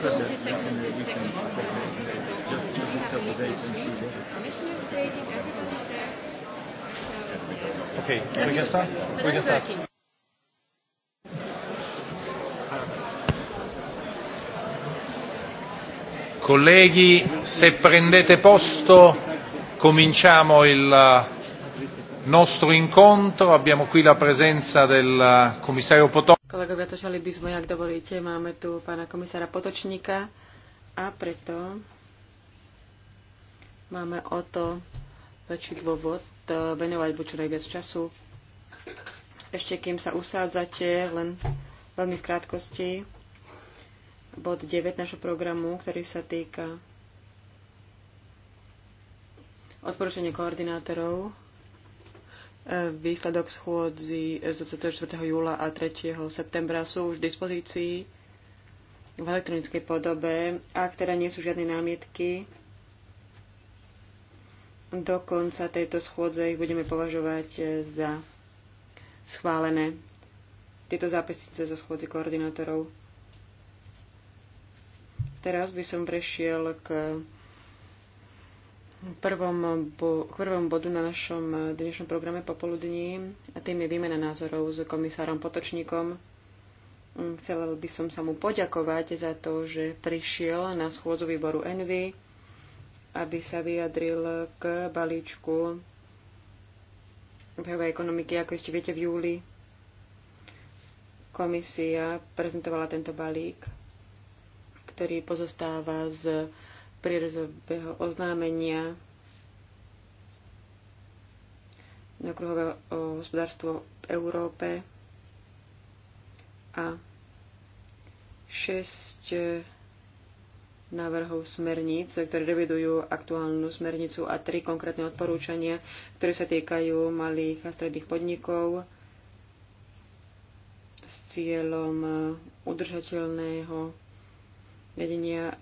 said that can Okay, we can start. We can start. Colleghi, se prendete posto, cominciamo il eh, nostro incontro. Abbiamo qui la presenza del eh, commissario Potomac. Kolegovia, začali by sme, ak dovolíte. Máme tu pána komisára Potočníka a preto máme o to väčší dôvod e, venovať buď čo najviac času. Ešte kým sa usádzate, len veľmi v krátkosti, bod 9 našho programu, ktorý sa týka odporúčania koordinátorov Výsledok schôdzi z 24. júla a 3. septembra sú už v dispozícii v elektronickej podobe, ak teda nie sú žiadne námietky. Do konca tejto schôdze ich budeme považovať e, za schválené. Tieto zápisnice zo schôdzi koordinátorov. Teraz by som prešiel k prvom, bo, prvom bodu na našom eh, dnešnom programe popoludní a tým je výmena názorov s komisárom Potočníkom. Mm, chcela by som sa mu poďakovať za to, že prišiel na schôdzu výboru Envy, aby sa vyjadril k balíčku obehovej ekonomiky, ako ešte viete, v júli komisia prezentovala tento balík, ktorý pozostáva z prírezového oznámenia na kruhové hospodárstvo v Európe a 6 e, návrhov smerníc, ktoré revidujú aktuálnu smernicu a tri konkrétne odporúčania, ktoré sa týkajú malých a stredných podnikov s cieľom e, udržateľného vedenia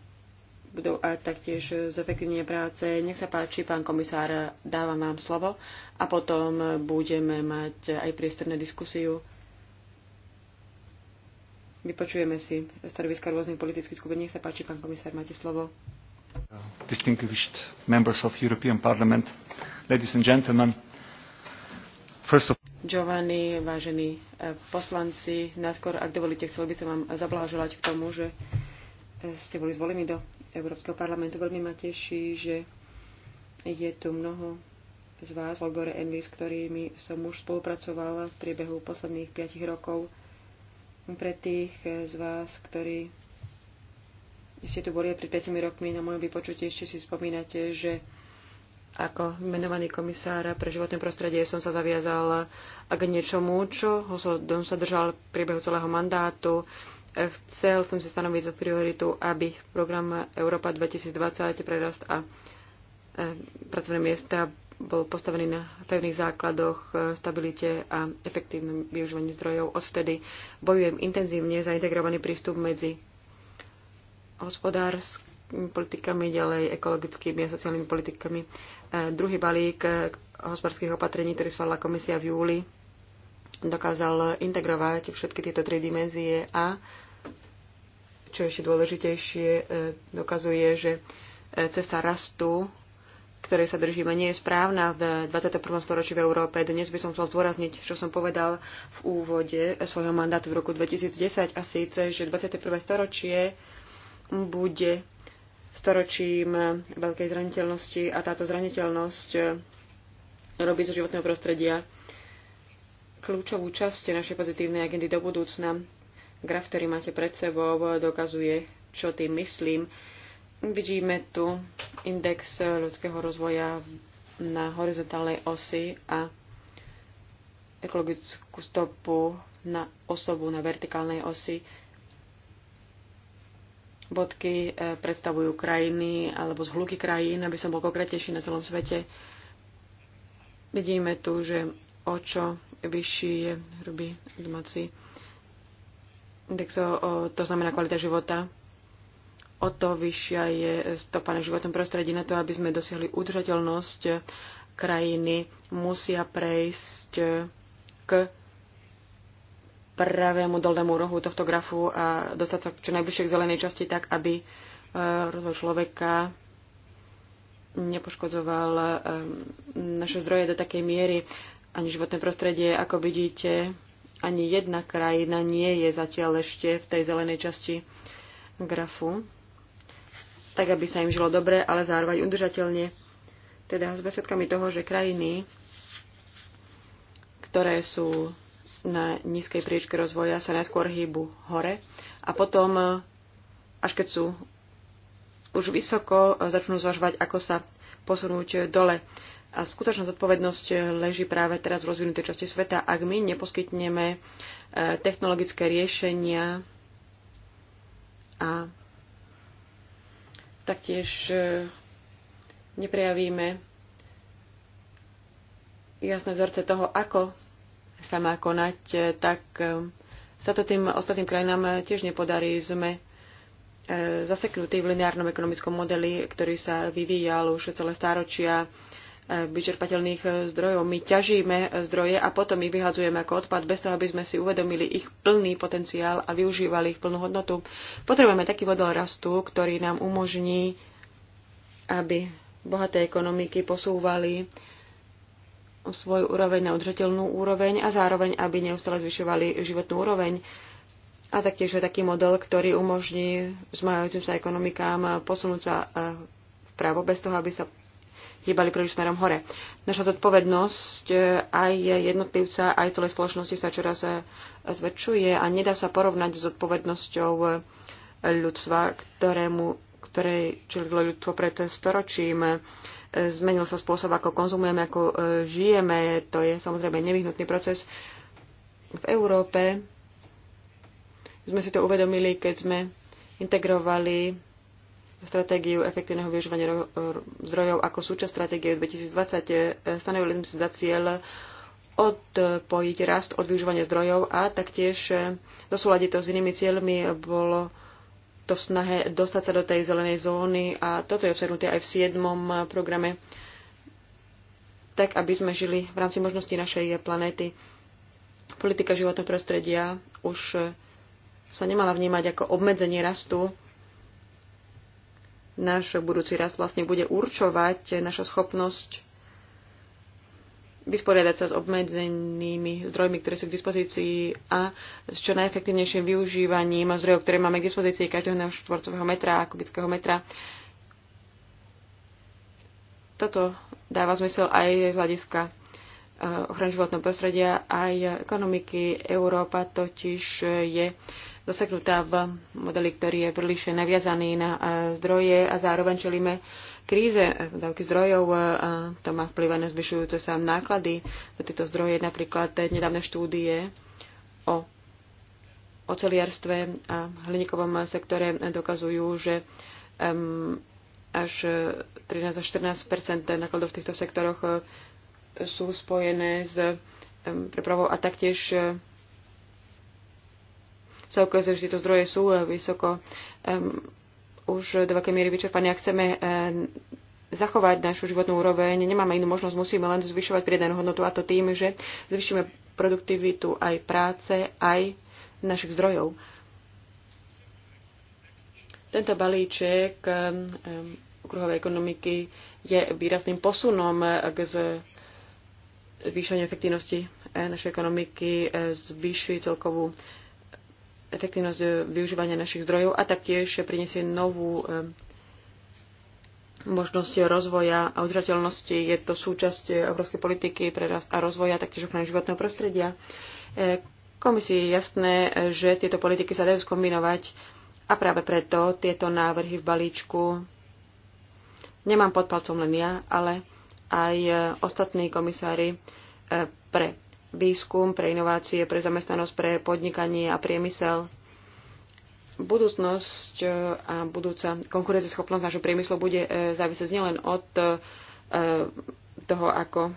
budú a taktiež zefektívnenie práce. Nech sa páči, pán komisár, dávam vám slovo a potom budeme mať aj priestor na diskusiu. Vypočujeme si stanoviska rôznych politických skupín. Nech sa páči, pán komisár, máte slovo. Distinguished members of European Parliament, ladies and gentlemen, first of Giovanni, vážení eh, poslanci, náskôr, ak dovolíte, chcel by som vám zablahoželať k tomu, že eh, ste boli zvolení do Európskeho parlamentu. Veľmi ma teší, že je tu mnoho z vás, Olgore Envy, s ktorými som už spolupracovala v priebehu posledných 5 rokov. Pre tých z vás, ktorí ste tu boli aj pred 5 rokmi na mojom vypočutí, ešte si spomínate, že ako menovaný komisár pre životné prostredie som sa zaviazal k niečomu, čo ho som sa držal v priebehu celého mandátu. Chcel som si stanoviť za prioritu, aby program Európa 2020 prerast a e, pracovné miesta bol postavený na pevných základoch, e, stabilite a efektívnom využívaní zdrojov. Odvtedy bojujem intenzívne za integrovaný prístup medzi hospodárskymi politikami, ďalej ekologickými a sociálnymi politikami. E, druhý balík hospodárskych opatrení, ktorý schválila komisia v júli, dokázal integrovať všetky tieto tri dimenzie a čo ešte dôležitejšie, e, dokazuje, že e, cesta rastu, ktorej sa držíme, nie je správna v 21. storočí v Európe. Dnes by som chcel zdôrazniť, čo som povedal v úvode svojho mandátu v roku 2010 a síce, že 21. storočie bude storočím e, veľkej zraniteľnosti a táto zraniteľnosť robí zo životného prostredia kľúčovú časť našej pozitívnej agendy do budúcna. Graf, ktorý máte pred sebou, dokazuje, čo tým myslím. Vidíme tu index ľudského rozvoja na horizontálnej osi a ekologickú stopu na osobu na vertikálnej osi. Bodky e, predstavujú krajiny alebo zhluky krajín, aby som bol konkrétnejší na celom svete. Vidíme tu, že o čo vyšší je hrubý domáci o, to znamená kvalita života, o to vyššia je stopa na životnom prostredí. Na to, aby sme dosiahli udržateľnosť krajiny, musia prejsť k pravému dolnému rohu tohto grafu a dostať sa čo najbližšie k zelenej časti tak, aby e, rozvoj človeka nepoškodzoval e, naše zdroje do takej miery ani životné prostredie, ako vidíte ani jedna krajina nie je zatiaľ ešte v tej zelenej časti grafu, tak aby sa im žilo dobre, ale zároveň udržateľne. Teda s svedkami toho, že krajiny, ktoré sú na nízkej priečke rozvoja, sa najskôr hýbu hore a potom, až keď sú už vysoko, začnú zvažovať, ako sa posunúť dole. A skutočná zodpovednosť leží práve teraz v rozvinutej časti sveta. Ak my neposkytneme e, technologické riešenia a taktiež e, neprejavíme jasné vzorce toho, ako sa má konať, e, tak sa to tým ostatným krajinám tiež nepodarí. Sme zaseknutí v lineárnom ekonomickom modeli, ktorý sa vyvíjal už celé stáročia vyčerpateľných eh, zdrojov. My ťažíme eh, zdroje a potom ich vyhadzujeme ako odpad bez toho, aby sme si uvedomili ich plný potenciál a využívali ich plnú hodnotu. Potrebujeme taký model rastu, ktorý nám umožní, aby bohaté ekonomiky posúvali svoju úroveň na udržateľnú úroveň a zároveň, aby neustále zvyšovali životnú úroveň. A taktiež je taký model, ktorý umožní zmajúcim sa ekonomikám eh, posunúť sa vpravo bez toho, aby sa hýbali príliš smerom hore. Naša zodpovednosť e, aj jednotlivca, aj celej spoločnosti sa čoraz e, zväčšuje a nedá sa porovnať s zodpovednosťou e, ľudstva, ktorému, ktoré čelilo ľudstvo pred storočím. Zmenil sa spôsob, ako konzumujeme, ako žijeme. To je samozrejme nevyhnutný proces. V Európe sme si to uvedomili, keď sme integrovali stratégiu efektívneho využívania zdrojov ako súčasť stratégie 2020. Stanovili sme si za cieľ odpojiť rast od využívania zdrojov a taktiež dosúľadiť to s inými cieľmi bolo to v snahe dostať sa do tej zelenej zóny a toto je obsahnuté aj v 7. programe, tak aby sme žili v rámci možností našej planéty. Politika životného prostredia už sa nemala vnímať ako obmedzenie rastu, náš budúci rast vlastne bude určovať naša schopnosť vysporiadať sa s obmedzenými zdrojmi, ktoré sú k dispozícii a s čo najefektívnejším využívaním zdrojov, ktoré máme k dispozícii každého štvorcového metra a kubického metra. Toto dáva zmysel aj z hľadiska eh, ochrany životného prostredia, aj ekonomiky. Európa totiž je zaseknutá v modeli, ktorý je príliš naviazaný na e, zdroje a zároveň čelíme kríze dávky zdrojov. A to má vplyv na zvyšujúce sa náklady za tieto zdroje, napríklad nedávne štúdie o oceliarstve a hliníkovom sektore dokazujú, že až 13 až 14 nákladov v týchto sektoroch e, sú spojené s prepravou a taktiež celkové že tieto zdroje sú eh, vysoko um, už do veľkej miery vyčerpané. Ak chceme um, zachovať našu životnú úroveň, nemáme inú možnosť, musíme len zvyšovať pridanú hodnotu a to tým, že zvyšíme produktivitu aj práce, aj našich zdrojov. Tento balíček um, okruhovej ekonomiky je výrazným posunom eh, k zvýšeniu efektivnosti našej ekonomiky, zvýši celkovú efektívnosť e, využívania našich zdrojov a taktiež prinesie novú e, možnosť rozvoja a udržateľnosti. Je to súčasť európskej politiky pre rast a rozvoja, taktiež ochrany životného prostredia. E, komisii je jasné, že tieto politiky sa dajú skombinovať a práve preto tieto návrhy v balíčku nemám pod palcom len ja, ale aj ostatní komisári pre výskum, pre inovácie, pre zamestnanosť, pre podnikanie a priemysel. Budúcnosť e, a budúca konkurencieschopnosť nášho priemyslu bude e, závisieť nielen od e, toho, ako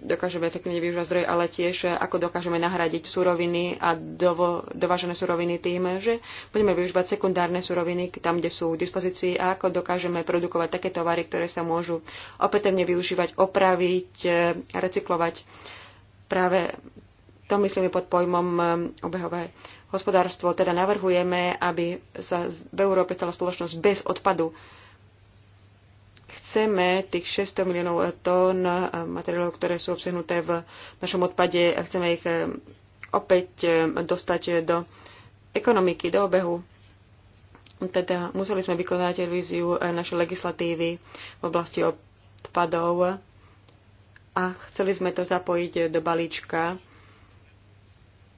dokážeme efektívne využívať zdroje, ale tiež ako dokážeme nahradiť suroviny a dovo, dovážené suroviny tým, že budeme využívať sekundárne suroviny tam, kde sú v dispozícii a ako dokážeme produkovať také tovary, ktoré sa môžu opätovne využívať, opraviť, recyklovať. Práve to myslíme pod pojmom um, obehové hospodárstvo. Teda navrhujeme, aby sa v Európe stala spoločnosť bez odpadu. Chceme tých 600 miliónov tón um, materiálov, ktoré sú obsahnuté v našom odpade, a chceme ich um, opäť dostať do ekonomiky, do obehu. Teda museli sme vykonať revíziu uh, našej legislatívy v oblasti odpadov a chceli sme to zapojiť do balíčka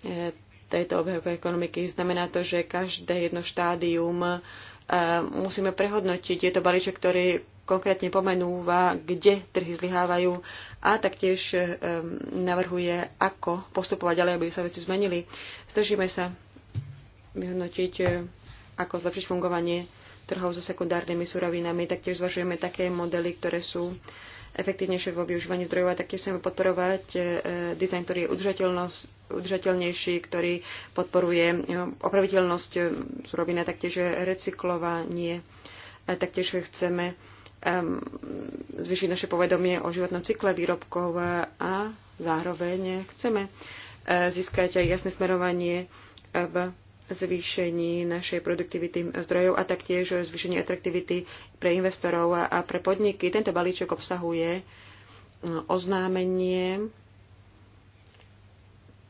eh, tejto obhajovej ekonomiky. Znamená to, že každé jedno štádium eh, musíme prehodnotiť. Je to balíček, ktorý konkrétne pomenúva, kde trhy zlyhávajú a taktiež eh, navrhuje, ako postupovať ďalej, aby sa veci zmenili. Snažíme sa vyhodnotiť, ako zlepšiť fungovanie trhov so sekundárnymi surovinami. Taktiež zvažujeme také modely, ktoré sú uh, efektívnejšie vo využívaní zdrojov a taktiež chceme podporovať e, dizajn, ktorý je udržateľnejší, ktorý podporuje e, opraviteľnosť e, surovina, taktiež recyklovanie. taktiež chceme zvýšiť naše povedomie o životnom cykle výrobkov a zároveň chceme získať aj jasné smerovanie v zvýšení našej produktivity zdrojov a taktiež zvýšení atraktivity pre investorov a pre podniky. Tento balíček obsahuje mm, oznámenie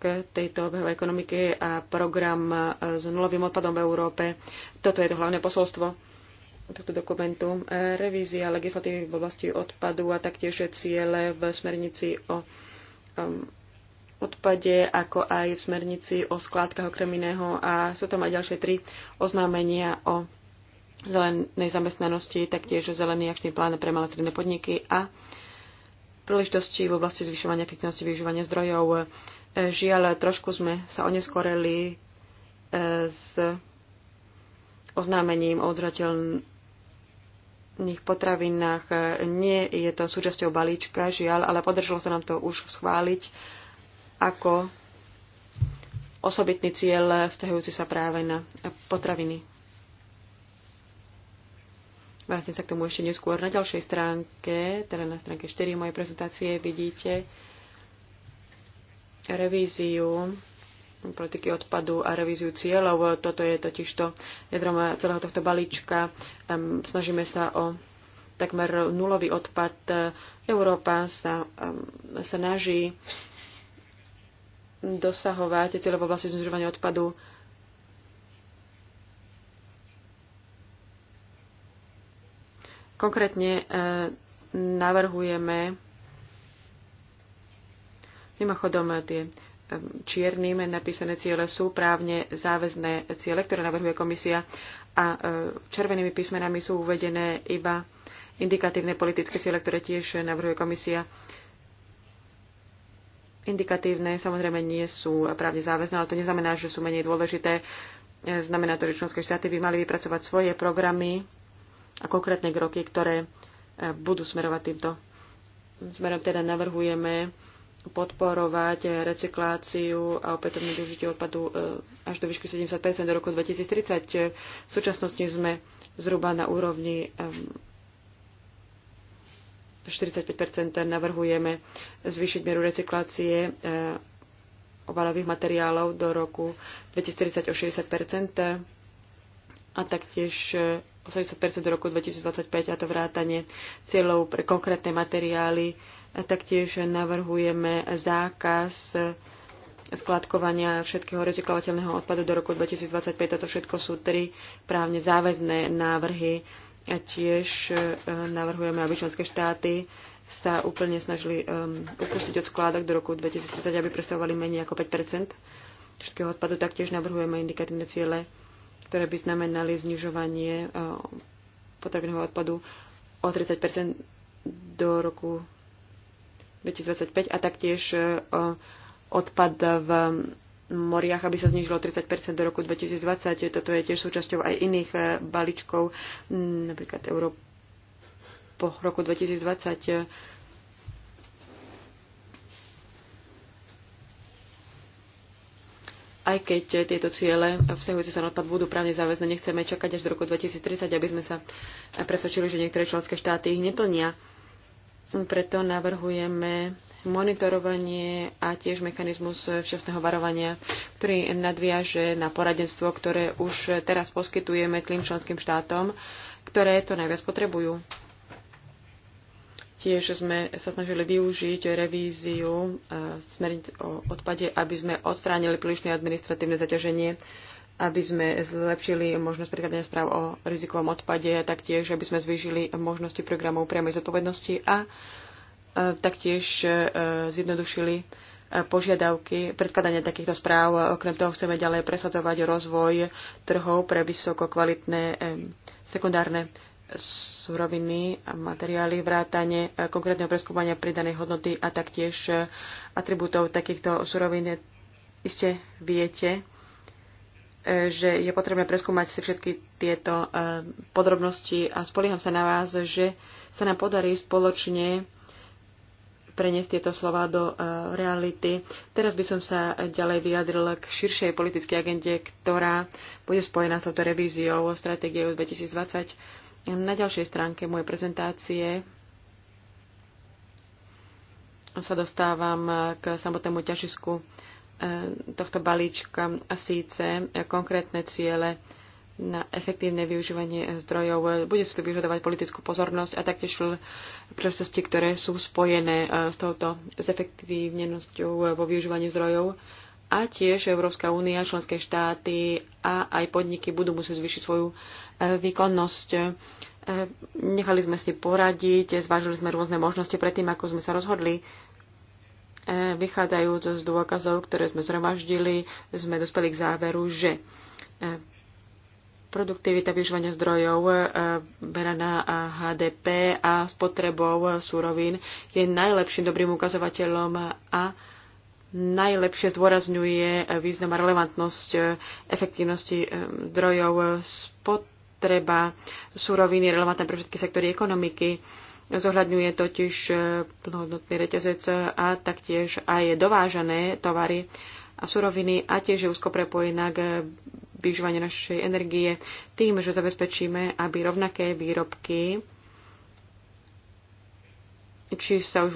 k tejto obehovej ekonomike a program e, s nulovým odpadom v Európe. Toto je to hlavné posolstvo tohto dokumentu. E, revízia legislatívy v oblasti odpadu a taktiež ciele v smernici o e, odpade, ako aj v smernici o skládkach okrem iného a sú tam aj ďalšie tri oznámenia o zelenej zamestnanosti, taktiež o zelený akčný plán pre malé stredné podniky a príležitosti v oblasti zvyšovania efektivnosti využívania zdrojov. E, žiaľ, trošku sme sa oneskoreli e, s oznámením o odzrateľných potravinách. E, nie je to súčasťou balíčka, žiaľ, ale podržalo sa nám to už schváliť ako osobitný cieľ vzťahujúci sa práve na potraviny. Vrátim sa k tomu ešte neskôr. Na ďalšej stránke, teda na stránke 4 mojej prezentácie, vidíte revíziu politiky odpadu a revíziu cieľov. Toto je totižto jadrom celého tohto balíčka. Snažíme sa o takmer nulový odpad. Európa sa snaží dosahovať cieľe v oblasti znižovania odpadu. Konkrétne e, navrhujeme mimochodom tie e, čiernym napísané ciele sú právne záväzné ciele, ktoré navrhuje komisia a e, červenými písmenami sú uvedené iba indikatívne politické ciele, ktoré tiež navrhuje komisia indikatívne samozrejme nie sú právne záväzné, ale to neznamená, že sú menej dôležité. E, znamená to, že členské štáty by mali vypracovať svoje programy a konkrétne kroky, ktoré e, budú smerovať týmto smerom. Teda navrhujeme podporovať recykláciu a opätovné využitie odpadu e, až do výšky 70 do roku 2030. V súčasnosti sme zhruba na úrovni 45 navrhujeme zvýšiť mieru recyklácie eh, obalových materiálov do roku 2030 o 60 a taktiež 80 eh, do roku 2025 a to vrátanie cieľov pre konkrétne materiály. A taktiež navrhujeme zákaz eh, skladkovania všetkého recyklovateľného odpadu do roku 2025. Toto všetko sú tri právne záväzné návrhy a tiež e, navrhujeme, aby členské štáty sa úplne snažili um, upustiť od skládok do roku 2030, aby presahovali menej ako 5 všetkého odpadu. Taktiež navrhujeme indikatívne ciele, ktoré by znamenali znižovanie e, potrebného odpadu o 30 do roku 2025 a taktiež odpad v moriach, aby sa znižilo 30 do roku 2020. Toto je tiež súčasťou aj iných e, balíčkov, napríklad Euró po roku 2020. Aj keď tieto ciele vzťahujúce sa na odpad budú právne záväzne, nechceme čakať až do roku 2030, aby sme sa presvedčili, že niektoré členské štáty ich neplnia. Preto navrhujeme monitorovanie a tiež mechanizmus včasného varovania, ktorý nadviaže na poradenstvo, ktoré už teraz poskytujeme tým členským štátom, ktoré to najviac potrebujú. Tiež sme sa snažili využiť revíziu eh, smernic o odpade, aby sme odstránili prílišné administratívne zaťaženie aby sme zlepšili možnosť predkladania správ o rizikovom odpade, taktiež aby sme zvýšili možnosti programov priamej zodpovednosti a e, taktiež e, zjednodušili e, požiadavky predkladania takýchto správ. Okrem toho chceme ďalej presadovať rozvoj trhov pre vysoko kvalitné sekundárne suroviny a materiály, vrátanie konkrétneho preskúmania pridanej hodnoty a taktiež atribútov takýchto surovín. Iste viete, E, že je potrebné preskúmať si všetky tieto e, podrobnosti a spolieham sa na vás, že sa nám podarí spoločne preniesť tieto slova do e, reality. Teraz by som sa ďalej vyjadril k širšej politickej agende, ktorá bude spojená s touto revíziou o stratégie 2020. Na ďalšej stránke mojej prezentácie sa dostávam k samotnému ťažisku E, tohto balíčka a síce konkrétne ciele na efektívne využívanie zdrojov. Bude si to vyžadovať politickú pozornosť a taktiež procesy, ktoré sú spojené e, s touto zefektívnenosťou vo využívaní zdrojov. A tiež Európska únia, členské štáty a aj podniky budú musieť zvýšiť svoju e, výkonnosť. Nechali sme si poradiť, zvážili sme rôzne možnosti predtým, ako sme sa rozhodli E, vychádzajúc z dôkazov, ktoré sme zhromaždili, sme dospeli k záveru, že e, produktivita využívania zdrojov e, beraná HDP a spotrebou súrovín je najlepším dobrým ukazovateľom a najlepšie zdôrazňuje význam a relevantnosť efektívnosti zdrojov. Spotreba súrovín je relevantná pre všetky sektory ekonomiky. Zohľadňuje totiž e, plnohodnotný reťazec a taktiež aj dovážané tovary a suroviny a tiež je úzko prepojená k využívaniu našej energie tým, že zabezpečíme, aby rovnaké výrobky, či sa už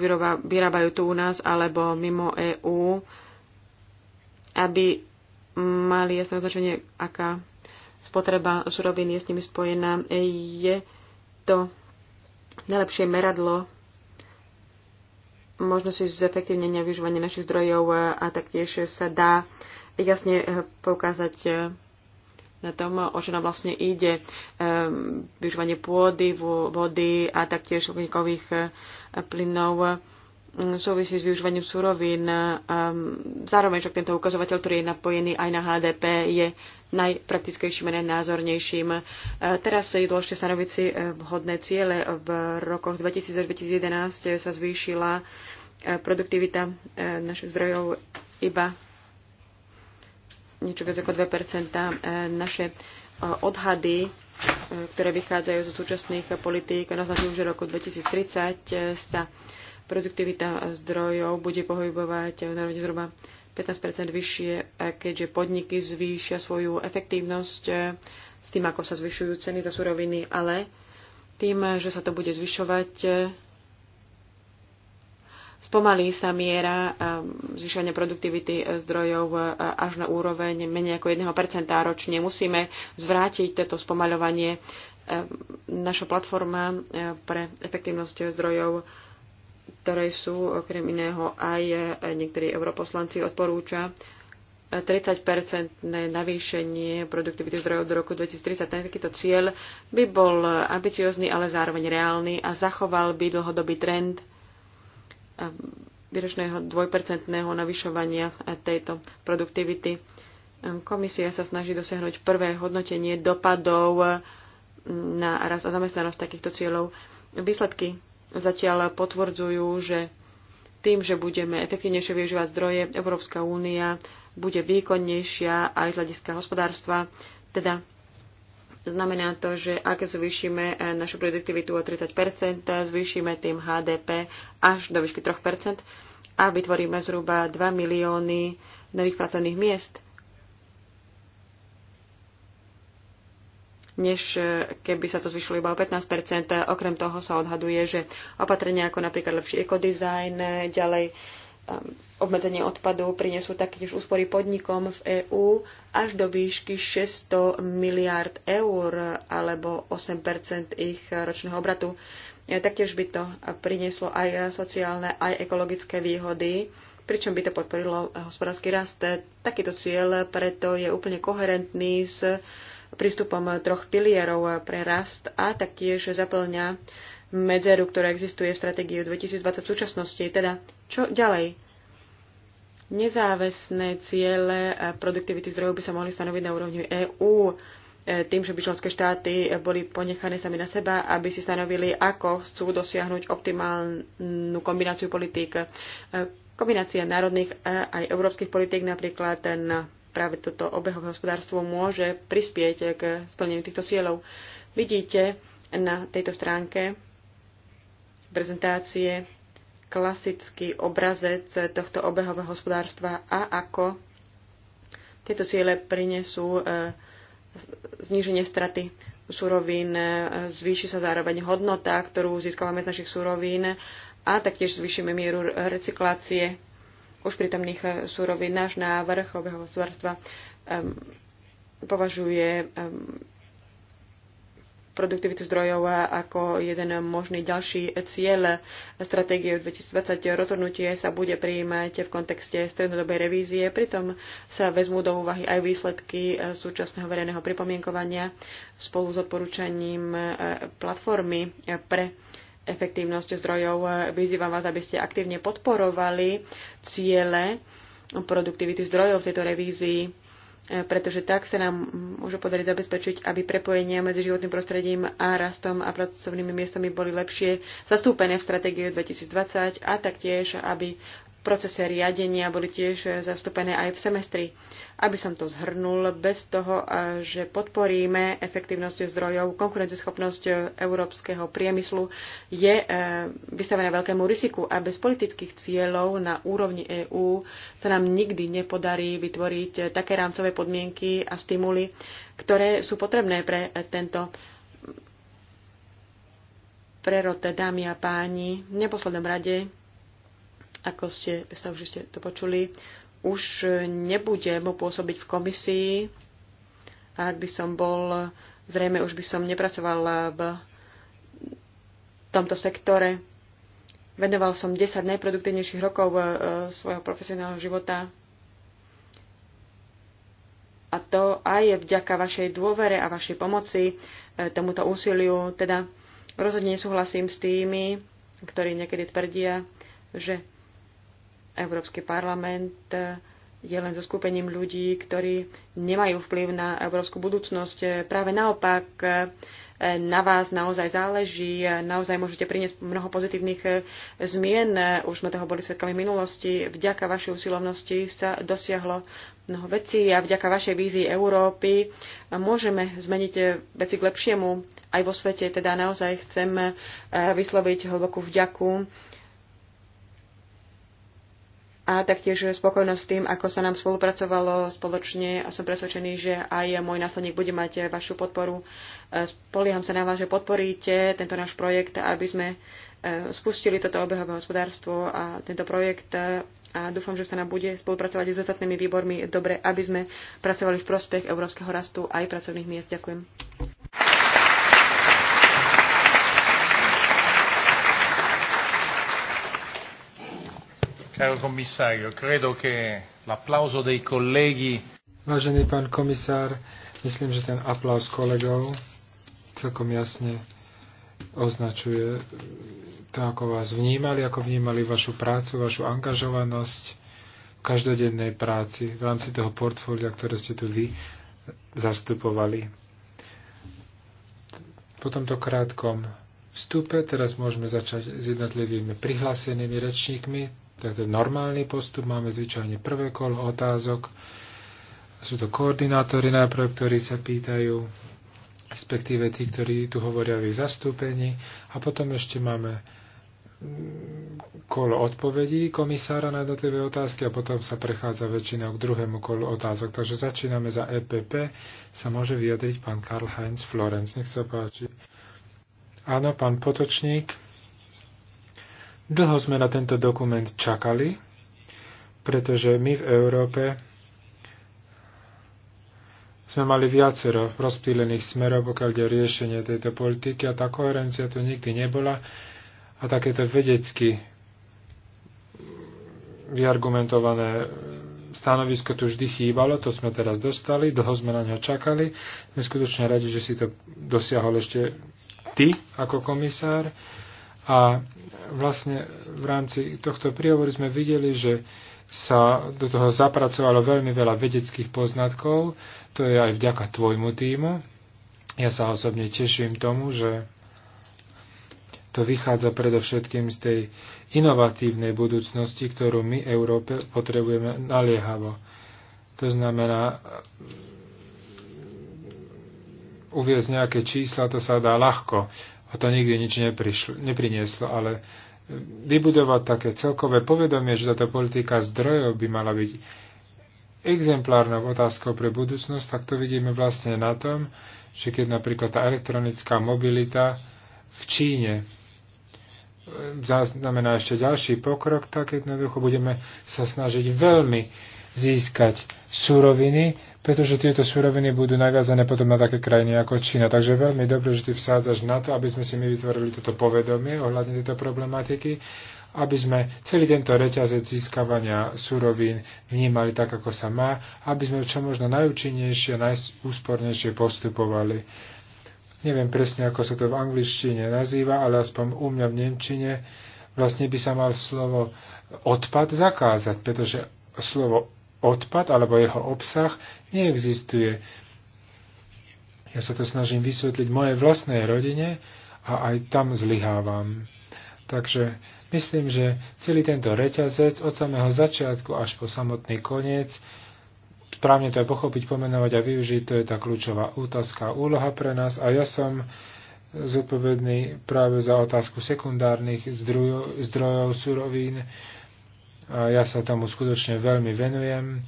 vyrábajú tu u nás alebo mimo EÚ, aby mali jasné označenie, aká spotreba surovín je s nimi spojená. Je to najlepšie meradlo možnosti zefektívnenia využívania našich zdrojov e, a taktiež sa dá jasne e, poukázať e, na tom, o čo nám vlastne ide. Využívanie pôdy, vody a taktiež uhlíkových plynov Mm, súvisí s využívaním surovín. Zároveň však tento ukazovateľ, ktorý je napojený aj na HDP, je najpraktickejším a najnázornejším. Teraz je dôležité stanoviť si e, vhodné ciele. V rokoch 2000 až 2011 e, sa zvýšila e, produktivita našich zdrojov iba niečo viac ako 2 Naše odhady ktoré vychádzajú zo súčasných politík, naznačujú, že v roku 2030 sa Produktivita zdrojov bude pohybovať na rovne zhruba 15 vyššie, keďže podniky zvýšia svoju efektívnosť e, s tým, ako sa zvyšujú ceny za suroviny, ale tým, že sa to bude zvyšovať, e, spomalí sa miera e, zvyšovania produktivity zdrojov až na úroveň menej ako 1% ročne. Musíme zvrátiť toto spomaľovanie. Naša platforma pre efektívnosť zdrojov ktorej sú okrem iného aj e, niektorí europoslanci, odporúča 30-percentné navýšenie produktivity zdrojov do roku 2030. Takýto cieľ by bol ambiciózny, ale zároveň reálny a zachoval by dlhodobý trend e, výročného dvojpercentného navyšovania e, tejto produktivity. Komisia sa snaží dosiahnuť prvé hodnotenie dopadov na rast a zamestnanosť takýchto cieľov. Výsledky zatiaľ potvrdzujú, že tým, že budeme efektívnejšie využívať zdroje, Európska únia bude výkonnejšia aj z hľadiska hospodárstva. Teda znamená to, že ak zvýšime eh, našu produktivitu o 30 zvýšime tým HDP až do výšky 3 a vytvoríme zhruba 2 milióny nových pracovných miest. než eh, keby sa to zvyšilo iba o 15 Okrem toho sa odhaduje, že opatrenia ako napríklad lepší ekodizajn, ďalej ehm, obmedzenie odpadov prinesú taktiež úspory podnikom v EÚ až do výšky 600 miliárd eur alebo 8 ich ročného obratu. Eh, taktiež by to prinieslo aj sociálne, aj ekologické výhody, pričom by to podporilo hospodársky rast. Eh, takýto cieľ preto je úplne koherentný s prístupom troch pilierov pre rast a taktiež zaplňa medzeru, ktorá existuje v stratégiu 2020 v súčasnosti. Teda, čo ďalej? Nezáväzné ciele produktivity zdrojov by sa mohli stanoviť na úrovni EÚ e, tým, že by členské štáty boli ponechané sami na seba, aby si stanovili, ako chcú dosiahnuť optimálnu kombináciu politík. E, kombinácia národných aj európskych politík napríklad na práve toto obehové hospodárstvo môže prispieť k splneniu týchto cieľov. Vidíte na tejto stránke prezentácie klasický obrazec tohto obehového hospodárstva a ako tieto ciele prinesú e, zníženie straty surovín, e, zvýši sa zároveň hodnota, ktorú získavame z našich surovín a taktiež zvýšime mieru recyklácie už prítomných eh, súrovín. Náš návrh obehového hospodárstva um, považuje um, produktivitu zdrojov ako jeden možný ďalší cieľ stratégie 2020. Rozhodnutie sa bude prijímať v kontexte strednodobej revízie, pritom sa vezmú do úvahy aj výsledky eh, súčasného verejného pripomienkovania spolu s odporúčaním eh, platformy pre efektívnosť zdrojov. Vyzývam vás, aby ste aktívne podporovali ciele produktivity zdrojov v tejto revízii, pretože tak sa nám môže podariť zabezpečiť, aby prepojenia medzi životným prostredím a rastom a pracovnými miestami boli lepšie zastúpené v stratégii 2020 a taktiež, aby procese riadenia boli tiež zastúpené aj v semestri. Aby som to zhrnul, bez toho, že podporíme efektívnosť zdrojov, konkurenceschopnosť európskeho priemyslu je e, vystavená veľkému riziku a bez politických cieľov na úrovni EÚ sa nám nikdy nepodarí vytvoriť také rámcové podmienky a stimuly, ktoré sú potrebné pre tento prerod, dámy a páni. V neposlednom rade ako ste sa už ste to počuli, už nebudem pôsobiť v komisii a ak by som bol, zrejme už by som nepracoval v tomto sektore. Venoval som 10 najproduktívnejších rokov e, svojho profesionálneho života a to aj vďaka vašej dôvere a vašej pomoci e, tomuto úsiliu. Teda rozhodne nesúhlasím s tými, ktorí niekedy tvrdia, že Európsky parlament e, je len zo skupením ľudí, ktorí nemajú vplyv na európsku budúcnosť. E, práve naopak, e, na vás naozaj záleží, naozaj môžete priniesť mnoho pozitívnych zmien. Už sme toho boli svetkami minulosti. Vďaka vašej usilovnosti sa dosiahlo mnoho vecí a vďaka vašej vízii Európy môžeme zmeniť veci k lepšiemu aj vo svete. Teda naozaj chcem vysloviť hlbokú vďaku a taktiež spokojnosť s tým, ako sa nám spolupracovalo spoločne a som presvedčený, že aj môj následník bude mať vašu podporu. E, spolieham sa na vás, že podporíte tento náš projekt, aby sme e, spustili toto obehové hospodárstvo a tento projekt e, a dúfam, že sa nám bude spolupracovať s ostatnými výbormi dobre, aby sme pracovali v prospech európskeho rastu aj pracovných miest. Ďakujem. Caro commissario, credo che l'applauso dei colleghi... Vážený pán komisár, myslím, že ten aplaus kolegov celkom jasne označuje to, ako vás vnímali, ako vnímali vašu prácu, vašu angažovanosť v každodennej práci v rámci toho portfólia, ktoré ste tu vy zastupovali. Po tomto krátkom vstupe teraz môžeme začať s jednotlivými prihlásenými rečníkmi. Takže normálny postup máme zvyčajne prvé kolo otázok. Sú to koordinátori najprv, ktorí sa pýtajú, respektíve tí, ktorí tu hovoria v ich zastúpení. A potom ešte máme mm, kolo odpovedí komisára na jednotlivé otázky a potom sa prechádza väčšinou k druhému kolu otázok. Takže začíname za EPP. Sa môže vyjadriť pán Karl Heinz Florenc. Nech sa páči. Áno, pán Potočník. Dlho sme na tento dokument čakali, pretože my v Európe sme mali viacero rozptýlených smerov, pokiaľ ide riešenie tejto politiky a tá koherencia tu nikdy nebola a takéto vedecky vyargumentované stanovisko tu vždy chýbalo, to sme teraz dostali, dlho sme na ňo čakali. Sme skutočne radi, že si to dosiahol ešte ty ako komisár. A vlastne v rámci tohto príhovoru sme videli, že sa do toho zapracovalo veľmi veľa vedeckých poznatkov. To je aj vďaka tvojmu týmu. Ja sa osobne teším tomu, že to vychádza predovšetkým z tej inovatívnej budúcnosti, ktorú my Európe potrebujeme naliehavo. To znamená uviezť nejaké čísla, to sa dá ľahko a to nikdy nič neprišlo, neprinieslo, ale vybudovať také celkové povedomie, že táto politika zdrojov by mala byť exemplárnou otázkou pre budúcnosť, tak to vidíme vlastne na tom, že keď napríklad tá elektronická mobilita v Číne e, znamená ešte ďalší pokrok, tak jednoducho budeme sa snažiť veľmi získať suroviny pretože tieto suroviny budú naviazané potom na také krajiny ako Čína. Takže veľmi dobre, že ty vsádzaš na to, aby sme si my vytvorili toto povedomie ohľadne tejto problematiky, aby sme celý tento reťazec získavania surovín vnímali tak, ako sa má, aby sme čo možno najúčinnejšie, najúspornejšie postupovali. Neviem presne, ako sa to v angličtine nazýva, ale aspoň u mňa v nemčine vlastne by sa mal slovo odpad zakázať, pretože slovo odpad alebo jeho obsah neexistuje. Ja sa to snažím vysvetliť mojej vlastnej rodine a aj tam zlyhávam. Takže myslím, že celý tento reťazec od samého začiatku až po samotný koniec, správne to je pochopiť, pomenovať a využiť, to je tá kľúčová otázka úloha pre nás a ja som zodpovedný práve za otázku sekundárnych zdrojov, zdrojov surovín, a ja sa tomu skutočne veľmi venujem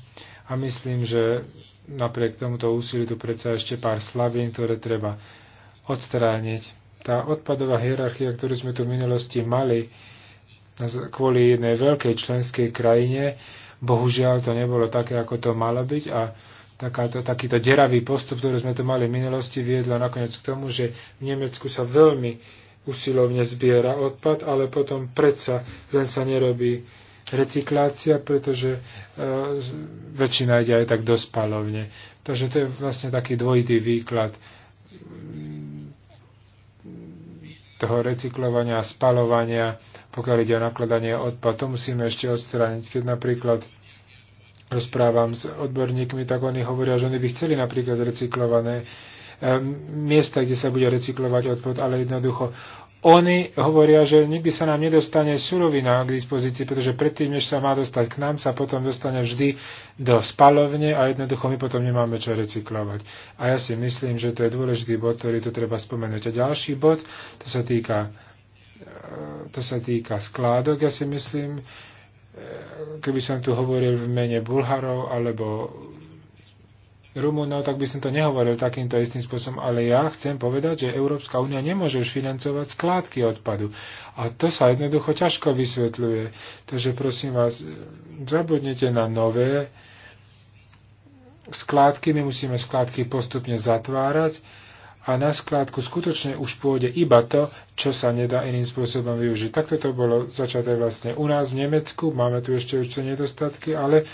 a myslím, že napriek tomuto úsiliu tu predsa ešte pár slabín, ktoré treba odstrániť. Tá odpadová hierarchia, ktorú sme tu v minulosti mali kvôli jednej veľkej členskej krajine, bohužiaľ to nebolo také, ako to malo byť a takáto, takýto deravý postup, ktorý sme tu mali v minulosti, viedlo nakoniec k tomu, že v Nemecku sa veľmi usilovne zbiera odpad, ale potom predsa len sa nerobí recyklácia, pretože e, väčšina ide aj tak do spalovne. Takže to je vlastne taký dvojitý výklad mm, toho recyklovania a spalovania, pokiaľ ide o nakladanie odpad. To musíme ešte odstrániť. Keď napríklad rozprávam s odborníkmi, tak oni hovoria, že oni by chceli napríklad recyklované e, miesta, kde sa bude recyklovať odpad, ale jednoducho oni hovoria, že nikdy sa nám nedostane surovina k dispozícii, pretože predtým, než sa má dostať k nám, sa potom dostane vždy do spalovne a jednoducho my potom nemáme čo recyklovať. A ja si myslím, že to je dôležitý bod, ktorý tu treba spomenúť. A ďalší bod, to sa týka, e, to sa týka skládok. Ja si myslím, e, keby som tu hovoril v mene Bulharov alebo Rumunov, tak by som to nehovoril takýmto istým spôsobom, ale ja chcem povedať, že Európska únia nemôže už financovať skládky odpadu. A to sa jednoducho ťažko vysvetľuje. Takže prosím vás, zabudnite na nové skládky, my musíme skládky postupne zatvárať a na skládku skutočne už pôjde iba to, čo sa nedá iným spôsobom využiť. Takto to bolo začaté vlastne u nás v Nemecku, máme tu ešte určite nedostatky, ale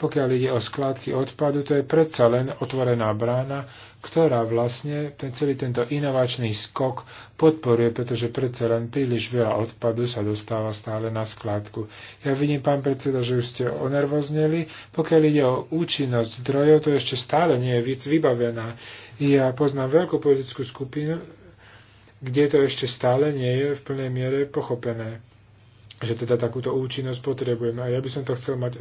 pokiaľ ide o skládky odpadu, to je predsa len otvorená brána, ktorá vlastne ten celý tento inovačný skok podporuje, pretože predsa len príliš veľa odpadu sa dostáva stále na skládku. Ja vidím, pán predseda, že už ste onervozneli. Pokiaľ ide o účinnosť zdrojov, to ešte stále nie je víc vybavená. Ja poznám veľkú politickú skupinu, kde to ešte stále nie je v plnej miere pochopené že teda takúto účinnosť potrebujeme. A ja by som to chcel mať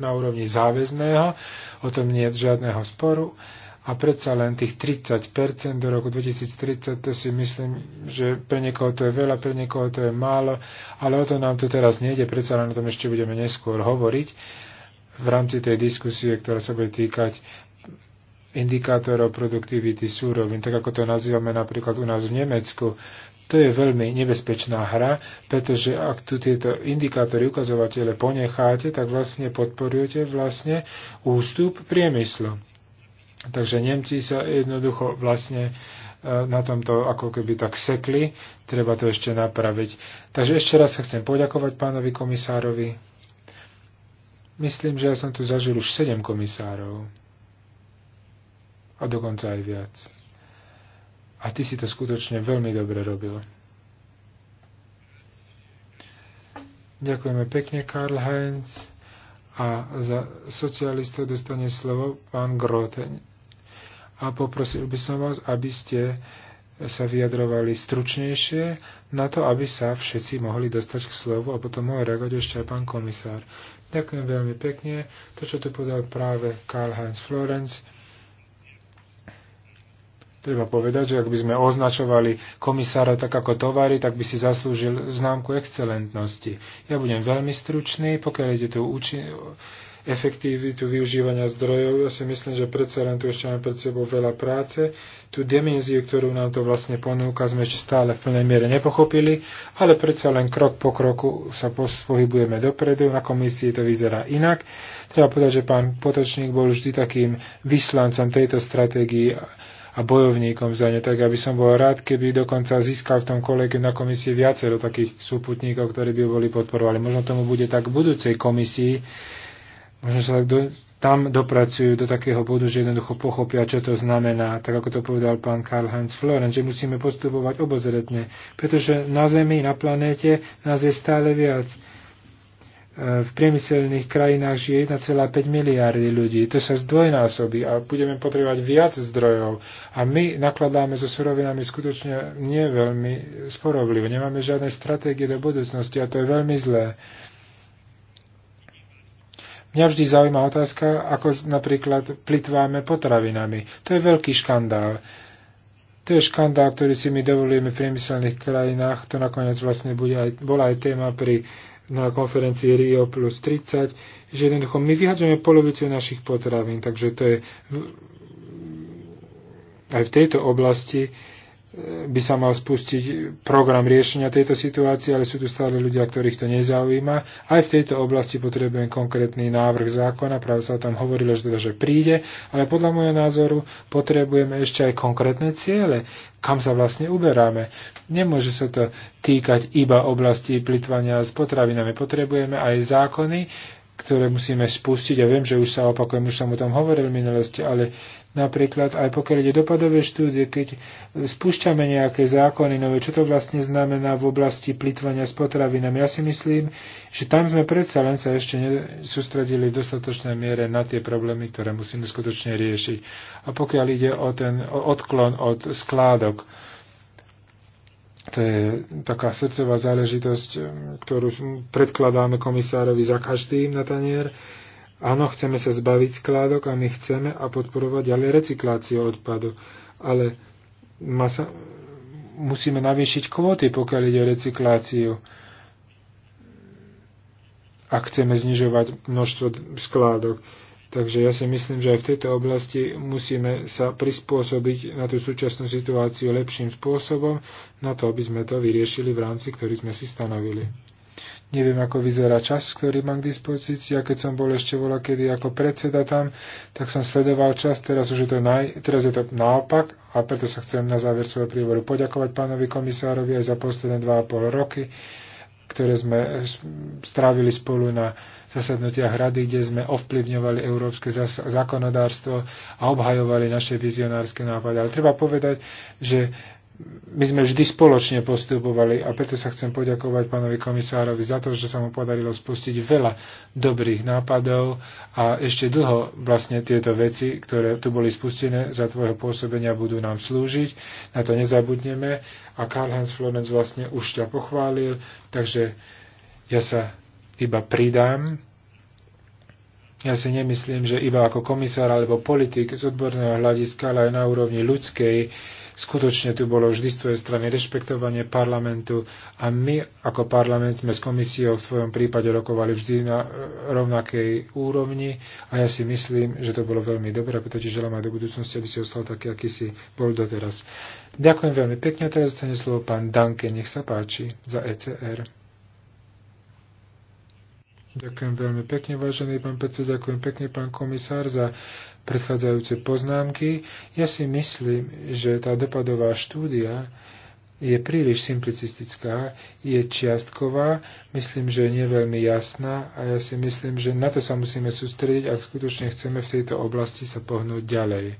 na úrovni záväzného, o tom nie je žiadneho sporu. A predsa len tých 30% do roku 2030, to si myslím, že pre niekoho to je veľa, pre niekoho to je málo, ale o to nám to teraz nejde, predsa len o tom ešte budeme neskôr hovoriť v rámci tej diskusie, ktorá sa bude týkať indikátorov produktivity súrovín, tak ako to nazývame napríklad u nás v Nemecku. To je veľmi nebezpečná hra, pretože ak tu tieto indikátory, ukazovatele ponecháte, tak vlastne podporujete vlastne ústup priemyslu. Takže Nemci sa jednoducho vlastne e, na tomto ako keby tak sekli, treba to ešte napraviť. Takže ešte raz sa chcem poďakovať pánovi komisárovi. Myslím, že ja som tu zažil už 7 komisárov. A dokonca aj viac. A ty si to skutočne veľmi dobre robil. Ďakujeme pekne, Karl Heinz. A za socialistov dostane slovo pán Groten. A poprosil by som vás, aby ste sa vyjadrovali stručnejšie na to, aby sa všetci mohli dostať k slovu a potom mohol reagovať ešte aj pán komisár. Ďakujem veľmi pekne. To, čo tu povedal práve Karl Heinz Florence, Treba povedať, že ak by sme označovali komisára tak ako tovary, tak by si zaslúžil známku excelentnosti. Ja budem veľmi stručný, pokiaľ ide tu uči- efektivitu využívania zdrojov. Ja si myslím, že predsa len tu ešte máme pred sebou veľa práce. Tú dimenziu, ktorú nám to vlastne ponúka, sme ešte stále v plnej miere nepochopili, ale predsa len krok po kroku sa pohybujeme dopredu. Na komisii to vyzerá inak. Treba povedať, že pán Potočník bol vždy takým vyslancom tejto stratégii a bojovníkom za ne. Tak aby som bol rád, keby dokonca získal v tom kolegiu na komisii viacero takých súputníkov, ktorí by boli podporovali. Možno tomu bude tak v budúcej komisii, možno sa tak do, tam dopracujú do takého bodu, že jednoducho pochopia, čo to znamená, tak ako to povedal pán Karl-Heinz Floren, že musíme postupovať obozretne, pretože na Zemi, na planéte nás je stále viac v priemyselných krajinách žije 1,5 miliardy ľudí. To sa zdvojnásobí a budeme potrebovať viac zdrojov. A my nakladáme so surovinami skutočne nie veľmi sporovlivo. Nemáme žiadne stratégie do budúcnosti a to je veľmi zlé. Mňa vždy zaujíma otázka, ako napríklad plitváme potravinami. To je veľký škandál. To je škandál, ktorý si my dovolujeme v priemyselných krajinách. To nakoniec vlastne bude aj, bola aj téma pri na konferencii Rio plus 30, že jednoducho my vyhadzujeme polovicu našich potravín, takže to je aj v tejto oblasti by sa mal spustiť program riešenia tejto situácie, ale sú tu stále ľudia, ktorých to nezaujíma. Aj v tejto oblasti potrebujem konkrétny návrh zákona, práve sa o tom hovorilo, že, teda, že príde, ale podľa môjho názoru potrebujeme ešte aj konkrétne ciele, kam sa vlastne uberáme. Nemôže sa to týkať iba oblasti plitvania s potravinami. Potrebujeme aj zákony, ktoré musíme spustiť. Ja viem, že už sa opakujem, už som o tom hovoril v minulosti, ale Napríklad aj pokiaľ ide dopadové štúdie, keď spúšťame nejaké zákony nové, čo to vlastne znamená v oblasti plitvania s potravinami. Ja si myslím, že tam sme predsa len sa ešte nesústredili v dostatočnej miere na tie problémy, ktoré musíme skutočne riešiť. A pokiaľ ide o ten odklon od skládok, to je taká srdcová záležitosť, ktorú predkladáme komisárovi za každým na tanier. Áno, chceme sa zbaviť skládok a my chceme a podporovať ďalej recykláciu odpadu, ale masa, musíme navýšiť kvóty, pokiaľ ide o recykláciu. a chceme znižovať množstvo skládok. Takže ja si myslím, že aj v tejto oblasti musíme sa prispôsobiť na tú súčasnú situáciu lepším spôsobom, na to, aby sme to vyriešili v rámci, ktorý sme si stanovili. Neviem, ako vyzerá čas, ktorý mám k dispozícii. A keď som bol ešte vola kedy ako predseda tam, tak som sledoval čas. Teraz, už je to naj, teraz je to naopak a preto sa chcem na záver svojho príboru poďakovať pánovi komisárovi aj za posledné 2,5 roky ktoré sme strávili spolu na zasadnutiach rady, kde sme ovplyvňovali európske zákonodárstvo a obhajovali naše vizionárske nápady. Ale treba povedať, že my sme vždy spoločne postupovali a preto sa chcem poďakovať pánovi komisárovi za to, že sa mu podarilo spustiť veľa dobrých nápadov a ešte dlho vlastne tieto veci, ktoré tu boli spustené za tvojho pôsobenia, budú nám slúžiť. Na to nezabudneme a karl Hans Florenc vlastne už ťa pochválil, takže ja sa iba pridám. Ja si nemyslím, že iba ako komisár alebo politik z odborného hľadiska, ale aj na úrovni ľudskej, Skutočne tu bolo vždy z tvojej strany rešpektovanie parlamentu a my ako parlament sme s komisiou v tvojom prípade rokovali vždy na e, rovnakej úrovni a ja si myslím, že to bolo veľmi dobré, preto ti želám aj do budúcnosti, aby si ostal taký, aký si bol doteraz. Ďakujem veľmi pekne teraz dostane slovo pán Danke, nech sa páči, za ECR. Ďakujem veľmi pekne, vážený pán predseda, ďakujem pekne, pán komisár, za predchádzajúce poznámky. Ja si myslím, že tá dopadová štúdia je príliš simplicistická, je čiastková, myslím, že nie veľmi jasná a ja si myslím, že na to sa musíme sústrediť, ak skutočne chceme v tejto oblasti sa pohnúť ďalej.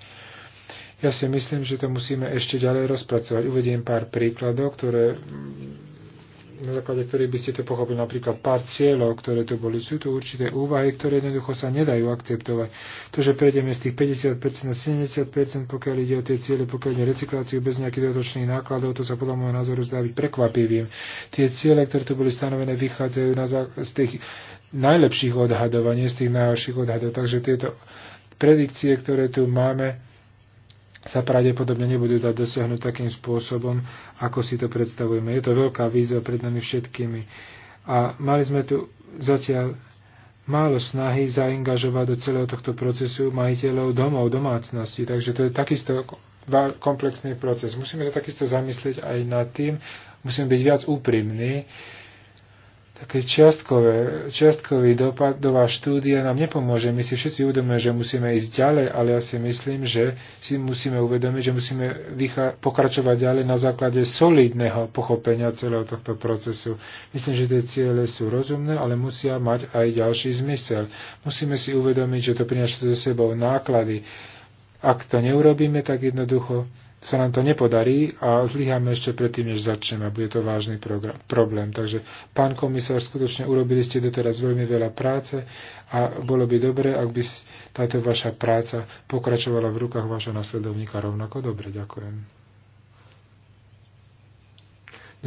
Ja si myslím, že to musíme ešte ďalej rozpracovať. Uvediem pár príkladov, ktoré na základe ktorých by ste to pochopili, napríklad pár cieľov, ktoré tu boli. Sú tu určité úvahy, ktoré jednoducho sa nedajú akceptovať. To, že prejdeme z tých 50% na 70%, pokiaľ ide o tie ciele, pokiaľ ide recikláciu bez nejakých dodatočných nákladov, to sa podľa môjho názoru zdá byť prekvapivým. Tie ciele, ktoré tu boli stanovené, vychádzajú na z tých najlepších odhadov a nie z tých najhorších odhadov. Takže tieto predikcie, ktoré tu máme, sa pravdepodobne nebudú dať dosiahnuť takým spôsobom, ako si to predstavujeme. Je to veľká výzva pred nami všetkými. A mali sme tu zatiaľ málo snahy zaingažovať do celého tohto procesu majiteľov domov, domácnosti. Takže to je takisto komplexný proces. Musíme sa takisto zamyslieť aj nad tým, musíme byť viac úprimní taký čiastkové, čiastkový dopad do vás štúdia nám nepomôže. My si všetci uvedomujeme, že musíme ísť ďalej, ale ja si myslím, že si musíme uvedomiť, že musíme pokračovať ďalej na základe solidného pochopenia celého tohto procesu. Myslím, že tie ciele sú rozumné, ale musia mať aj ďalší zmysel. Musíme si uvedomiť, že to prináša so sebou náklady. Ak to neurobíme, tak jednoducho sa nám to nepodarí a zlyháme ešte predtým, než začneme a bude to vážny program, problém. Takže, pán komisár, skutočne urobili ste doteraz veľmi veľa práce a bolo by dobre, ak by táto vaša práca pokračovala v rukách vašho nasledovníka rovnako dobre. Ďakujem.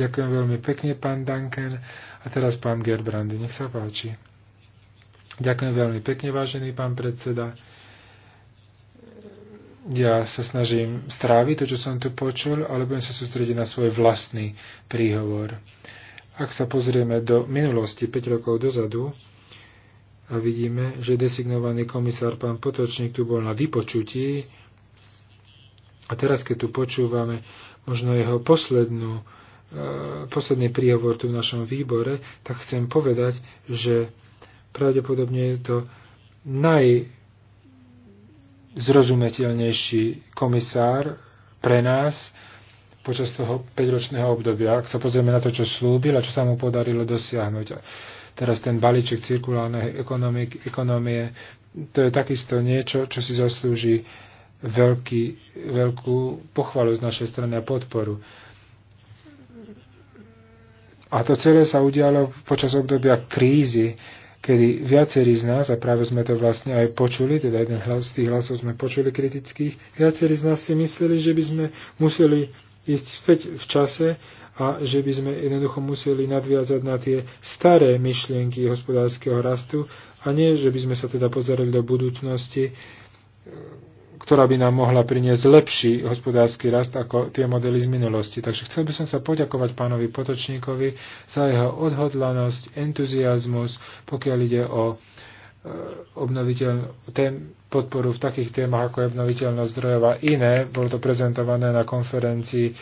Ďakujem veľmi pekne, pán Duncan. A teraz pán Gerbrandy, nech sa páči. Ďakujem veľmi pekne, vážený pán predseda ja sa snažím stráviť to, čo som tu počul, ale budem sa sústrediť na svoj vlastný príhovor. Ak sa pozrieme do minulosti, 5 rokov dozadu, a vidíme, že designovaný komisár pán Potočník tu bol na vypočutí a teraz, keď tu počúvame možno jeho poslednú, e, posledný príhovor tu v našom výbore, tak chcem povedať, že pravdepodobne je to naj zrozumiteľnejší komisár pre nás počas toho 5-ročného obdobia, ak sa pozrieme na to, čo slúbil a čo sa mu podarilo dosiahnuť. Teraz ten balíček cirkulárnej ekonomie, to je takisto niečo, čo si zaslúži veľký, veľkú pochvalu z našej strany a podporu. A to celé sa udialo počas obdobia krízy, kedy viacerí z nás, a práve sme to vlastne aj počuli, teda jeden hlas, z tých hlasov sme počuli kritických, viacerí z nás si mysleli, že by sme museli ísť späť v čase a že by sme jednoducho museli nadviazať na tie staré myšlienky hospodárskeho rastu a nie, že by sme sa teda pozerali do budúcnosti ktorá by nám mohla priniesť lepší hospodársky rast ako tie modely z minulosti. Takže chcel by som sa poďakovať pánovi Potočníkovi za jeho odhodlanosť, entuziasmus, pokiaľ ide o e, tém, podporu v takých témach, ako je obnoviteľnosť zdrojov a iné. Bolo to prezentované na konferencii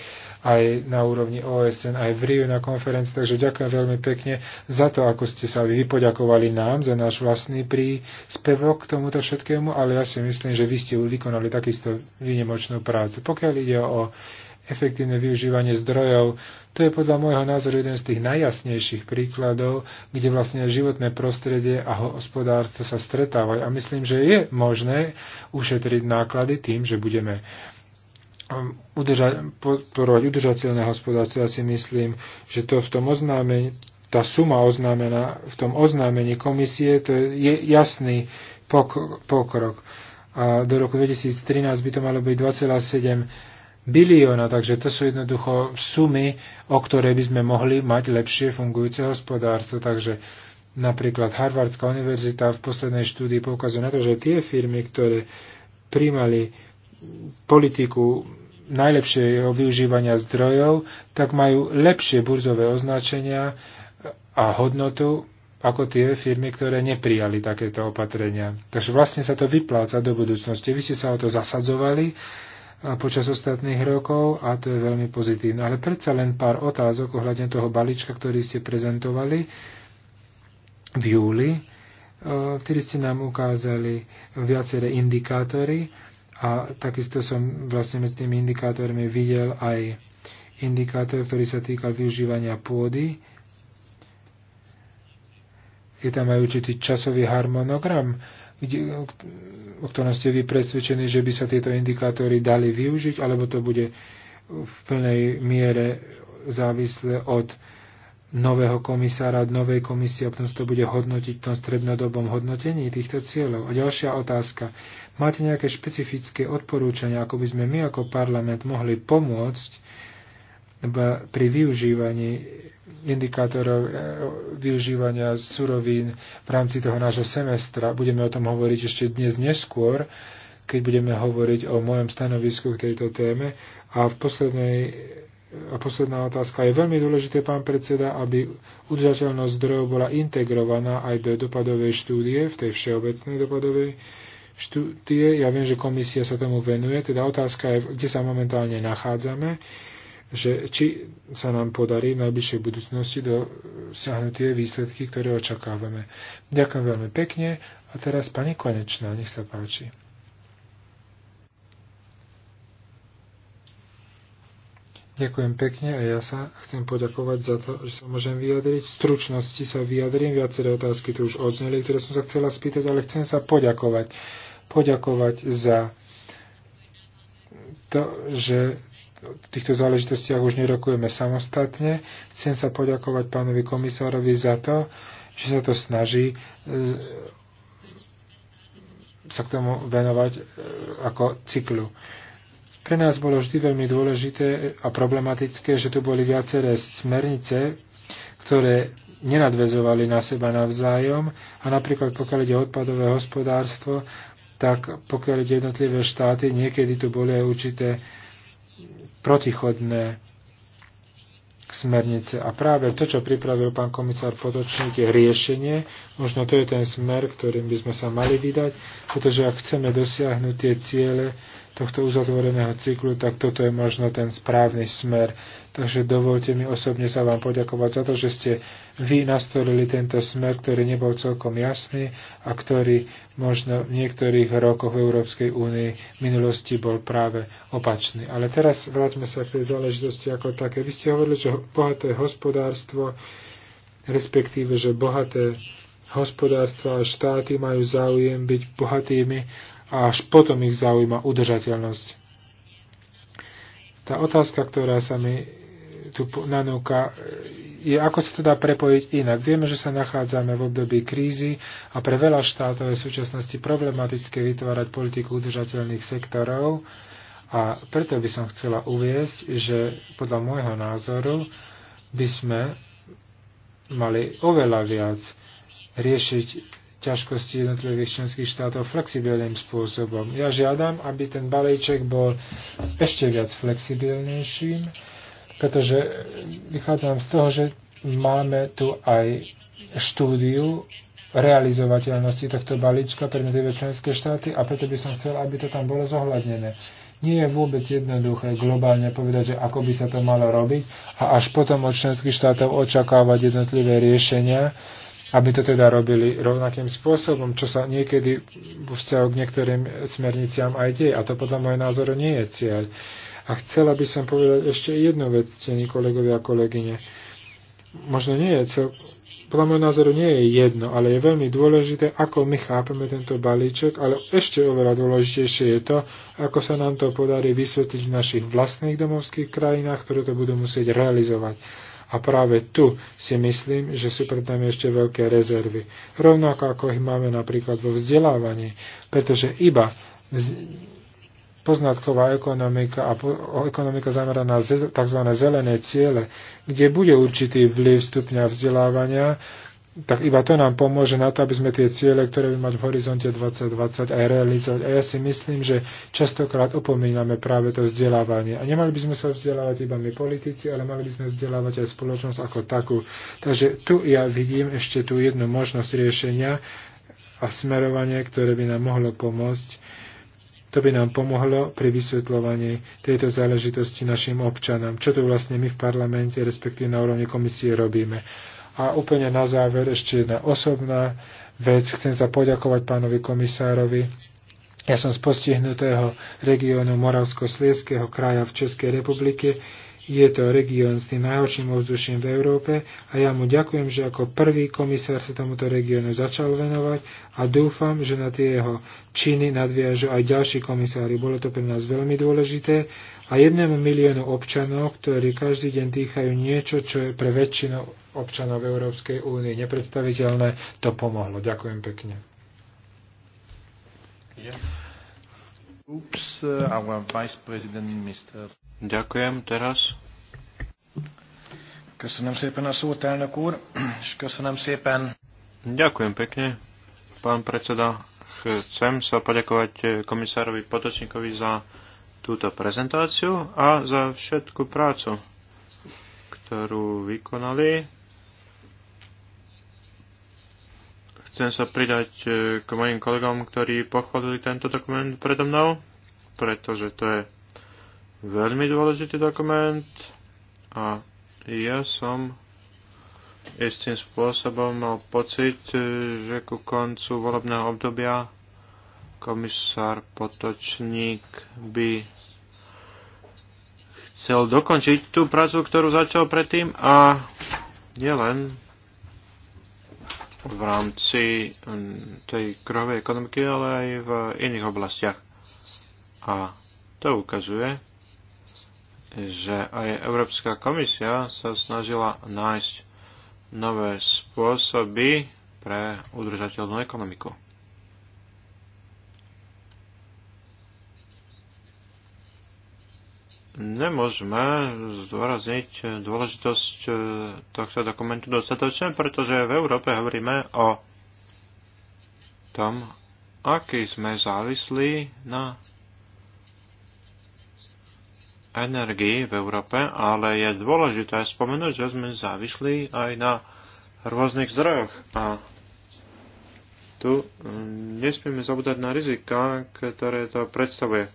aj na úrovni OSN, aj v Riu na konferencii. Takže ďakujem veľmi pekne za to, ako ste sa vypoďakovali nám za náš vlastný príspevok k tomuto všetkému, ale ja si myslím, že vy ste vykonali takisto výnimočnú prácu. Pokiaľ ide o efektívne využívanie zdrojov. To je podľa môjho názoru jeden z tých najjasnejších príkladov, kde vlastne životné prostredie a hospodárstvo sa stretávajú. A myslím, že je možné ušetriť náklady tým, že budeme Um, udrža- podporovať udržateľné hospodárstvo. Ja si myslím, že to v tom oznámení, tá suma oznámená v tom oznámení komisie, to je jasný pok- pokrok. A do roku 2013 by to malo byť 2,7 bilióna, takže to sú jednoducho sumy, o ktoré by sme mohli mať lepšie fungujúce hospodárstvo. Takže napríklad Harvardská univerzita v poslednej štúdii poukazuje na to, že tie firmy, ktoré príjmali politiku najlepšieho využívania zdrojov, tak majú lepšie burzové označenia a hodnotu ako tie firmy, ktoré neprijali takéto opatrenia. Takže vlastne sa to vypláca do budúcnosti. Vy ste sa o to zasadzovali počas ostatných rokov a to je veľmi pozitívne. Ale predsa len pár otázok ohľadne toho balíčka, ktorý ste prezentovali v júli. E, vtedy ste nám ukázali viaceré indikátory a takisto som vlastne medzi tými indikátormi videl aj indikátor, ktorý sa týkal využívania pôdy. Je tam aj určitý časový harmonogram, kde, o ktorom ste vy presvedčení, že by sa tieto indikátory dali využiť, alebo to bude v plnej miere závislé od nového komisára, novej komisie, potom to bude hodnotiť v tom strednodobom hodnotení týchto cieľov. A ďalšia otázka. Máte nejaké špecifické odporúčania, ako by sme my ako parlament mohli pomôcť pri využívaní indikátorov e, využívania surovín v rámci toho nášho semestra. Budeme o tom hovoriť ešte dnes neskôr, keď budeme hovoriť o mojom stanovisku k tejto téme. A v poslednej a posledná otázka. Je veľmi dôležité, pán predseda, aby udržateľnosť zdrojov bola integrovaná aj do dopadovej štúdie, v tej všeobecnej dopadovej štúdie. Ja viem, že komisia sa tomu venuje, teda otázka je, kde sa momentálne nachádzame, že či sa nám podarí v najbližšej budúcnosti dosiahnuť tie výsledky, ktoré očakávame. Ďakujem veľmi pekne a teraz pani Konečná, nech sa páči. Ďakujem pekne a ja sa chcem poďakovať za to, že sa môžem vyjadriť. V stručnosti sa vyjadrím, viaceré otázky tu už odzneli, ktoré som sa chcela spýtať, ale chcem sa poďakovať. Poďakovať za to, že v týchto záležitostiach už nerokujeme samostatne. Chcem sa poďakovať pánovi komisárovi za to, že sa to snaží e, sa k tomu venovať e, ako cyklu. Pre nás bolo vždy veľmi dôležité a problematické, že tu boli viaceré smernice, ktoré nenadvezovali na seba navzájom a napríklad pokiaľ ide odpadové hospodárstvo, tak pokiaľ ide jednotlivé štáty, niekedy tu boli aj určité protichodné smernice. A práve to, čo pripravil pán komisár Potočník, je riešenie. Možno to je ten smer, ktorým by sme sa mali vydať, pretože ak chceme dosiahnuť tie ciele, tohto uzatvoreného cyklu, tak toto je možno ten správny smer. Takže dovolte mi osobne sa vám poďakovať za to, že ste vy nastolili tento smer, ktorý nebol celkom jasný a ktorý možno v niektorých rokoch v Európskej únii v minulosti bol práve opačný. Ale teraz vráťme sa k tej záležitosti ako také. Vy ste hovorili, že bohaté hospodárstvo, respektíve, že bohaté hospodárstva a štáty majú záujem byť bohatými a až potom ich zaujíma udržateľnosť. Tá otázka, ktorá sa mi tu nanúka, je, ako sa to dá prepojiť inak. Vieme, že sa nachádzame v období krízy a pre veľa štátov je v súčasnosti problematické vytvárať politiku udržateľných sektorov a preto by som chcela uviesť, že podľa môjho názoru by sme mali oveľa viac riešiť ťažkosti jednotlivých členských štátov flexibilným spôsobom. Ja žiadam, aby ten balíček bol ešte viac flexibilnejším, pretože vychádzam z toho, že máme tu aj štúdiu realizovateľnosti tohto balíčka pre jednotlivé členské štáty a preto by som chcel, aby to tam bolo zohľadnené. Nie je vôbec jednoduché globálne povedať, že ako by sa to malo robiť a až potom od členských štátov očakávať jednotlivé riešenia, aby to teda robili rovnakým spôsobom, čo sa niekedy v vzťahu k niektorým smerniciam aj deje. A to podľa môjho názoru nie je cieľ. A chcela by som povedať ešte jednu vec, cení kolegovia a kolegyne. Možno nie je cel... Podľa môjho názoru nie je jedno, ale je veľmi dôležité, ako my chápeme tento balíček, ale ešte oveľa dôležitejšie je to, ako sa nám to podarí vysvetliť v našich vlastných domovských krajinách, ktoré to budú musieť realizovať. A práve tu si myslím, že sú pred nami ešte veľké rezervy. Rovnako ako ich máme napríklad vo vzdelávaní, pretože iba vz... poznatková ekonomika a po... ekonomika zameraná na tzv. zelené ciele, kde bude určitý vliv stupňa vzdelávania, tak iba to nám pomôže na to, aby sme tie ciele, ktoré by mať v horizonte 2020 aj realizovať. A ja si myslím, že častokrát opomíname práve to vzdelávanie. A nemali by sme sa vzdelávať iba my politici, ale mali by sme vzdelávať aj spoločnosť ako takú. Takže tu ja vidím ešte tú jednu možnosť riešenia a smerovanie, ktoré by nám mohlo pomôcť. To by nám pomohlo pri vysvetľovaní tejto záležitosti našim občanom, čo tu vlastne my v parlamente, respektíve na úrovni komisie robíme. A úplne na záver ešte jedna osobná vec. Chcem sa poďakovať pánovi komisárovi. Ja som z postihnutého regiónu Moravsko-Slieského kraja v Českej republike je to región s tým najhorším ovzduším v Európe a ja mu ďakujem, že ako prvý komisár sa tomuto regiónu začal venovať a dúfam, že na tie jeho činy nadviažu aj ďalší komisári. Bolo to pre nás veľmi dôležité a jednému miliónu občanov, ktorí každý deň dýchajú niečo, čo je pre väčšinu občanov Európskej únie nepredstaviteľné, to pomohlo. Ďakujem pekne. Yeah. Oops, uh, our Vice President, Mr. Ďakujem teraz. Köszönöm szépen a szót, elnök úr, és köszönöm szépen. Ďakujem pekne, pán predseda. Chcem sa poďakovať komisárovi Potočníkovi za túto prezentáciu a za všetku prácu, ktorú vykonali. Chcem sa pridať eh, k mojim kolegom, ktorí pochválili tento dokument predo mnou, pretože to je veľmi dôležitý dokument a ja som istým spôsobom mal pocit, že ku koncu volebného obdobia komisár Potočník by chcel dokončiť tú prácu, ktorú začal predtým a nielen v rámci mm, tej krovej ekonomiky, ale aj v iných oblastiach. A to ukazuje, že aj Európska komisia sa snažila nájsť nové spôsoby pre udržateľnú ekonomiku. Nemôžeme zdôrazniť dôležitosť e, tohto dokumentu dostatočne, pretože v Európe hovoríme o tom, aký sme závislí na energii v Európe, ale je dôležité spomenúť, že sme závislí aj na rôznych zdrojoch. A tu mm, nesmieme zabúdať na rizika, ktoré to predstavuje.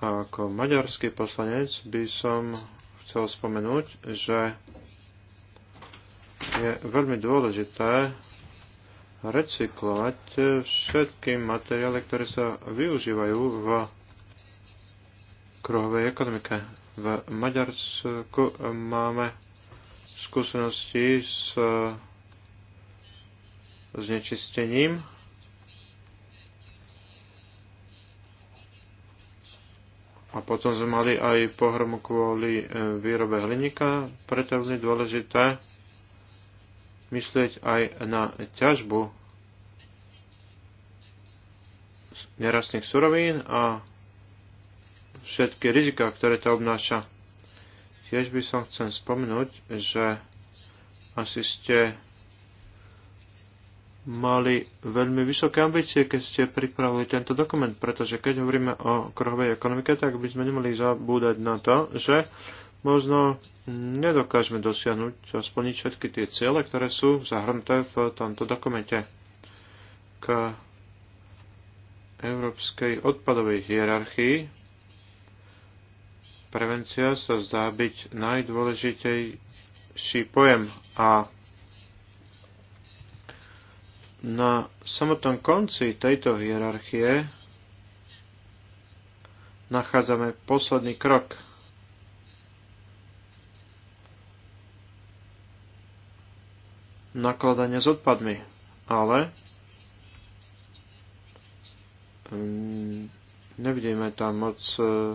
A ako maďarský poslanec by som chcel spomenúť, že je veľmi dôležité recyklovať všetky materiály, ktoré sa využívajú v kruhovej ekonomike. V Maďarsku máme skúsenosti s znečistením. A potom sme mali aj pohromu kvôli e, výrobe hliníka, preto je dôležité myslieť aj na ťažbu nerastných surovín a všetky rizika, ktoré to obnáša. Tiež by som chcel spomenúť, že asi ste mali veľmi vysoké ambície, keď ste pripravili tento dokument, pretože keď hovoríme o kruhovej ekonomike, tak by sme nemali zabúdať na to, že možno nedokážeme dosiahnuť a splniť všetky tie ciele, ktoré sú zahrnuté v tomto dokumente k európskej odpadovej hierarchii. Prevencia sa zdá byť najdôležitejší pojem a na samotnom konci tejto hierarchie nachádzame posledný krok. Nakladanie s odpadmi. Ale mm, nevidíme tam moc eh,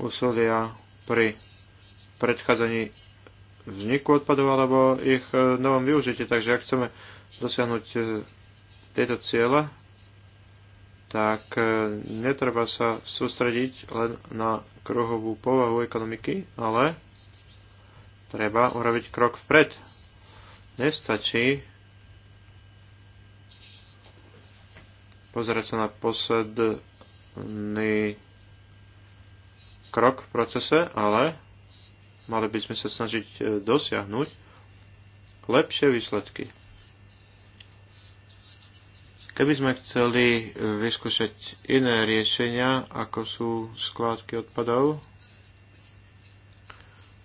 úsilia pri predchádzaní vzniku odpadov alebo ich e, novom využití. Takže ak chceme dosiahnuť e, tieto ciele, tak e, netreba sa sústrediť len na kruhovú povahu ekonomiky, ale treba urobiť krok vpred. Nestačí pozerať sa na posledný krok v procese, ale mali by sme sa snažiť e, dosiahnuť lepšie výsledky. Keby sme chceli e, vyskúšať iné riešenia, ako sú skládky odpadov,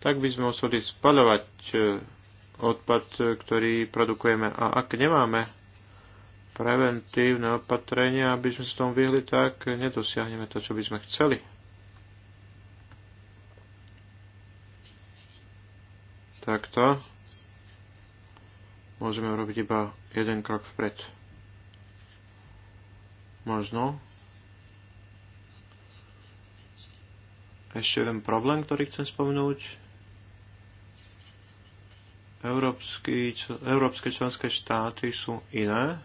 tak by sme museli spaľovať e, odpad, ktorý produkujeme. A ak nemáme preventívne opatrenia, aby sme sa tomu vyhli, tak nedosiahneme to, čo by sme chceli. takto môžeme urobiť iba jeden krok vpred. Možno ešte jeden problém, ktorý chcem spomenúť. Európsky, európske členské štáty sú iné,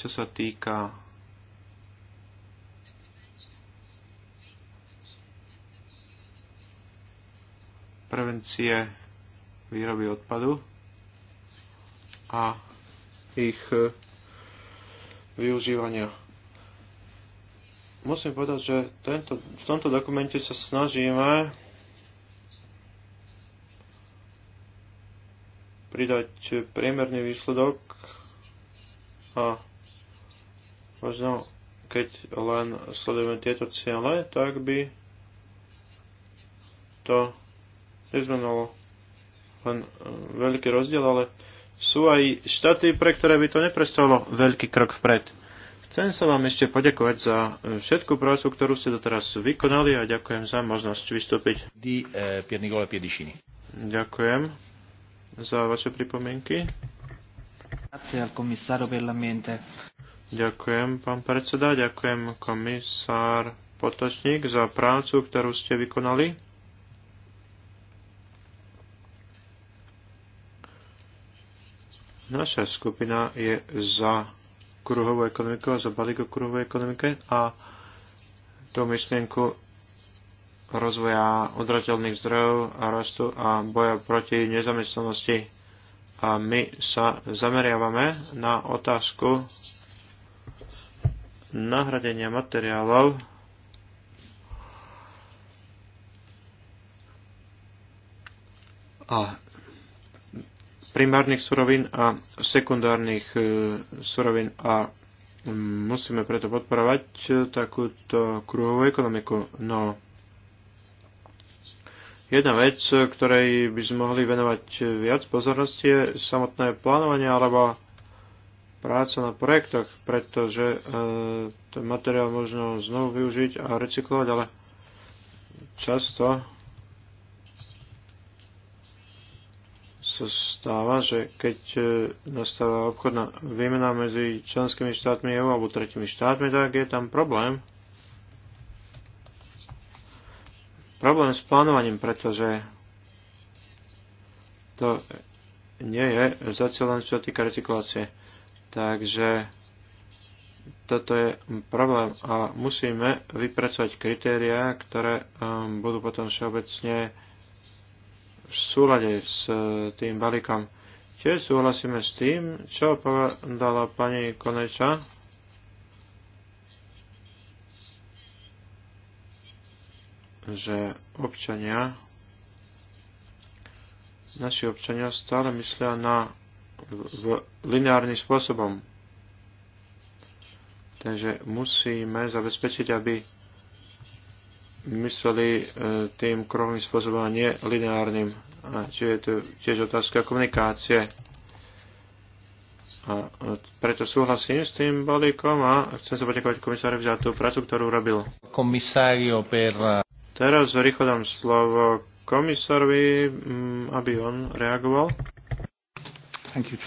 čo sa týka prevencie výroby odpadu a ich e, využívania. Musím povedať, že tento, v tomto dokumente sa snažíme pridať priemerný výsledok a možno keď len sledujeme tieto ciele, tak by to neznamenalo len e, veľký rozdiel, ale sú aj štáty, pre ktoré by to neprestalo veľký krok vpred. Chcem sa vám ešte poďakovať za e, všetku prácu, ktorú ste doteraz vykonali a ďakujem za možnosť vystúpiť. Di, eh, Ďakujem za vaše pripomienky. Ďakujem, pán predseda, ďakujem komisár Potočník za prácu, ktorú ste vykonali Naša skupina je za kruhovú ekonomiku a za balík o kruhovej ekonomike a tú myšlienku rozvoja odrateľných zdrojov a rastu a boja proti nezamestnanosti. A my sa zameriavame na otázku nahradenia materiálov a primárnych surovín a sekundárnych e, surovín a musíme preto podporovať e, takúto kruhovú ekonomiku. No, jedna vec, ktorej by sme mohli venovať viac pozornosti, je samotné plánovanie alebo práca na projektoch, pretože e, ten materiál možno znovu využiť a recyklovať, ale často sa stáva, že keď e, nastáva obchodná výmena medzi členskými štátmi EU alebo tretími štátmi, tak je tam problém. Problém s plánovaním, pretože to nie je zacielené, čo týka recyklácie. Takže toto je problém a musíme vypracovať kritériá, ktoré um, budú potom všeobecne v súlade s e, tým balíkom. Tiež súhlasíme s tým, čo povedala pani Koneča. že občania, naši občania stále myslia na v, lineárnym spôsobom. Takže musíme zabezpečiť, aby mysleli e, tým kruhovým spôsobom a nie lineárnym. čiže je to tiež otázka komunikácie. A preto súhlasím s tým balíkom a chcem sa poďakovať komisárovi za tú prácu, ktorú robil. Komisário per... Teraz rýchlo dám slovo komisárovi, mm, aby on reagoval. Thank you,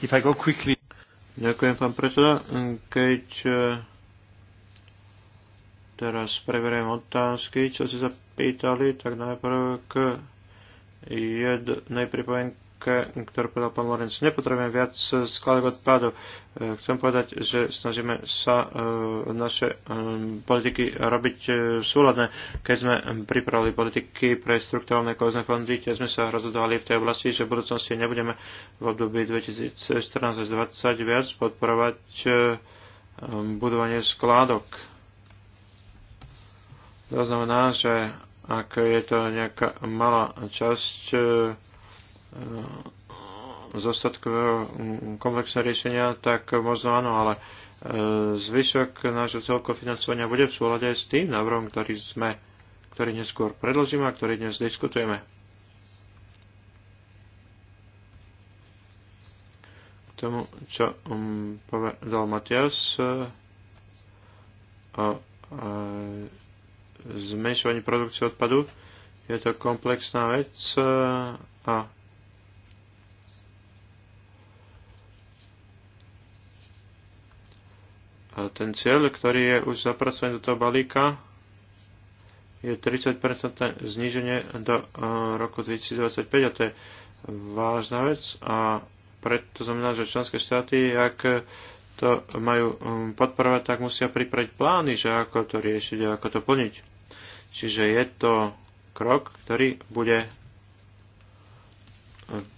If I go quickly... Ďakujem, pán predseda. Keď e, Teraz preberiem otázky, čo si zapýtali, tak najprv k jednej pripojenke, ktorú povedal pán Lorenc. Nepotrebujem viac skladok odpadov. E, chcem povedať, že snažíme sa e, naše e, politiky robiť súladné. Keď sme pripravili politiky pre strukturálne kozne fondy, tie sme sa rozhodovali v tej oblasti, že v budúcnosti nebudeme v období 2014-2020 viac podporovať budovanie skládok to znamená, že ak je to nejaká malá časť e, e, zostatkového komplexného riešenia, tak možno áno, ale e, zvyšok nášho celkového financovania bude v súlade s tým návrhom, ktorý sme ktorý neskôr predložíme a ktorý dnes diskutujeme. K tomu, čo povedal Matias o zmenšovanie produkcie odpadu. Je to komplexná vec eh, a A ten cieľ, ktorý je už zapracovaný do toho balíka, je 30% zníženie do eh, roku 2025 a to je vážna vec a preto znamená, že členské štáty, ak to majú eh, podporovať, tak musia pripraviť plány, že ako to riešiť a ako to plniť. Čiže je to krok, ktorý bude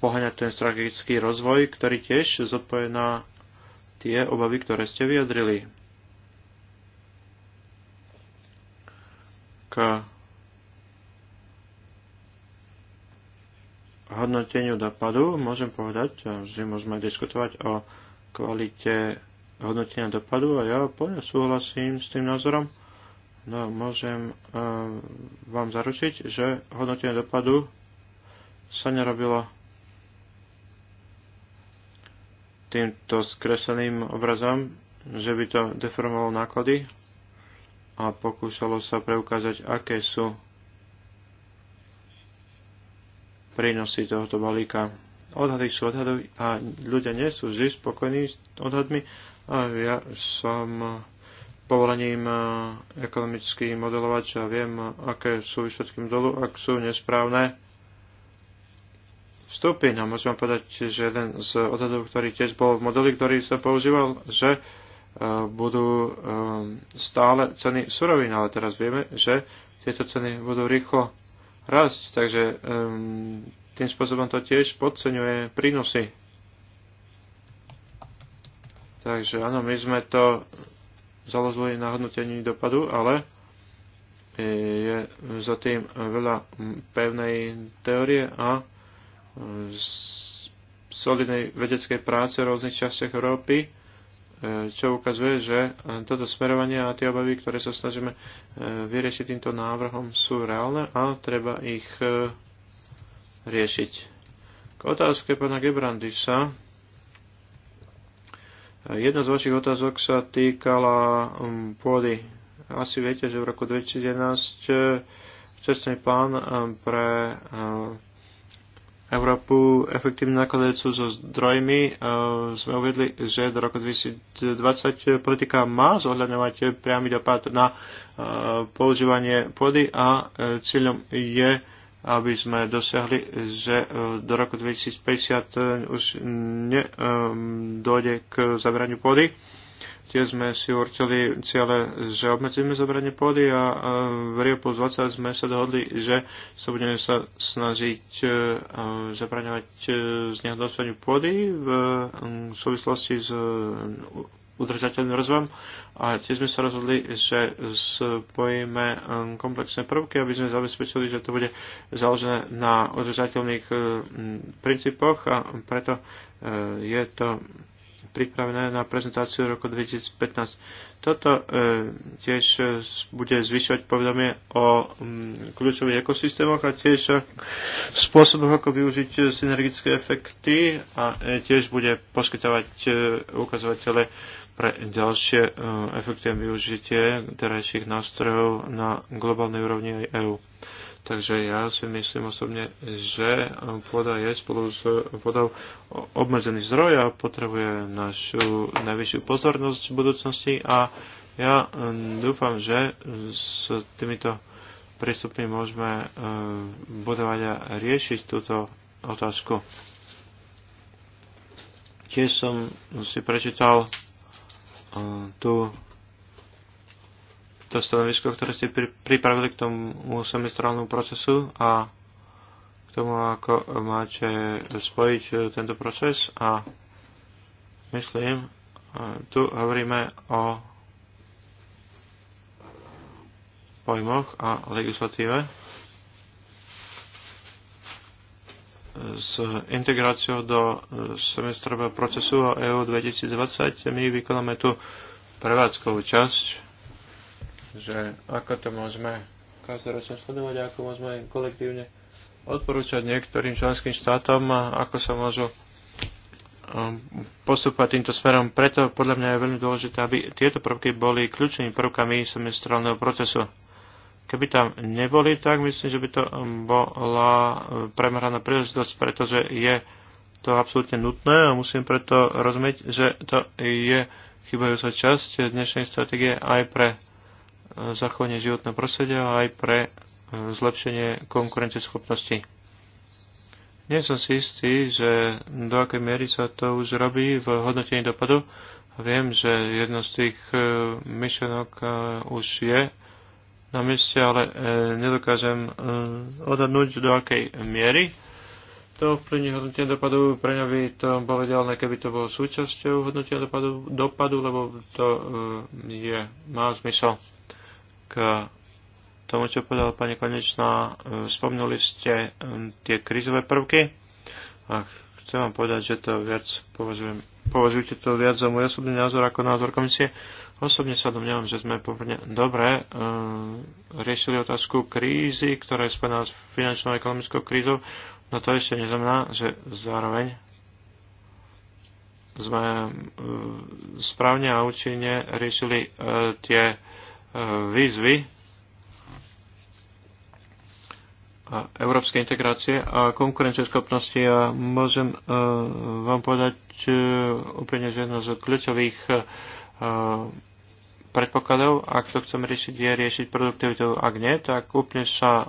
poháňať ten strategický rozvoj, ktorý tiež zodpovie na tie obavy, ktoré ste vyjadrili. K hodnoteniu dopadu môžem povedať, že môžeme diskutovať o kvalite hodnotenia dopadu a ja plne súhlasím s tým názorom, No, môžem e, vám zaručiť, že hodnotenie dopadu sa nerobilo týmto skreseným obrazom, že by to deformovalo náklady a pokúšalo sa preukázať, aké sú prínosy tohoto balíka. Odhady sú odhady a ľudia nie sú vždy spokojní s odhadmi a ja som povolením e, ekonomický modelovač a viem, aké sú výsledky modelu, ak sú nesprávne vstupy. A no, môžem povedať, že jeden z odhadov, ktorý tiež bol v modeli, ktorý sa používal, že e, budú e, stále ceny surovín, ale teraz vieme, že tieto ceny budú rýchlo rásť, takže tým spôsobom to tiež podceňuje prínosy. Takže áno, my sme to založili na hodnotení dopadu, ale e, je za tým veľa pevnej teórie a e, solidnej vedeckej práce v rôznych častiach Európy, e, čo ukazuje, že toto smerovanie a tie obavy, ktoré sa snažíme vyriešiť týmto návrhom, sú reálne a treba ich riešiť. K otázke pána Gebrandisa Jedna z vašich otázok sa týkala um, pôdy. Asi viete, že v roku 2011 cestný plán pre eh, Európu efektívne nakladajúcu so zdrojmi. Eh, sme uvedli, že do roku 2020 politika má zohľadňovať priamy dopad na eh, používanie pôdy a cieľom je aby sme dosiahli, že e, do roku 2050 e, už ne, e, dojde k zabraniu pôdy. Tie sme si určili cieľe, že obmedzíme zabranie pôdy a v Rio plus 20 sme sa dohodli, že sa budeme sa snažiť zabraňovať z nehodnosteniu pôdy v súvislosti s udržateľným rozvojom. A tiež sme sa rozhodli, že spojíme um, komplexné prvky, aby sme zabezpečili, že to bude založené na udržateľných um, princípoch a preto uh, je to pripravené na prezentáciu roku 2015. Toto e, tiež uh, bude zvyšovať povedomie o m, um, kľúčových ekosystémoch a tiež spôsoboch, ako využiť synergické efekty a e, tiež bude poskytovať e, ukazovatele pre ďalšie e, efektívne využitie terajších nástrojov na globálnej úrovni aj EÚ. Takže ja si myslím osobne, že voda e, je spolu s vodou obmedzený zdroj a potrebuje našu najvyššiu pozornosť v budúcnosti a ja e, dúfam, že s týmito prístupmi môžeme budovať a riešiť túto otázku. Tiež som si prečítal tú to stanovisko, ktoré ste pripravili k tomu semestrálnemu procesu a k tomu, ako máte spojiť e, tento proces a myslím, e, tu hovoríme o pojmoch a legislatíve. s integráciou do e, semestrového procesu EU 2020 my vykonáme tú prevádzkovú časť, že ako to môžeme každoročne sledovať ako môžeme kolektívne odporúčať niektorým členským štátom, ako sa môžu e, postupovať týmto smerom. Preto podľa mňa je veľmi dôležité, aby tieto prvky boli kľúčnými prvkami semestrálneho procesu. Keby tam neboli, tak myslím, že by to um, bola um, premrhaná príležitosť, pretože je to absolútne nutné a musím preto rozumieť, že to je chybajúca časť dnešnej stratégie aj pre uh, zachovanie životného prostredia a aj pre uh, zlepšenie konkurenceschopnosti. Nie som si istý, že do akej miery sa to už robí v hodnotení dopadu. Viem, že jedno z tých uh, myšlenok už je na mieste, ale e, nedokážem e, odhadnúť, do akej miery to vplyvne hodnotenie dopadu. Pre mňa by to bolo ideálne, keby to bolo súčasťou hodnotenia dopadu, dopadu lebo to e, je, má zmysel k tomu, čo povedal pani Konečná. Spomnuli ste tie krízové prvky a chcem vám povedať, že to viac považujem, považujte to viac za môj osobný názor ako názor komisie. Osobne sa domnievam, že sme pomerne dobre um, riešili otázku krízy, ktorá je spojená s finančnou a ekonomickou krízou, no to ešte neznamená, že zároveň sme e, správne a účinne riešili uh, tie uh, výzvy a európskej integrácie a konkurencieschopnosti a môžem uh, vám povedať uh, úplne, že jedna z kľúčových uh, predpokladov, ak to chceme riešiť, je riešiť produktivitu. Ak nie, tak úplne sa e,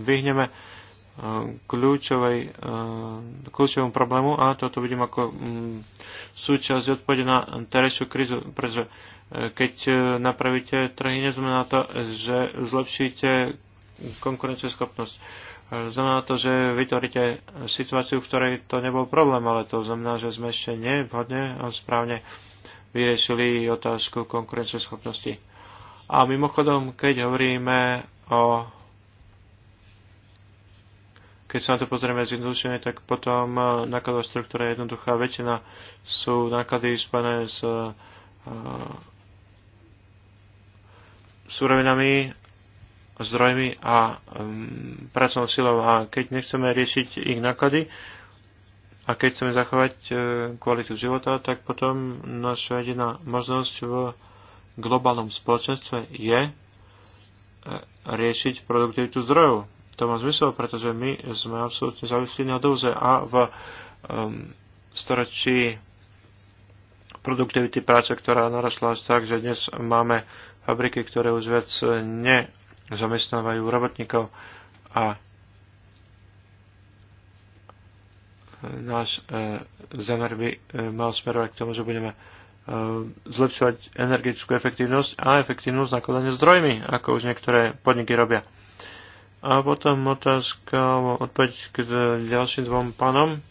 vyhneme e, kľúčovej, e, kľúčovému problému a toto vidím ako mm, súčasť odpovede na terajšiu krizu, pretože keď napravíte trhy, neznamená to, že zlepšíte konkurencieschopnosť. Znamená to, že vytvoríte situáciu, v ktorej to nebol problém, ale to znamená, že sme ešte nevhodne a správne uh, vyriešili otázku konkurenceschopnosti. A mimochodom, keď hovoríme o keď sa na to pozrieme zjednodušene, tak potom e, nákladová štruktúra je jednoduchá. Väčšina sú náklady spojené s e, súrovinami, zdrojmi a um, pracovnou silou. A keď nechceme riešiť ich náklady, a keď chceme zachovať e, kvalitu života, tak potom naša jediná možnosť v globálnom spoločenstve je e, riešiť produktivitu zdrojov. To má zmysel, pretože my sme absolútne závislí na doze a v um, storočí produktivity práce, ktorá narastla až tak, že dnes máme fabriky, ktoré už viac nezamestnávajú robotníkov a náš e, zámer by e, mal smerovať k tomu, že budeme e, zlepšovať energetickú efektívnosť a efektívnosť nakladania zdrojmi, ako už niektoré podniky robia. A potom otázka, odpäť k ďalším dvom pánom,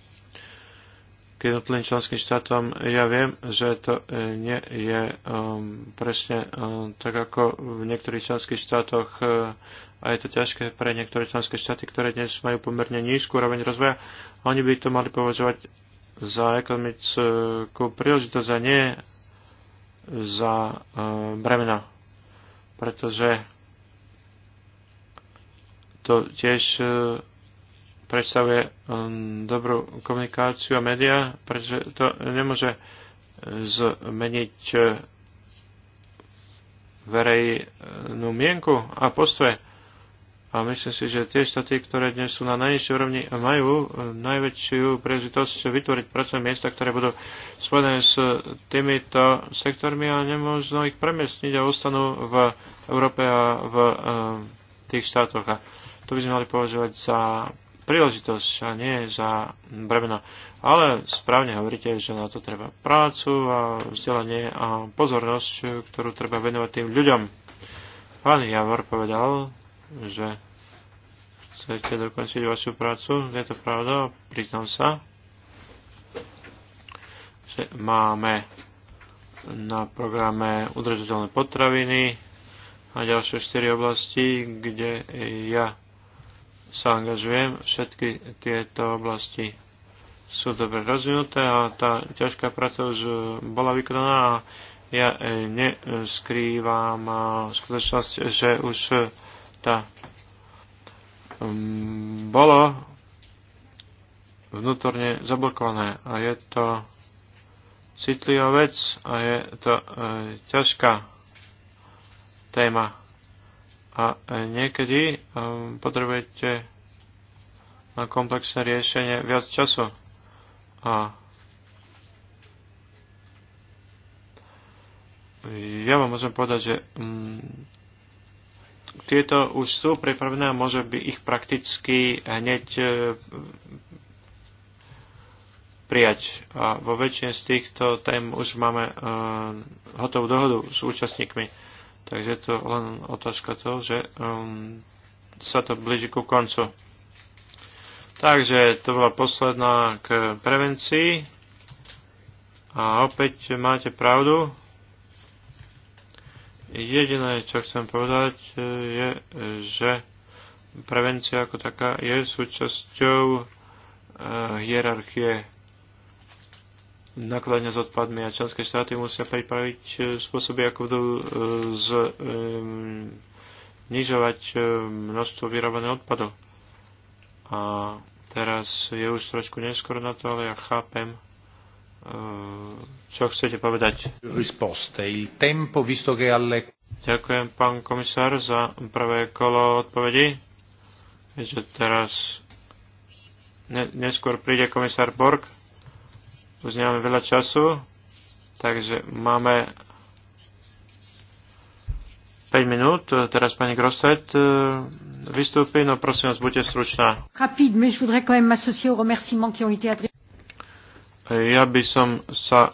k jednotlivým členským štátom. Ja viem, že to nie je um, presne um, tak, ako v niektorých členských štátoch a je to ťažké pre niektoré členské štáty, ktoré dnes majú pomerne nízku úroveň rozvoja. Oni by to mali považovať za ekonomickú príležitosť a nie za e, bremena. Pretože to tiež e, predstavuje e, dobrú komunikáciu a médiá, pretože to nemôže zmeniť e, verejnú mienku a postoje. A myslím si, že tie štáty, ktoré dnes sú na najnižšej úrovni, majú e, najväčšiu príležitosť vytvoriť pracovné miesta, ktoré budú spojené s týmito sektormi a nemôžno ich premiestniť a ostanú v Európe a v e, tých štátoch. A to by sme mali považovať za príležitosť a nie za bremeno. Ale správne hovoríte, že na to treba prácu a vzdelanie a pozornosť, ktorú treba venovať tým ľuďom. Pán Javor povedal, že chcete dokončiť vašu prácu, je to pravda, priznám sa, že máme na programe udržateľné potraviny a ďalšie 4 oblasti, kde ja sa angažujem. Všetky tieto oblasti sú dobre rozvinuté a tá ťažká práca už bola vykonaná a ja e, neskrývam skutočnosť, že už tá um, bolo vnútorne zablokované a je to citlivá vec a je to e, ťažká téma. A e, niekedy e, potrebujete na komplexné riešenie viac času. A ja vám môžem povedať, že mm, tieto už sú pripravené a môže by ich prakticky hneď e, prijať. A vo väčšine z týchto tém už máme e, hotovú dohodu s účastníkmi. Takže je to len otázka toho, že um, sa to blíži ku koncu. Takže to bola posledná k prevencii. A opäť máte pravdu. Jediné, čo chcem povedať, e, je, že prevencia ako taká je súčasťou e, hierarchie nakladania s odpadmi a členské štáty musia pripraviť e, spôsoby, ako budú znižovať množstvo vyrobeného odpadu. A teraz je už trošku neskoro na to, ale ja chápem, Eh, čo chcete povedať? Risposte. Il tempo, visto che alle... Ďakujem, pán komisár, za prvé kolo odpovedí. Keďže teraz ne, neskôr príde komisár Borg. Už nemáme veľa času, takže máme 5 minút. Teraz pani Grostet eh, vystúpi, no prosím vás, buďte stručná. Rapid, mais je voudrais quand même m'associer aux remerciements qui ont été adressés. Ja by som sa e,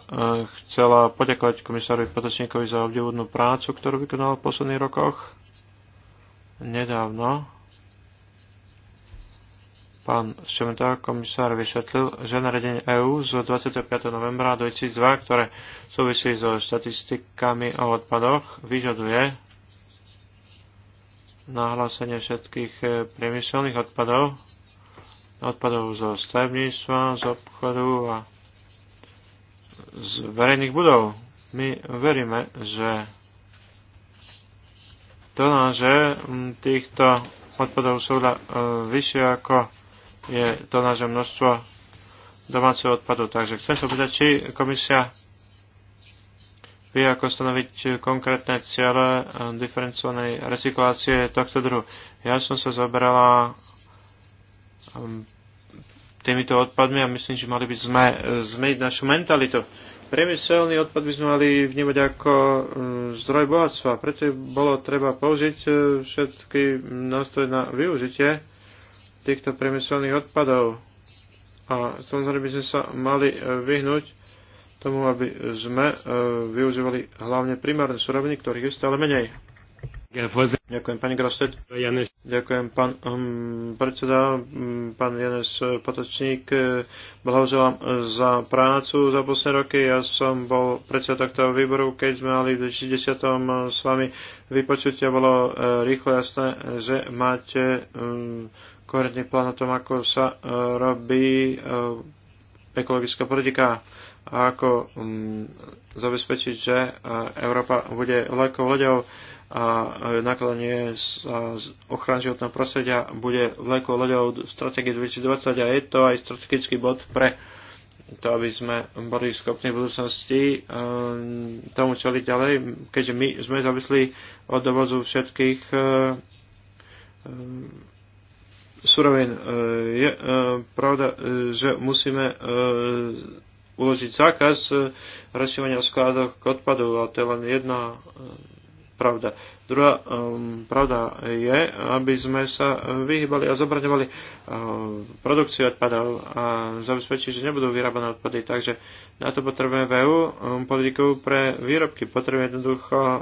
chcela poďakovať komisárovi Potočníkovi za obdivudnú prácu, ktorú vykonal v posledných rokoch. Nedávno pán Šemeta, komisár, vyšetlil, že nariadenie EÚ z 25. novembra 2002, ktoré súvisí so štatistikami o odpadoch, vyžaduje nahlásenie všetkých e, priemyselných odpadov, odpadov zo stavebníctva, z obchodu a z verejných budov. My veríme, že to no, že mm, týchto odpadov sú e, vyššie ako je to, naše množstvo domáceho odpadu. Takže chcem sa pýtať, či komisia vie ako stanoviť konkrétne ciele e, diferencovanej recyklácie tohto druhu. Ja som sa zabrala týmito odpadmi a myslím, že mali by sme e, zmeniť našu mentalitu. Priemyselný odpad by sme mali vnímať ako mm, zdroj bohatstva, preto bolo treba použiť e, všetky nástroje na využitie týchto priemyselných odpadov. A samozrejme by sme sa mali e, vyhnúť tomu, aby sme využívali hlavne primárne suroviny, ktorých je stále menej. Ďakujem, pani Grašteď. Ďakujem, pán um, predseda, um, pán Janes uh, Potočník. Uh, blahoželám uh, za prácu za posledné roky. Ja som bol predseda takto výboru, keď sme mali v 2010. s vami vypočutia. Bolo rýchlo jasné, že máte um, koherentný plán o tom, ako sa robí ekologická politika a ako um, zabezpečiť, že Európa bude vlajkou loďou a nakladanie z ochrany životného prostredia bude vlekou loďou stratégie 2020 a je to aj strategický bod pre to, aby sme boli schopní v budúcnosti e, tomu čeliť ďalej, keďže my sme závislí od dovozu všetkých e, surovín. Je e, pravda, že musíme e, uložiť zákaz e, rozširovania skládok odpadu, ale to je len jedna e, pravda. Druhá um, pravda je, aby sme sa vyhybali a zabraňovali uh, um, produkciu odpadov a zabezpečiť, že nebudú vyrábané odpady. Takže na to potrebujeme VU e um, politiku pre výrobky. Potrebujeme jednoducho uh,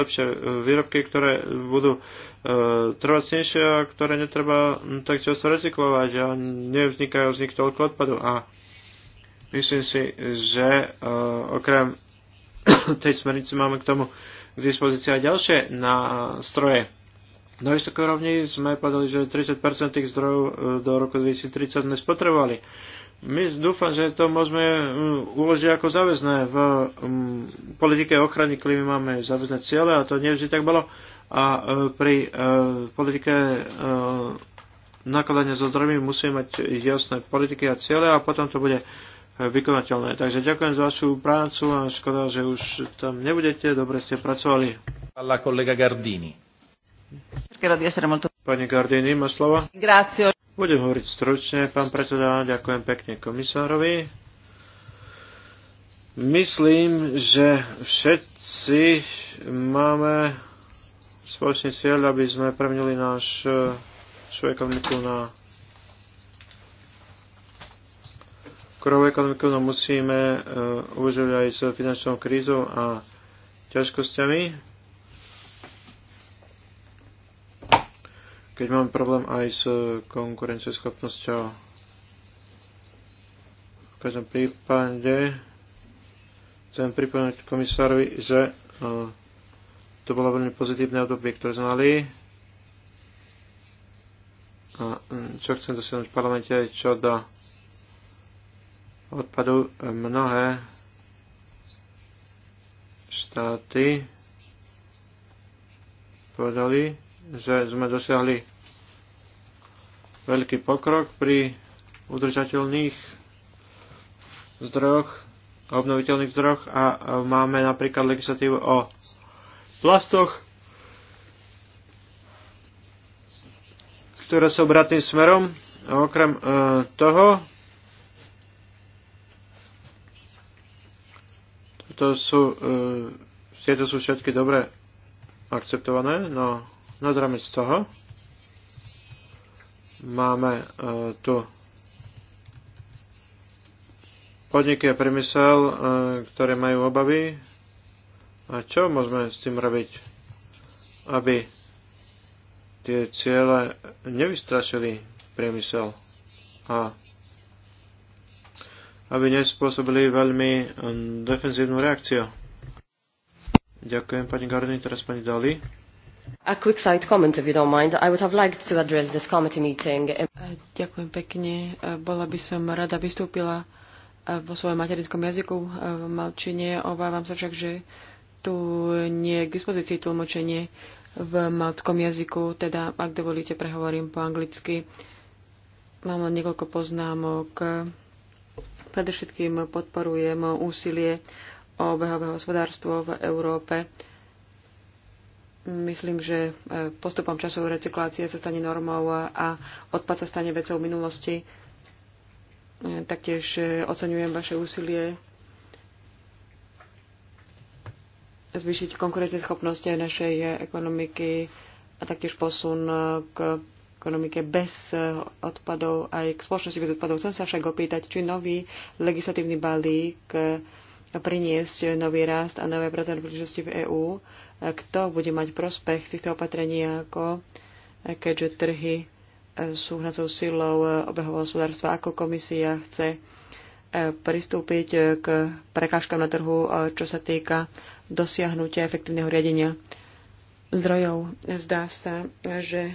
lepšie um, výrobky, ktoré budú uh, trvacnejšie a ktoré netreba um, tak často recyklovať a nevznikajú z nich toľko odpadu. A myslím si, že uh, okrem tej smernice máme k tomu uh, k dispozícii aj ďalšie e, stroje. Na vysokej rovni sme povedali, že 30% tých zdrojov e, do roku 2030 sme spotrebovali. My dúfam, že to môžeme e, uložiť ako záväzné. V politike ochrany klímy máme záväzné ciele a to nie vždy tak bolo. A pri politike nakladania so zdrojmi musíme mať jasné politiky a ciele a potom to bude vykonateľné. Takže ďakujem za vašu prácu a škoda, že už tam nebudete. Dobre ste pracovali. Alla kolega Gardini. Pani Gardini, má slovo? Budem hovoriť stručne, pán predseda. Ďakujem pekne komisárovi. Myslím, že všetci máme spoločný cieľ, aby sme premenili náš eh, svoju ekonomiku na korovú ekonomiku, no musíme eh, uvažovať aj s finančnou krízou a ťažkosťami. Keď mám problém aj s konkurencieschopnosťou, v každom prípade chcem pripomenúť komisárovi, že eh, to bolo veľmi pozitívne obdobie, ktoré sme mali. A hm, čo chcem dosiahnuť v parlamente, čo do odpadu mnohé štáty povedali, že sme dosiahli veľký pokrok pri udržateľných zdroch, obnoviteľných zdroch a máme napríklad legislatívu o plastoch, ktoré sú obratným smerom. okrem e, toho to sú, e, tieto sú všetky dobre akceptované, no nad rámec toho máme e, tu podniky a priemysel, e, ktoré majú obavy. A čo môžeme s tým robiť, aby tie ciele nevystrašili priemysel a aby nespôsobili veľmi um, defenzívnu reakciu. Ďakujem pani Gardini, teraz pani Dali. A quick side comment, if you don't mind. I would have liked to address this committee meeting. Ďakujem pekne. Bola by som rada vystúpila vo svojom materinskom jazyku v malčine. Obávam sa však, že tu nie je k dispozícii tlmočenie v malckom jazyku, teda ak dovolíte, prehovorím po anglicky. Mám len niekoľko poznámok. Predovšetkým podporujem úsilie o behové hospodárstvo v Európe. Myslím, že e, postupom času recyklácie sa stane normou a odpad sa stane vecou minulosti. E, taktiež e, oceňujem vaše úsilie zvýšiť konkurencieschopnosť našej ekonomiky a taktiež posun k ekonomike bez eh, odpadov aj k spoločnosti bez odpadov. Chcem sa však opýtať, či nový legislatívny balík eh, priniesť nový rast a nové pracovné príležitosti v EÚ. Eh, kto bude mať prospech z týchto opatrení, ako keďže trhy sú hnacou silou obehového hospodárstva, ako komisia chce pristúpiť k prekážkam na trhu, čo sa týka dosiahnutia efektívneho riadenia zdrojov. Zdá sa, že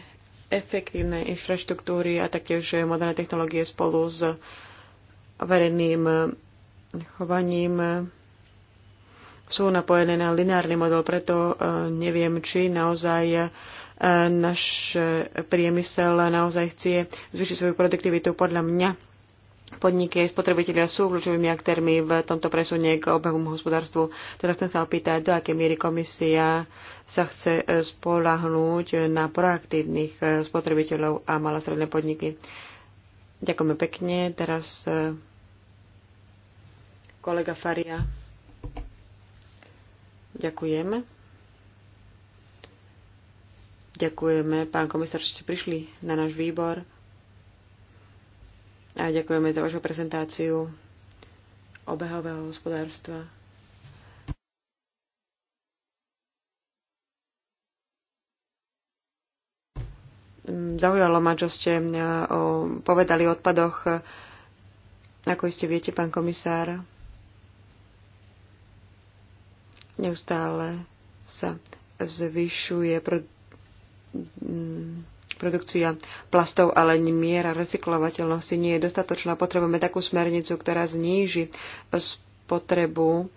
efektívne infraštruktúry a taktiež moderné technológie spolu s verejným chovaním sú napojené na lineárny model, preto e, neviem, či naozaj e, náš priemysel naozaj chce zvýšiť svoju produktivitu. Podľa mňa podniky aj spotrebitelia sú kľúčovými aktérmi v tomto presune k obehovom hospodárstvu. Teraz chcem sa opýtať, do akej miery komisia sa chce e, spolahnúť na proaktívnych e, spotrebiteľov a malé stredné podniky. Ďakujeme pekne. Teraz e, kolega Faria. Ďakujem. Ďakujeme, pán komisár, že ste prišli na náš výbor. A ďakujeme za vašu prezentáciu obehového hospodárstva. Zaujalo ma, čo ste eh, povedali o odpadoch. Ako ste viete, pán komisár, neustále sa zvyšuje pro, produkcia plastov, ale miera recyklovateľnosti nie je dostatočná. Potrebujeme takú smernicu, ktorá zníži spotrebu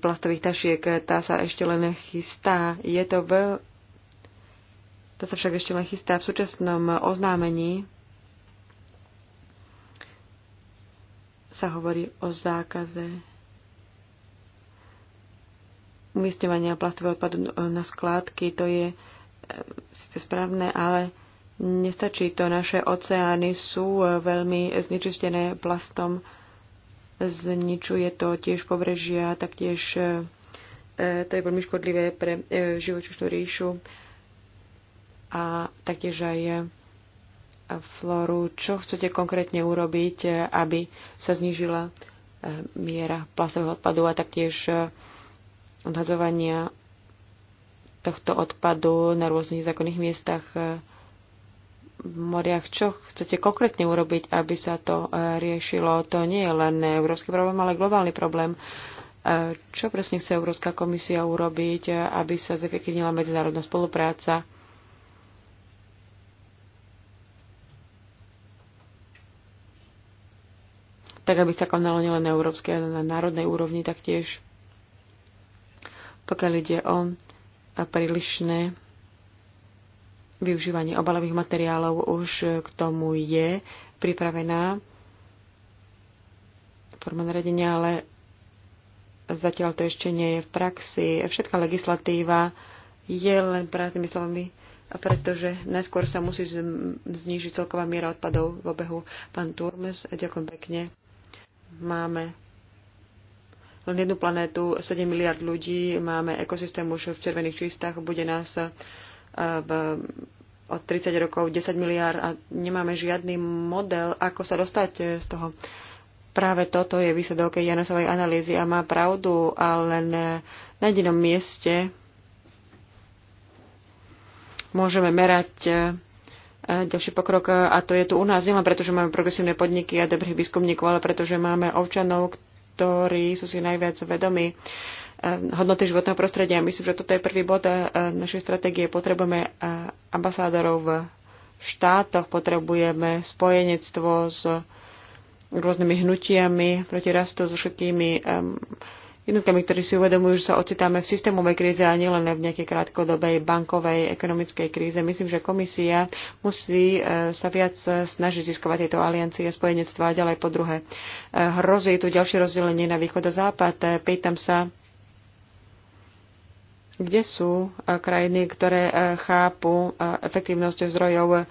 plastových tašiek. Tá sa ešte len chystá. Je to veľ... Tá sa však ešte len chystá. V súčasnom oznámení sa hovorí o zákaze umiestňovania plastového odpadu na skládky. To je E, síce správne, ale nestačí to. Naše oceány sú e, veľmi znečistené plastom. Zničuje to tiež pobrežia, taktiež e, to je veľmi škodlivé pre živočišnú ríšu a taktiež aj Floru, čo chcete konkrétne urobiť, aby sa znížila miera plastového odpadu a taktiež odhadzovania tohto odpadu na rôznych zákonných miestach e, v moriach. Čo chcete konkrétne urobiť, aby sa to e, riešilo? To nie je len európsky problém, ale globálny problém. E, čo presne chce Európska komisia urobiť, aby sa zefektívnila medzinárodná spolupráca? tak aby sa konalo nielen na európskej, ale na národnej úrovni taktiež. Pokiaľ ide o prílišné využívanie obalových materiálov už k tomu je pripravená forma naredenia, ale zatiaľ to ešte nie je v praxi. Všetká legislatíva je len prázdnymi slovami, pretože najskôr sa musí znížiť celková miera odpadov v obehu. Pán Turmes, ďakujem pekne. Máme len jednu planétu, 7 miliard ľudí, máme ekosystém už v červených čistách, bude nás e, v, od 30 rokov 10 miliard a nemáme žiadny model, ako sa dostať e, z toho. Práve toto je výsledok Janosovej analýzy a má pravdu, ale e, na jedinom mieste môžeme merať ďalší pokrok a to je tu u nás nielen preto, že máme progresívne podniky a dobrých výskumníkov, ale pretože máme občanov, ktorí sú si najviac vedomi eh, hodnoty životného prostredia. Myslím, že toto je prvý bod eh, našej stratégie. Potrebujeme eh, ambasádorov v štátoch, potrebujeme spojenectvo s rôznymi hnutiami proti rastu, so všetkými jednotkami, ktorí si uvedomujú, že sa ocitáme v systémovej kríze a nielen v nejakej krátkodobej bankovej ekonomickej kríze. Myslím, že komisia musí e, sa viac snažiť získovať tieto aliancie spojenectva a ďalej po druhé. E, hrozí tu ďalšie rozdelenie na východ a západ. E, pýtam sa, kde sú e, krajiny, ktoré e, chápu e, efektívnosť zdrojov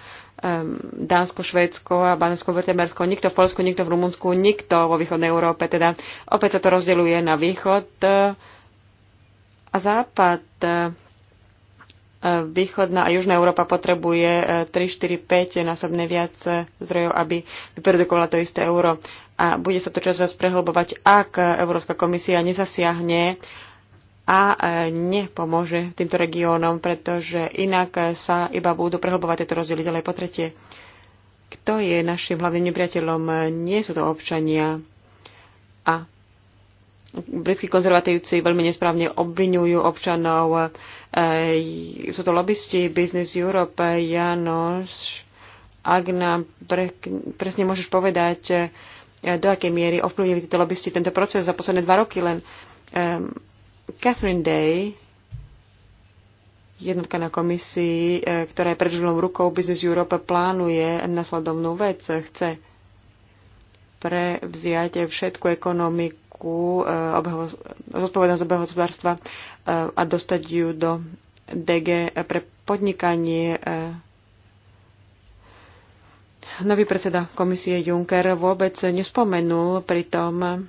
Dánsko, Švédsko a Bansko, Vrtebersko, nikto v Polsku, nikto v Rumunsku, nikto vo východnej Európe. Teda opäť sa to rozdeľuje na východ a západ. Východná a južná Európa potrebuje 3, 4, 5 násobne viac zdrojov, aby vyprodukovala to isté euro. A bude sa to čas raz prehlbovať, ak Európska komisia nezasiahne a e, nepomôže týmto regiónom, pretože inak e, sa iba budú prehlbovať tieto rozdiely ďalej po tretie. Kto je našim hlavným nepriateľom? E, nie sú to občania. A britskí konzervatívci veľmi nesprávne obvinujú občanov. Sú to lobbysti Business Europe. Janoš, ak nám pre, presne môžeš povedať, do akej miery ovplyvnili títo lobbysti tento proces za posledné dva roky len ehm, Catherine Day, jednotka na komisii, e, ktorá je pred rukou Business Europe, plánuje nasledovnú vec. Chce prevziať všetku ekonomiku, e, zodpovednosť obeho hospodárstva e, a dostať ju do DG pre podnikanie. Nový predseda komisie Juncker vôbec nespomenul pritom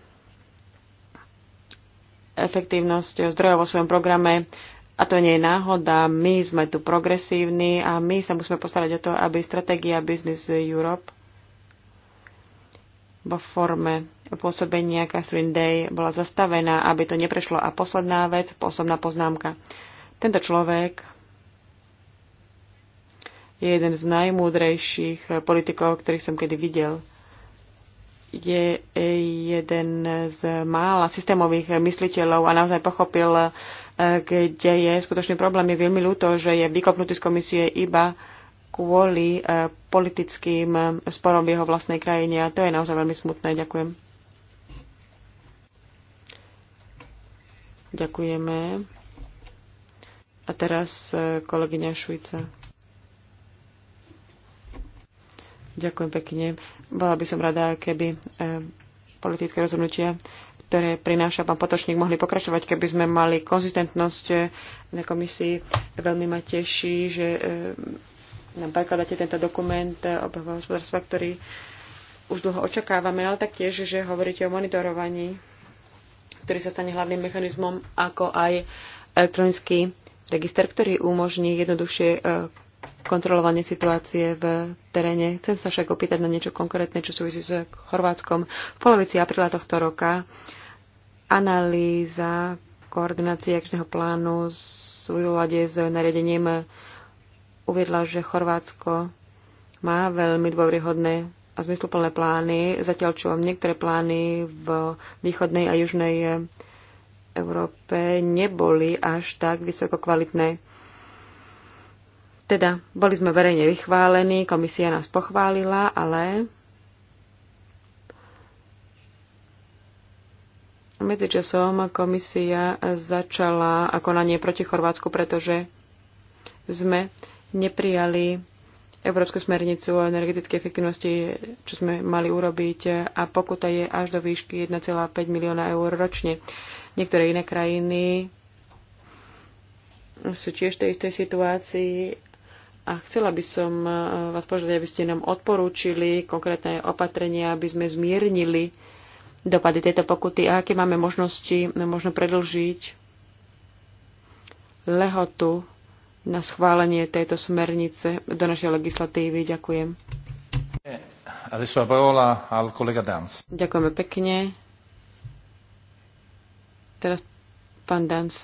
efektívnosť zdrojov vo svojom programe. A to nie je náhoda. My sme tu progresívni a my sa musíme postarať o to, aby stratégia Business Europe vo forme pôsobenia Catherine Day bola zastavená, aby to neprešlo. A posledná vec, posledná poznámka. Tento človek je jeden z najmúdrejších politikov, ktorých som kedy videl je jeden z mála systémových mysliteľov a naozaj pochopil, eh, kde je skutočný problém. Je veľmi ľúto, že je vykopnutý z komisie iba kvôli eh, politickým eh, sporom v jeho vlastnej krajine a to je naozaj veľmi smutné. Ďakujem. Ďakujeme. A teraz kolegyňa Švica. Ďakujem pekne. Bola by som rada, keby e, politické rozhodnutia, ktoré prináša pán Potočník, mohli pokračovať, keby sme mali konzistentnosť e, na komisii. Veľmi ma teší, že e, nám prekladáte tento dokument obehového hospodárstva, ktorý už dlho očakávame, ale taktiež, že hovoríte o monitorovaní, ktorý sa stane hlavným mechanizmom, ako aj elektronický register, ktorý umožní jednoduchšie kontrolovanie situácie v teréne. Chcem sa však opýtať na niečo konkrétne, čo súvisí s Chorvátskom. V polovici apríla tohto roka analýza koordinácie akčného plánu s úlade s nariadením uviedla, že Chorvátsko má veľmi dôvryhodné a zmysluplné plány, zatiaľ čo niektoré plány v východnej a južnej Európe neboli až tak vysoko kvalitné teda, boli sme verejne vychválení, komisia nás pochválila, ale medzičasom komisia začala konanie proti Chorvátsku, pretože sme neprijali Európsku smernicu o energetickej efektivnosti, čo sme mali urobiť a pokuta je až do výšky 1,5 milióna eur ročne. Niektoré iné krajiny sú tiež v tej istej situácii a chcela by som e, vás požiadať, aby ste nám odporúčili konkrétne opatrenia, aby sme zmiernili dopady tejto pokuty a aké máme možnosti možno predlžiť lehotu na schválenie tejto smernice do našej legislatívy. Ďakujem. Ďakujeme pekne. Teraz pán Dans.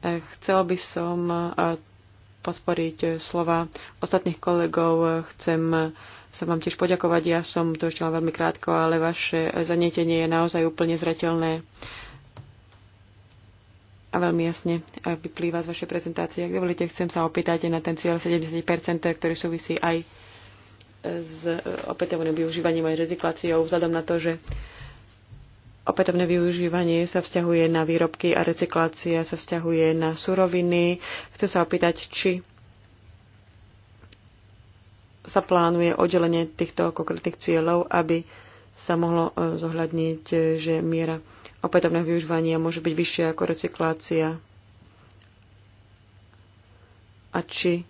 E, Chcel by som e, podporiť eh, slova ostatných kolegov. Chcem eh, sa vám tiež poďakovať. Ja som to ešte len veľmi krátko, ale vaše eh, zanietenie je naozaj úplne zretelné a veľmi jasne vyplýva z vašej prezentácie. Ak dovolíte, chcem sa opýtať na ten cieľ 70%, ktorý súvisí aj s opätovným využívaním aj recykláciou, vzhľadom na to, že Opätovné využívanie sa vzťahuje na výrobky a recyklácia sa vzťahuje na suroviny. Chcem sa opýtať, či sa plánuje oddelenie týchto konkrétnych cieľov, aby sa mohlo e, zohľadniť, e, že miera opätovného využívania môže byť vyššia ako recyklácia. A či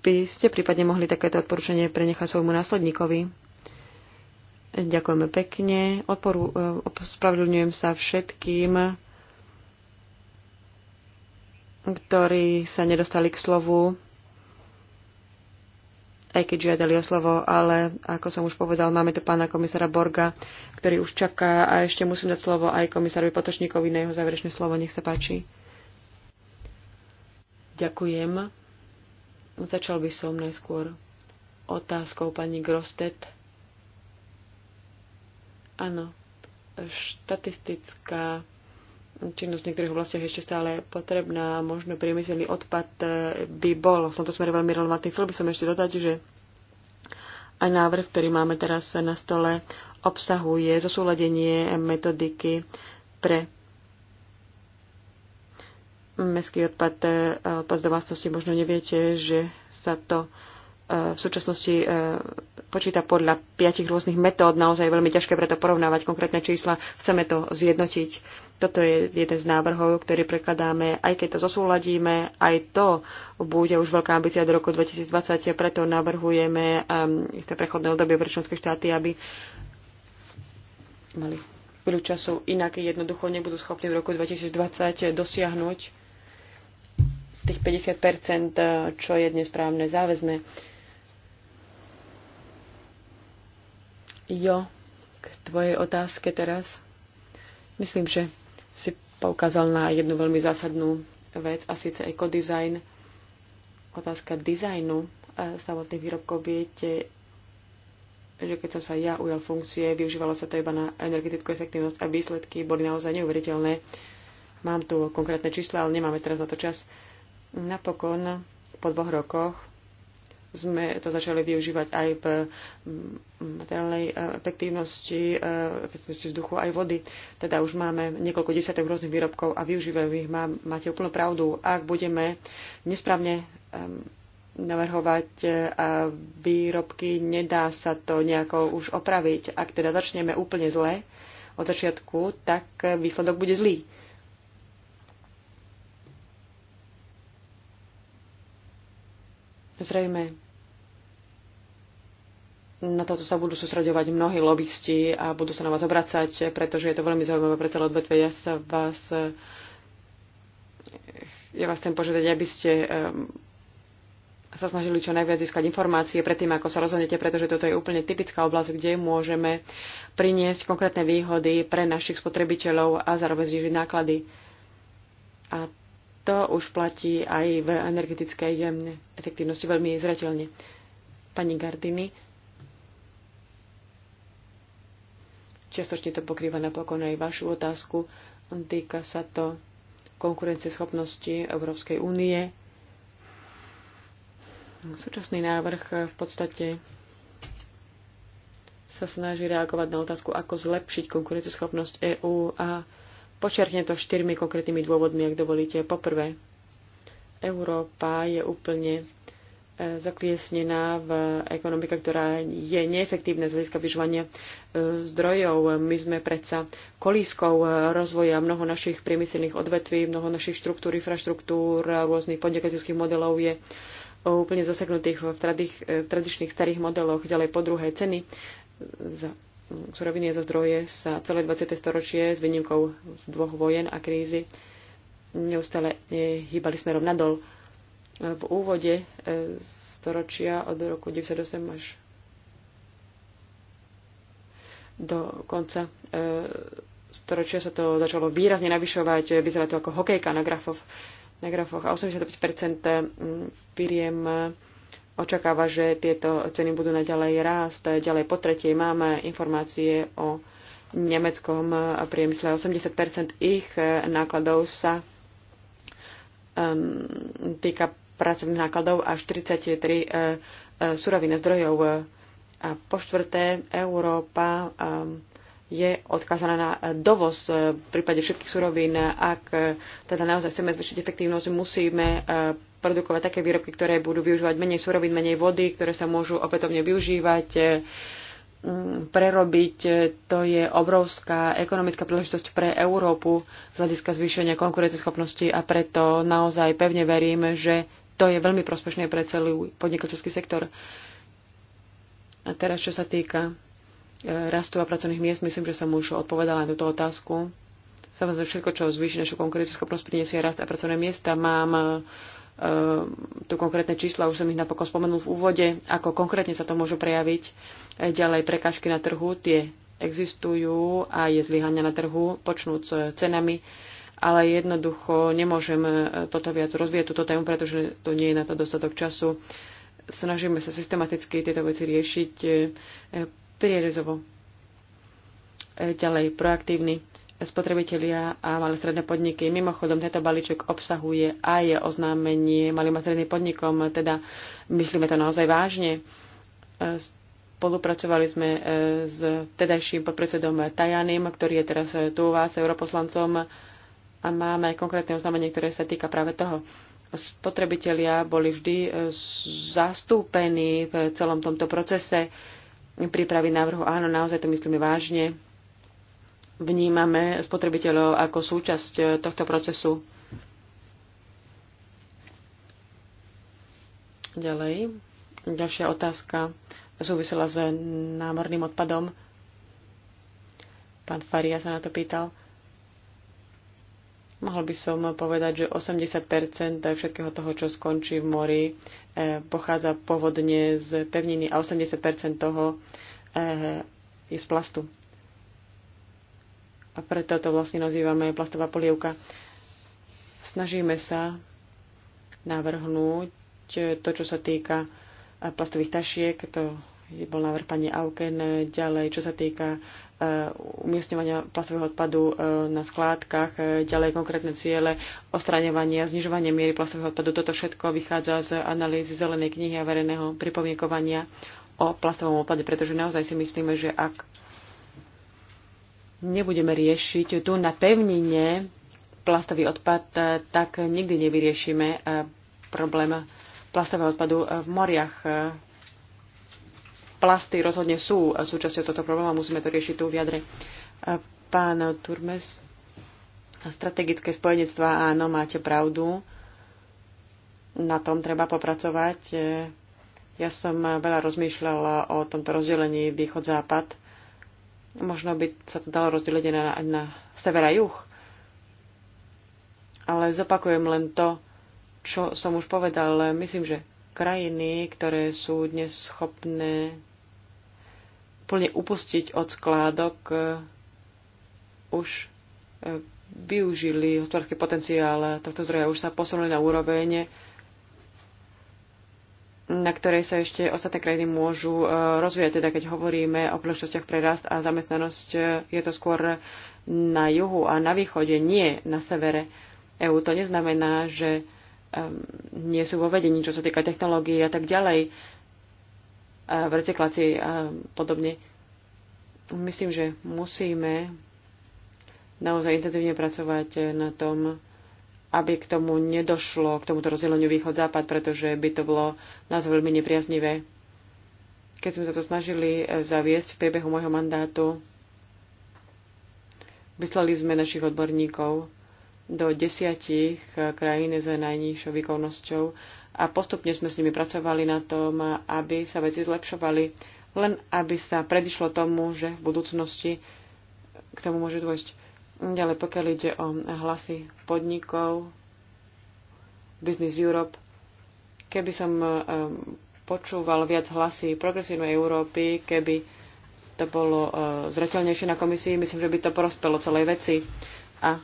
by ste prípadne mohli takéto odporúčanie prenechať svojmu následníkovi? Ďakujeme pekne. Odporu, e, spravedlňujem sa všetkým, ktorí sa nedostali k slovu, aj keď žiadali o slovo, ale ako som už povedal, máme tu pána komisára Borga, ktorý už čaká a ešte musím dať slovo aj komisárovi Potočníkovi na jeho záverečné slovo. Nech sa páči. Ďakujem. Začal by som najskôr otázkou pani Grostet Áno, štatistická činnosť v niektorých oblastiach ešte stále potrebná. Možno priemyselný odpad eh, by bol v tomto smere veľmi relevantný. Chcel by som ešte dodať, že aj návrh, ktorý máme teraz na stole, obsahuje zosúladenie metodiky pre mestský odpad, eh, odpad z domácnosti. Možno neviete, že sa to E, v súčasnosti e, počíta podľa piatich rôznych metód, naozaj je veľmi ťažké preto porovnávať konkrétne čísla, chceme to zjednotiť. Toto je jeden z návrhov, ktorý prekladáme, aj keď to zosúladíme, aj to bude už veľká ambícia do roku 2020, preto navrhujeme isté prechodné obdobie pre členské štáty, aby mali veľa času, inak jednoducho nebudú schopní v roku 2020 dosiahnuť tých 50%, čo je dnes právne záväzné. Jo, k tvojej otázke teraz. Myslím, že si poukázal na jednu veľmi zásadnú vec, a síce ekodizajn. Otázka dizajnu e, samotných výrobkov. Viete, že keď som sa ja ujal funkcie, využívalo sa to iba na energetickú efektivnosť a výsledky boli naozaj neuveriteľné. Mám tu konkrétne čísla, ale nemáme teraz na to čas. Napokon po dvoch rokoch sme to začali využívať aj v materiálnej mm, e, efektívnosti, e, efektívnosti vzduchu aj vody. Teda už máme niekoľko desiatok rôznych výrobkov a využívajú ich. Má, máte úplnú pravdu. Ak budeme nesprávne navrhovať e, výrobky, nedá sa to nejako už opraviť. Ak teda začneme úplne zle od začiatku, tak výsledok bude zlý. Zrejme na toto sa budú sústraďovať mnohí lobbysti a budú sa na vás obracať, pretože je to veľmi zaujímavé pre celé odvetve. Ja sa vás ja vás chcem požiadať, aby ste ehm, sa snažili čo najviac získať informácie predtým, ako sa rozhodnete, pretože toto je úplne typická oblasť, kde môžeme priniesť konkrétne výhody pre našich spotrebiteľov a zároveň znižiť náklady. A to už platí aj v energetickej efektívnosti veľmi zretelne. Pani Gardiny, čiastočne to pokrýva napokon aj vašu otázku. Týka sa to konkurencieschopnosti Európskej únie. Súčasný návrh v podstate sa snaží reagovať na otázku, ako zlepšiť konkurencieschopnosť EÚ a Počiarkne to štyrmi konkrétnymi dôvodmi, ak dovolíte. Poprvé, Európa je úplne e, zakliesnená v ekonomike, ktorá je neefektívna z hľadiska vyžovania e, zdrojov. My sme predsa kolískou e, rozvoja mnoho našich priemyselných odvetví, mnoho našich štruktúr, infraštruktúr, rôznych podnikateľských modelov je úplne zaseknutých v, v tradičných starých modeloch. Ďalej po druhé ceny za suroviny zo zdroje sa celé 20. storočie s výnimkou dvoch vojen a krízy neustále e, hýbali smerom nadol. E, v úvode e, storočia od roku 98 až do konca storočia sa to začalo výrazne navyšovať. Vyzerá to ako hokejka na grafoch. Na grafoch. A 85% firiem očakáva, že tieto ceny budú naďalej rásť. Ďalej po tretie máme informácie o nemeckom priemysle. 80 ich nákladov sa um, týka pracovných nákladov a 43 uh, surovín zdrojov. A po štvrté, Európa um, je odkázaná na dovoz eh, v prípade všetkých surovín. Ak eh, teda naozaj chceme zvyšiť efektívnosť, musíme eh, produkovať také výrobky, ktoré budú využívať menej surovín, menej vody, ktoré sa môžu opätovne využívať, e, mm, prerobiť. E, to je obrovská ekonomická príležitosť pre Európu z hľadiska zvýšenia konkurenceschopnosti a preto naozaj pevne verím, že to je veľmi prospešné pre celý podnikateľský sektor. A teraz, čo sa týka e, rastu a pracovných miest, myslím, že som už odpovedala na túto otázku. Samozrejme, všetko, čo zvýši našu konkurencieschopnosť, priniesie rast a pracovné miesta. Mám Ehm, tu konkrétne čísla, už som ich napokon spomenul v úvode, ako konkrétne sa to môžu prejaviť. E, ďalej prekážky na trhu, tie existujú a je zlyhania na trhu, počnúť s cenami, ale jednoducho nemôžem e, toto viac rozvíjať, túto tému, pretože to nie je na to dostatok času. Snažíme sa systematicky tieto veci riešiť e, prierezovo. Ďalej, proaktívny spotrebitelia a malé stredné podniky. Mimochodom, tento balíček obsahuje aj oznámenie malým a stredným podnikom, teda myslíme to naozaj vážne. E, spolupracovali sme e, s tedajším podpredsedom Tajaným, ktorý je teraz e, tu u vás, europoslancom, a máme aj konkrétne oznámenie, ktoré sa týka práve toho. Spotrebitelia boli vždy zastúpení v celom tomto procese prípravy návrhu. Áno, naozaj to myslíme vážne vnímame spotrebiteľov ako súčasť eh, tohto procesu. Ďalej, ďalšia otázka súvisela s námorným odpadom. Pán Faria sa na to pýtal. Mohol by som povedať, že 80 všetkého toho, čo skončí v mori, eh, pochádza pôvodne z pevniny a 80 toho eh, je z plastu a preto to vlastne nazývame plastová polievka. Snažíme sa navrhnúť to, čo sa týka plastových tašiek, to bol návrh pani Auken, ďalej, čo sa týka e, umiestňovania plastového odpadu e, na skládkach, e, ďalej konkrétne ciele a znižovanie miery plastového odpadu. Toto všetko vychádza z analýzy zelenej knihy a verejného pripomienkovania o plastovom odpade, pretože naozaj si myslíme, že ak nebudeme riešiť tu na pevnine plastový odpad, e, tak nikdy nevyriešime e, problém plastového odpadu v moriach. E, plasty rozhodne sú súčasťou tohto problému a musíme to riešiť tu v jadre. Pán Turmes, strategické spojenectvá, áno, máte pravdu. Na tom treba popracovať. Ja som veľa rozmýšľala o tomto rozdelení východ-západ Možno by sa to dalo rozdeliť na, na sever a juh. Ale zopakujem len to, čo som už povedal. Myslím, že krajiny, ktoré sú dnes schopné plne upustiť od skládok, e, už e, využili hospodársky potenciál tohto zdroja, už sa posunuli na úroveň na ktorej sa ešte ostatné krajiny môžu e, rozvíjať. Teda keď hovoríme o príležitostiach pre rast a zamestnanosť, e, je to skôr na juhu a na východe, nie na severe EÚ. To neznamená, že nie sú vo vedení, čo sa týka technológií a tak ďalej, v recyklácii a podobne. Myslím, že musíme naozaj intenzívne pracovať na tom, aby k tomu nedošlo, k tomuto rozdeleniu východ-západ, pretože by to bolo nás veľmi nepriaznivé. Keď sme sa to snažili e, zaviesť v priebehu môjho mandátu, vyslali sme našich odborníkov do desiatich e, krajín s najnižšou výkonnosťou a postupne sme s nimi pracovali na tom, aby sa veci zlepšovali, len aby sa predišlo tomu, že v budúcnosti k tomu môže dôjsť Ďalej, pokiaľ ide o hlasy podnikov, Business Europe, keby som e, počúval viac hlasy progresívnej Európy, keby to bolo e, zretelnejšie na komisii, myslím, že by to prospelo celej veci. A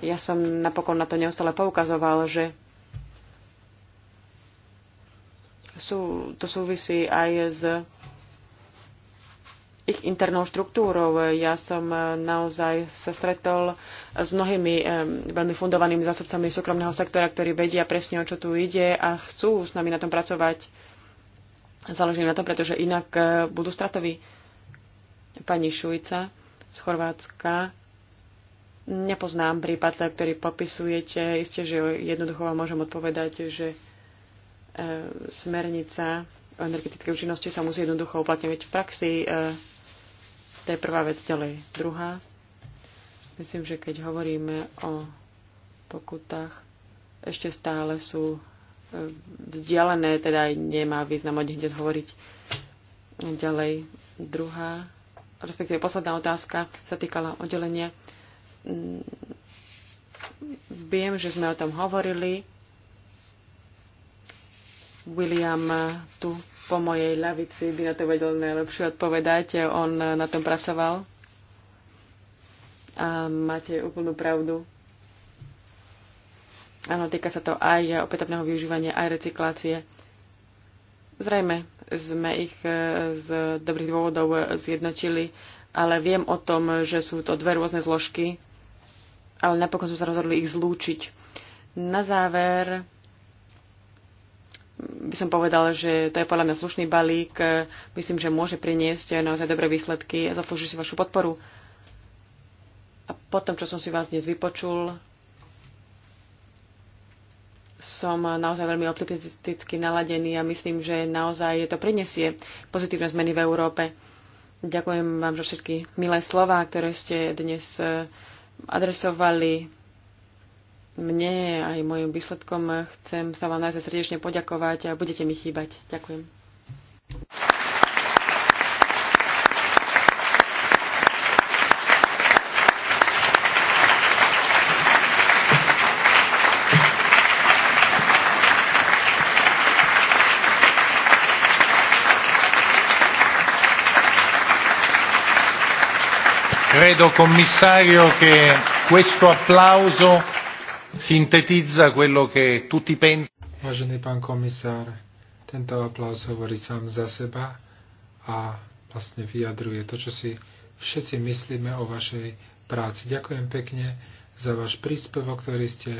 ja som napokon na to neustále poukazoval, že sú, to súvisí aj s ich internou štruktúrou. Ja som eh, naozaj sa stretol s mnohými eh, veľmi fundovanými zásobcami súkromného sektora, ktorí vedia presne, o čo tu ide a chcú s nami na tom pracovať. Založili na tom, pretože inak eh, budú stratoví. Pani Šujca z Chorvátska. Nepoznám prípad, ktorý popisujete. Isté, že jednoducho vám môžem odpovedať, že smernica o energetické účinnosti sa musí jednoducho uplatňovať v praxi to je prvá vec ďalej. Druhá, myslím, že keď hovoríme o pokutách, ešte stále sú e, vzdialené, teda nemá význam o nich dnes hovoriť ďalej. Druhá, respektíve posledná otázka sa týkala oddelenia. Mm, viem, že sme o tom hovorili. William tu po mojej lavici by na to vedel najlepšie odpovedať. On na tom pracoval. A máte úplnú pravdu. Áno, týka sa to aj opätovného využívania, aj recyklácie. Zrejme sme ich e, z dobrých dôvodov zjednotili, ale viem o tom, že sú to dve rôzne zložky, ale napokon sme sa rozhodli ich zlúčiť. Na záver by som povedala, že to je podľa mňa slušný balík. Myslím, že môže priniesť naozaj dobré výsledky a zaslúži si vašu podporu. A potom, čo som si vás dnes vypočul, som naozaj veľmi optimisticky naladený a myslím, že naozaj to prinesie pozitívne zmeny v Európe. Ďakujem vám za všetky milé slova, ktoré ste dnes adresovali mne aj mojim výsledkom. Chcem sa vám naozaj srdečne poďakovať a budete mi chýbať. Ďakujem. Credo, commissario, che questo applauso sintetizza quello che tutti pensano. Vážený pán komisár, tento aplaus hovorí sám za seba a vlastne vyjadruje to, čo si všetci myslíme o vašej práci. Ďakujem pekne za váš príspevok, ktorý ste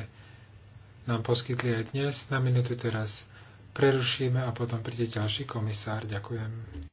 nám poskytli aj dnes. Na minútu teraz prerušíme a potom príde ďalší komisár. Ďakujem.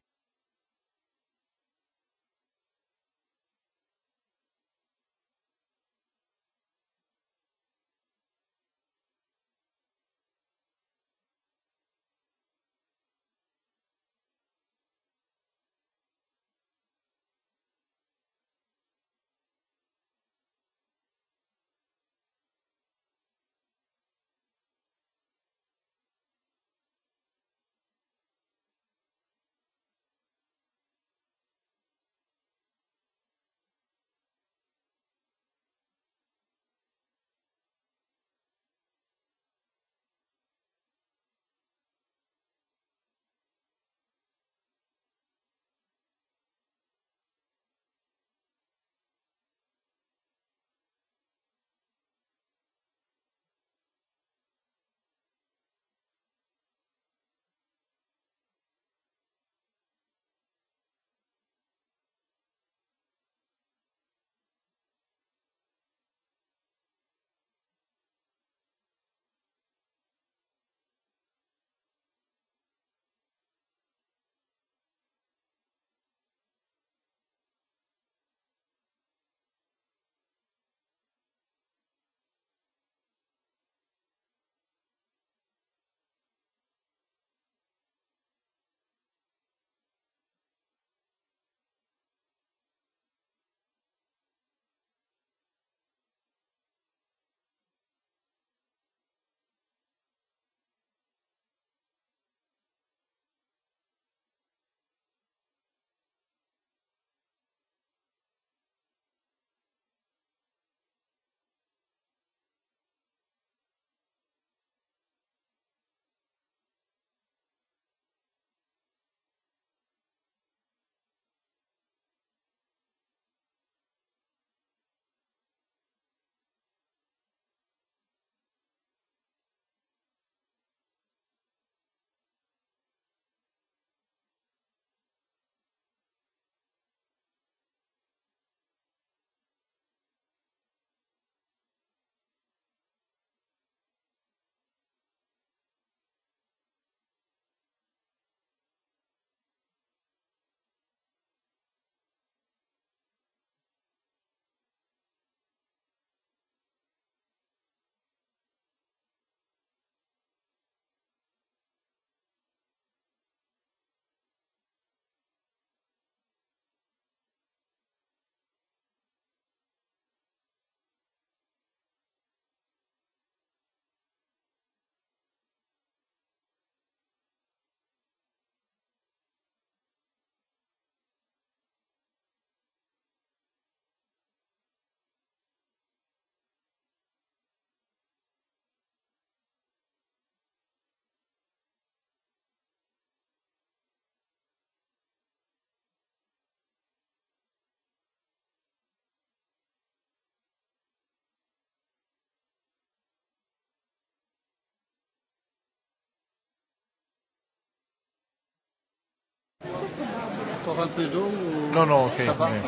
Encore un peu d'eau ou... Non, non, ok. okay.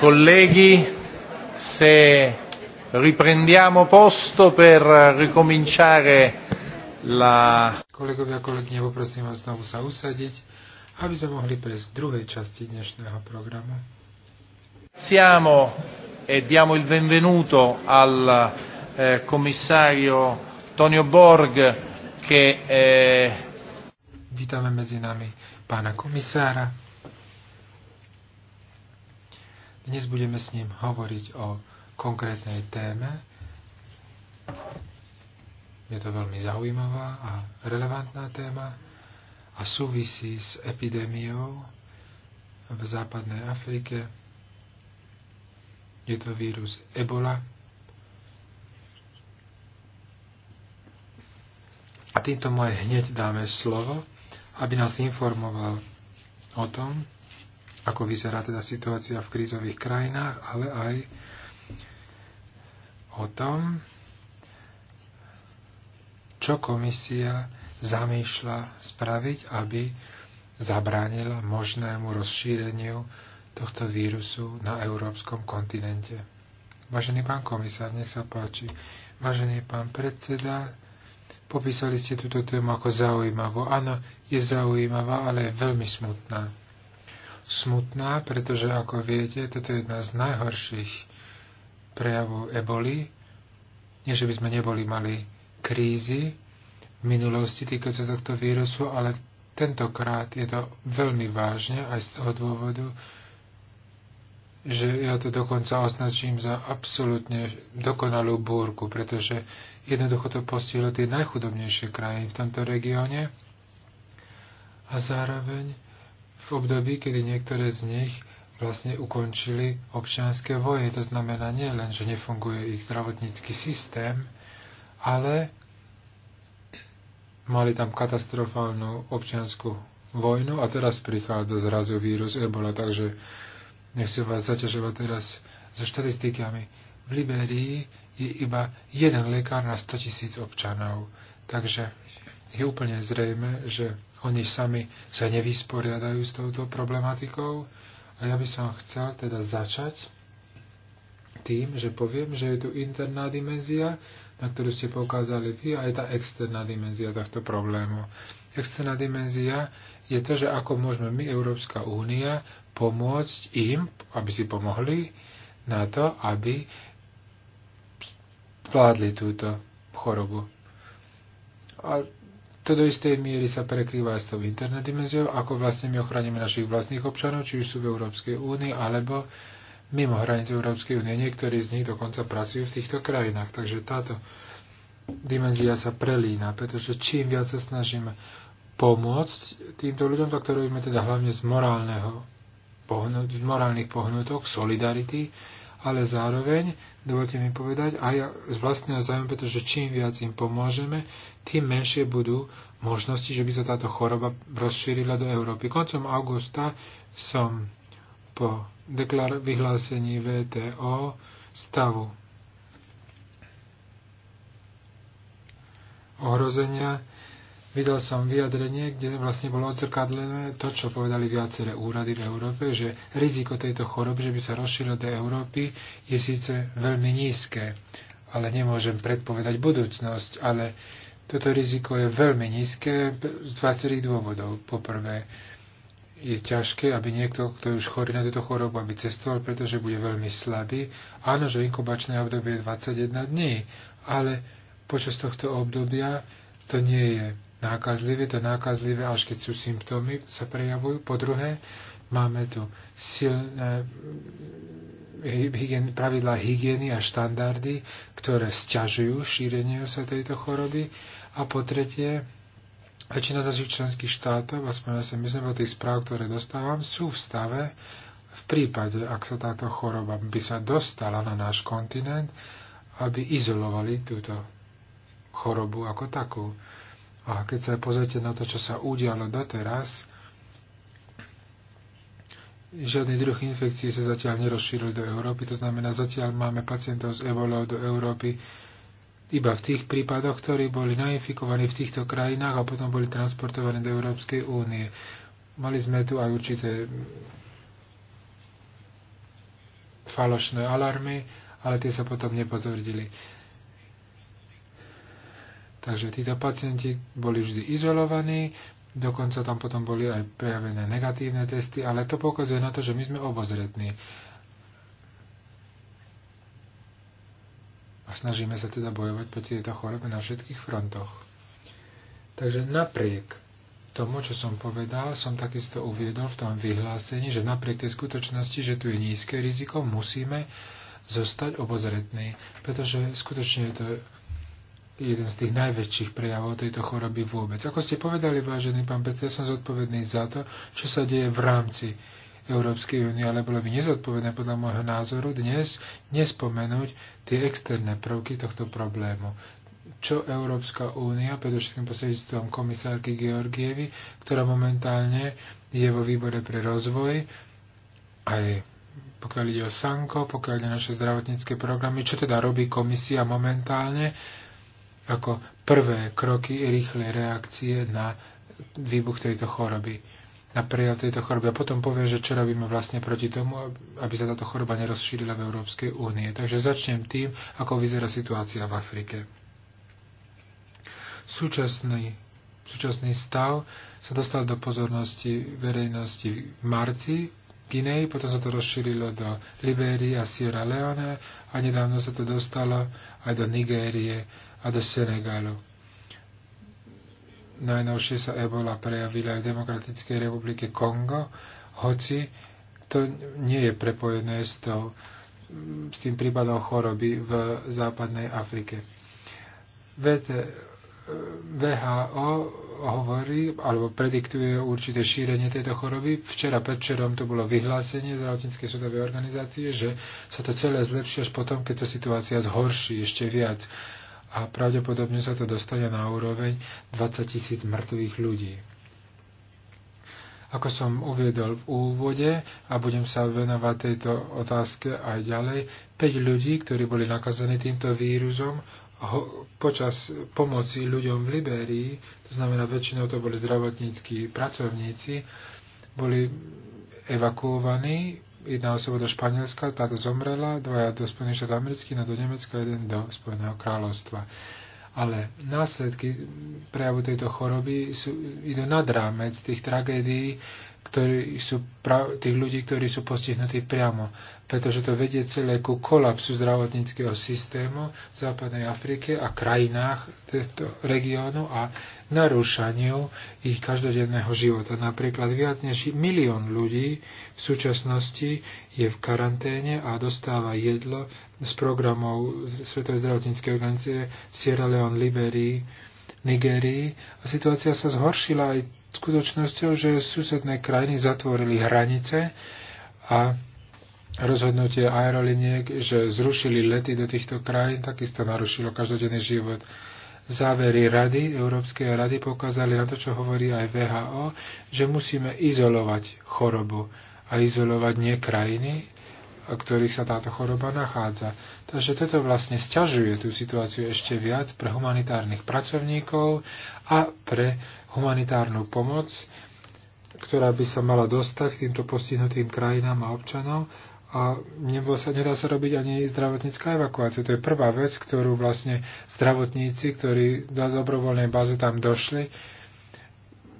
Colleghi, se riprendiamo posto per ricominciare la... Kolegovia, kolegyne, poprosím vás znovu sa usadiť, aby sme mohli prejsť k druhej časti dnešného programu. Siamo e diamo il benvenuto al eh, commissario Tonio Borg che... Eh... Vítame medzi nami pána komisára. Dnes budeme s ním hovoriť o konkrétnej téme. Je to veľmi zaujímavá a relevantná téma a súvisí s epidémiou v západnej Afrike. Je to vírus Ebola. A týmto moje hneď dáme slovo aby nás informoval o tom, ako vyzerá teda situácia v krízových krajinách, ale aj o tom, čo komisia zamýšľa spraviť, aby zabránila možnému rozšíreniu tohto vírusu na európskom kontinente. Vážený pán komisár, nech sa páči. Vážený pán predseda, Popísali ste túto tému ako zaujímavú. Áno, je zaujímavá, ale je veľmi smutná. Smutná, pretože, ako viete, toto je jedna z najhorších prejavov eboli. Nie, že by sme neboli mali krízy v minulosti týkajúce tohto vírusu, ale tentokrát je to veľmi vážne aj z toho dôvodu, že ja to dokonca označím za absolútne dokonalú búrku, pretože jednoducho to postihlo tie najchudobnejšie krajiny v tomto regióne a zároveň v období, kedy niektoré z nich vlastne ukončili občianské voje. To znamená nie len, že nefunguje ich zdravotnícky systém, ale mali tam katastrofálnu občianskú vojnu a teraz prichádza zrazu vírus Ebola, takže Nechcem vás zaťažovať teraz so štatistikami. V Liberii je iba jeden lekár na 100 tisíc občanov. Takže je úplne zrejme, že oni sami sa nevysporiadajú s touto problematikou. A ja by som chcel teda začať tým, že poviem, že je tu interná dimenzia, na ktorú ste poukázali vy, a je tá externá dimenzia tohto problému externá dimenzia je to, že ako môžeme my, Európska únia, pomôcť im, aby si pomohli na to, aby vládli túto chorobu. A to do istej miery sa prekrýva aj s tou internet dimenziou, ako vlastne my ochránime našich vlastných občanov, či už sú v Európskej únii, alebo mimo hranice Európskej únie. Niektorí z nich dokonca pracujú v týchto krajinách. Takže táto dimenzia sa prelína, pretože čím viac sa snažíme pomôcť týmto ľuďom, tak to robíme teda hlavne z morálneho pohnut, z morálnych pohnutok, solidarity, ale zároveň, dovolte mi povedať, aj z vlastného zájmu, pretože čím viac im pomôžeme, tým menšie budú možnosti, že by sa táto choroba rozšírila do Európy. Koncom augusta som po deklar- vyhlásení VTO stavu ohrozenia Videl som vyjadrenie, kde vlastne bolo odzrkadlené to, čo povedali viaceré úrady v Európe, že riziko tejto choroby, že by sa rozšírilo do Európy, je síce veľmi nízke, ale nemôžem predpovedať budúcnosť, ale toto riziko je veľmi nízke z viacerých dôvodov. Poprvé, je ťažké, aby niekto, kto je už chorý na túto chorobu, aby cestoval, pretože bude veľmi slabý. Áno, že inkubačné obdobie je 21 dní, ale počas tohto obdobia to nie je nákazlivé, to nákazlivé, až keď sú symptómy, sa prejavujú. Po druhé, máme tu silné eh, hygien, pravidlá hygieny a štandardy, ktoré sťažujú šírenie sa tejto choroby. A po tretie, väčšina z našich členských štátov, aspoň ja sa myslím o tých správ, ktoré dostávam, sú v stave, v prípade, ak sa táto choroba by sa dostala na náš kontinent, aby izolovali túto chorobu ako takú. A keď sa pozrite na to, čo sa udialo doteraz, žiadny druh infekcie sa zatiaľ nerozšíril do Európy, to znamená, zatiaľ máme pacientov s ebolou do Európy iba v tých prípadoch, ktorí boli nainfikovaní v týchto krajinách a potom boli transportovaní do Európskej únie. Mali sme tu aj určité falošné alarmy, ale tie sa potom nepotvrdili. Takže títo pacienti boli vždy izolovaní, dokonca tam potom boli aj prejavené negatívne testy, ale to pokazuje na to, že my sme obozretní. A snažíme sa teda bojovať proti tejto chorobe na všetkých frontoch. Takže napriek tomu, čo som povedal, som takisto uviedol v tom vyhlásení, že napriek tej skutočnosti, že tu je nízke riziko, musíme zostať obozretní, pretože skutočne je to jeden z tých najväčších prejavov tejto choroby vôbec. Ako ste povedali, vážený pán ja som zodpovedný za to, čo sa deje v rámci Európskej únie, ale bolo by nezodpovedné podľa môjho názoru dnes nespomenúť tie externé prvky tohto problému. Čo Európska únia, predovšetkým posledníctvom komisárky Georgievy, ktorá momentálne je vo výbore pre rozvoj, aj pokiaľ ide o Sanko, pokiaľ ide o naše zdravotnícke programy, čo teda robí komisia momentálne, ako prvé kroky rýchlej reakcie na výbuch tejto choroby, na prejav tejto choroby. A potom povie, že čo robíme vlastne proti tomu, aby sa táto choroba nerozšírila v Európskej únie. Takže začnem tým, ako vyzerá situácia v Afrike. Súčasný, súčasný stav sa dostal do pozornosti verejnosti v marci Guinei. potom sa to rozšírilo do Liberii a Sierra Leone a nedávno sa to dostalo aj do Nigérie a do Senegalu. Najnovšie sa ebola prejavila aj v Demokratickej republike Kongo, hoci to nie je prepojené s, to, s tým prípadom choroby v západnej Afrike. VHO hovorí alebo prediktuje určité šírenie tejto choroby. Včera predčerom to bolo vyhlásenie zdravotníckej svetovej organizácie, že sa to celé zlepší až potom, keď sa situácia zhorší ešte viac a pravdepodobne sa to dostane na úroveň 20 tisíc mŕtvych ľudí. Ako som uviedol v úvode a budem sa venovať tejto otázke aj ďalej, 5 ľudí, ktorí boli nakazení týmto vírusom, ho, počas pomoci ľuďom v Libérii, to znamená väčšinou to boli zdravotníckí pracovníci, boli evakuovaní jedna osoba do Španielska, táto zomrela, dvaja do Spojených štátov amerických, jedna do Nemecka, jeden do Spojeného kráľovstva. Ale následky prejavu tejto choroby sú, idú nad rámec tých tragédií, ktorí sú prav, tých ľudí, ktorí sú postihnutí priamo, pretože to vedie celé ku kolapsu zdravotníckého systému v západnej Afrike a krajinách tohto regiónu a narúšaniu ich každodenného života. Napríklad viac než milión ľudí v súčasnosti je v karanténe a dostáva jedlo z programov Svetovej zdravotníckej organizácie Sierra Leone, Liberii, Nigerii a situácia sa zhoršila aj skutočnosťou, že susedné krajiny zatvorili hranice a rozhodnutie aeroliniek, že zrušili lety do týchto krajín, takisto narušilo každodenný život. Závery Rady, Európskej rady pokázali na to, čo hovorí aj VHO, že musíme izolovať chorobu a izolovať nie krajiny, v ktorých sa táto choroba nachádza. Takže toto vlastne sťažuje tú situáciu ešte viac pre humanitárnych pracovníkov a pre humanitárnu pomoc, ktorá by sa mala dostať k týmto postihnutým krajinám a občanom a nebo sa, nedá sa robiť ani zdravotnícká evakuácia. To je prvá vec, ktorú vlastne zdravotníci, ktorí na dobrovoľnej báze tam došli,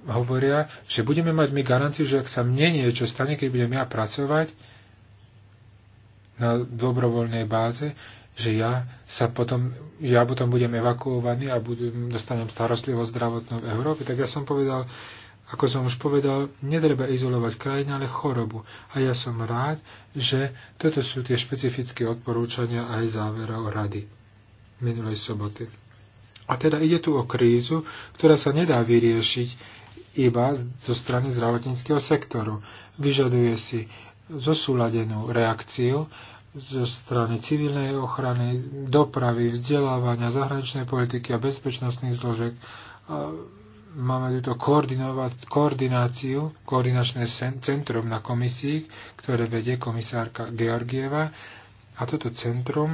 hovoria, že budeme mať my garanciu, že ak sa mne niečo stane, keď budem ja pracovať, na dobrovoľnej báze, že ja sa potom, ja potom budem evakuovaný a budem, dostanem starostlivosť zdravotnú v Európe, tak ja som povedal, ako som už povedal, netreba izolovať krajinu, ale chorobu. A ja som rád, že toto sú tie špecifické odporúčania aj závera o rady minulej soboty. A teda ide tu o krízu, ktorá sa nedá vyriešiť iba zo strany zdravotníckého sektoru. Vyžaduje si zosúladenú reakciu zo strany civilnej ochrany, dopravy, vzdelávania, zahraničnej politiky a bezpečnostných zložiek. Máme túto koordináciu, koordinačné centrum na komisii, ktoré vedie komisárka Georgieva. A toto centrum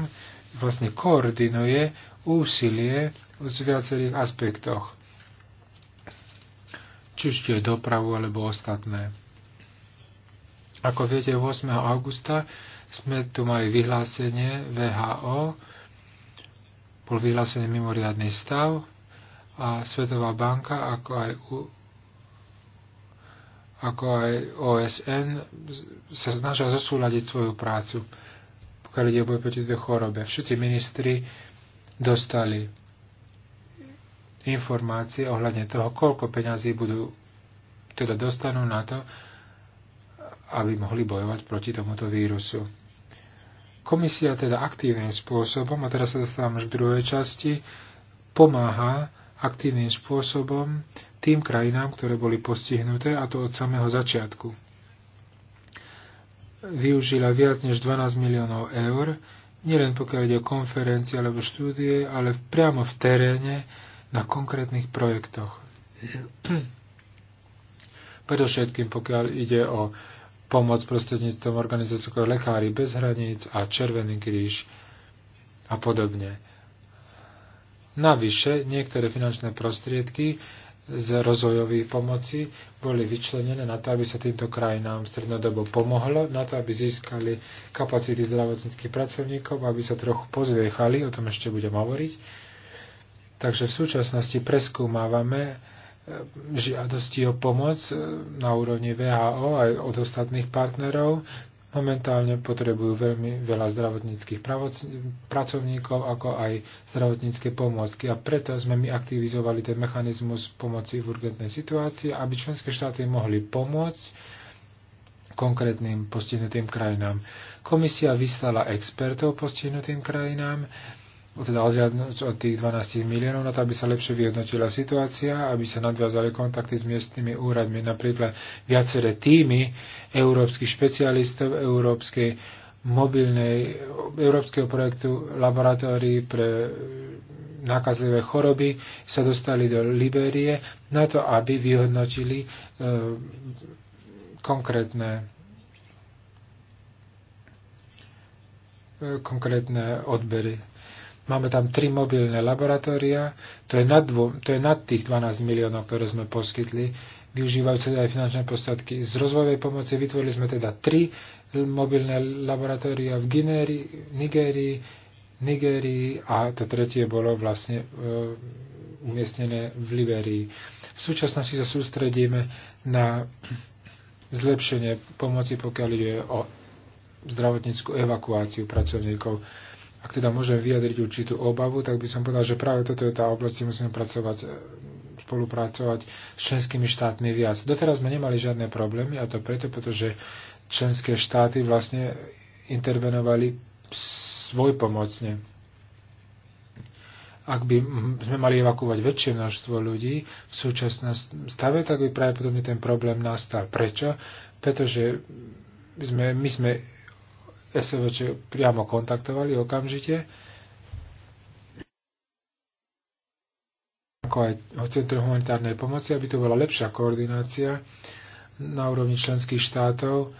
vlastne koordinuje úsilie z viacerých aspektoch. Či už je dopravu alebo ostatné. Ako viete, 8. augusta sme tu mali vyhlásenie VHO, bol vyhlásený mimoriadný stav a Svetová banka, ako aj u, ako aj OSN, sa snažia zosúľadiť svoju prácu, pokiaľ ide o boj proti tejto chorobe. Všetci ministri dostali informácie ohľadne toho, koľko peňazí budú, teda dostanú na to, aby mohli bojovať proti tomuto vírusu. Komisia teda aktívnym spôsobom, a teraz sa dostávam už k druhej časti, pomáha aktívnym spôsobom tým krajinám, ktoré boli postihnuté, a to od samého začiatku. Využila viac než 12 miliónov eur, nielen pokiaľ ide o konferencie alebo štúdie, ale priamo v teréne na konkrétnych projektoch. Predovšetkým pokiaľ ide o pomoc prostredníctvom organizácie Lekári bez hraníc a Červený kríž a podobne. Navyše, niektoré finančné prostriedky z rozvojových pomoci boli vyčlenené na to, aby sa týmto krajinám strednodobo pomohlo, na to, aby získali kapacity zdravotníckých pracovníkov, aby sa trochu pozviechali, o tom ešte budem hovoriť. Takže v súčasnosti preskúmávame E, žiadosti o pomoc e, na úrovni VHO aj od ostatných partnerov. Momentálne potrebujú veľmi veľa zdravotníckých pracovníkov, ako aj zdravotnícke pomôcky. A preto sme my aktivizovali ten mechanizmus pomoci v urgentnej situácii, aby členské štáty mohli pomôcť konkrétnym postihnutým krajinám. Komisia vyslala expertov postihnutým krajinám, teda odhľadnúť od tých 12 miliónov, na to, aby sa lepšie vyhodnotila situácia, aby sa nadviazali kontakty s miestnymi úradmi, napríklad viaceré týmy európskych špecialistov, európskej mobilnej, európskeho projektu laboratórií pre nákazlivé choroby sa dostali do Liberie na to, aby vyhodnotili e, konkrétne e, konkrétne odbery Máme tam tri mobilné laboratória, to je, nad dvo, to je nad tých 12 miliónov, ktoré sme poskytli, Využívajú teda aj finančné prostriedky. Z rozvojovej pomoci vytvorili sme teda tri mobilné laboratória v Ginéri, Nigerii Nigerii a to tretie bolo vlastne e, umiestnené v Liberii. V súčasnosti sa sústredíme na zlepšenie pomoci, pokiaľ ide o zdravotníckú evakuáciu pracovníkov ak teda môžem vyjadriť určitú obavu, tak by som povedal, že práve toto je tá oblasť, kde musíme pracovať, e, spolupracovať s členskými štátmi viac. Doteraz sme nemali žiadne problémy a to preto, pretože členské štáty vlastne intervenovali svojpomocne. Ak by sme mali evakuovať väčšie množstvo ľudí v súčasnom stave, tak by potom ten problém nastal. Prečo? Pretože sme, my sme SVČ priamo kontaktovali okamžite, ako aj o Centrum humanitárnej pomoci, aby to bola lepšia koordinácia na úrovni členských štátov,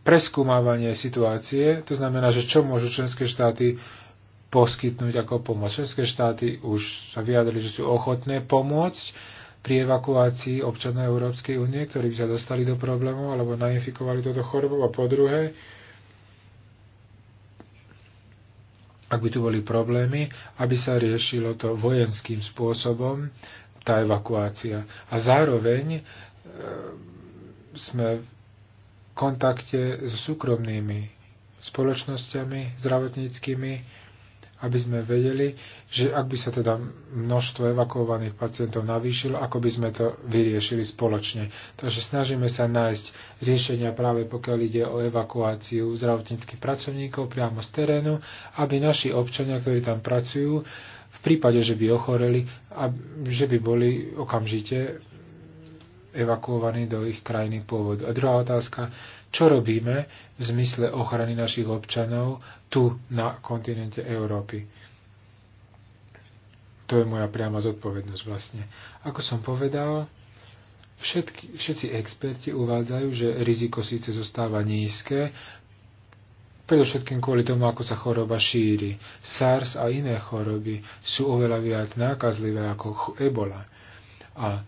preskúmávanie situácie, to znamená, že čo môžu členské štáty poskytnúť ako pomoc. Členské štáty už sa vyjadrili, že sú ochotné pomôcť, pri evakuácii občanov Európskej únie, ktorí by sa dostali do problémov alebo nainfikovali toto chorobu. A po druhé, ak by tu boli problémy, aby sa riešilo to vojenským spôsobom, tá evakuácia. A zároveň e, sme v kontakte s súkromnými spoločnosťami zdravotníckými, aby sme vedeli, že ak by sa teda množstvo evakuovaných pacientov navýšilo, ako by sme to vyriešili spoločne. Takže snažíme sa nájsť riešenia práve pokiaľ ide o evakuáciu zdravotníckých pracovníkov priamo z terénu, aby naši občania, ktorí tam pracujú, v prípade, že by ochoreli, že by boli okamžite evakuovaní do ich krajiny pôvodu. A druhá otázka, čo robíme v zmysle ochrany našich občanov tu na kontinente Európy. To je moja priama zodpovednosť vlastne. Ako som povedal, všetky, všetci experti uvádzajú, že riziko síce zostáva nízke, predovšetkým kvôli tomu, ako sa choroba šíri. SARS a iné choroby sú oveľa viac nákazlivé ako ebola. A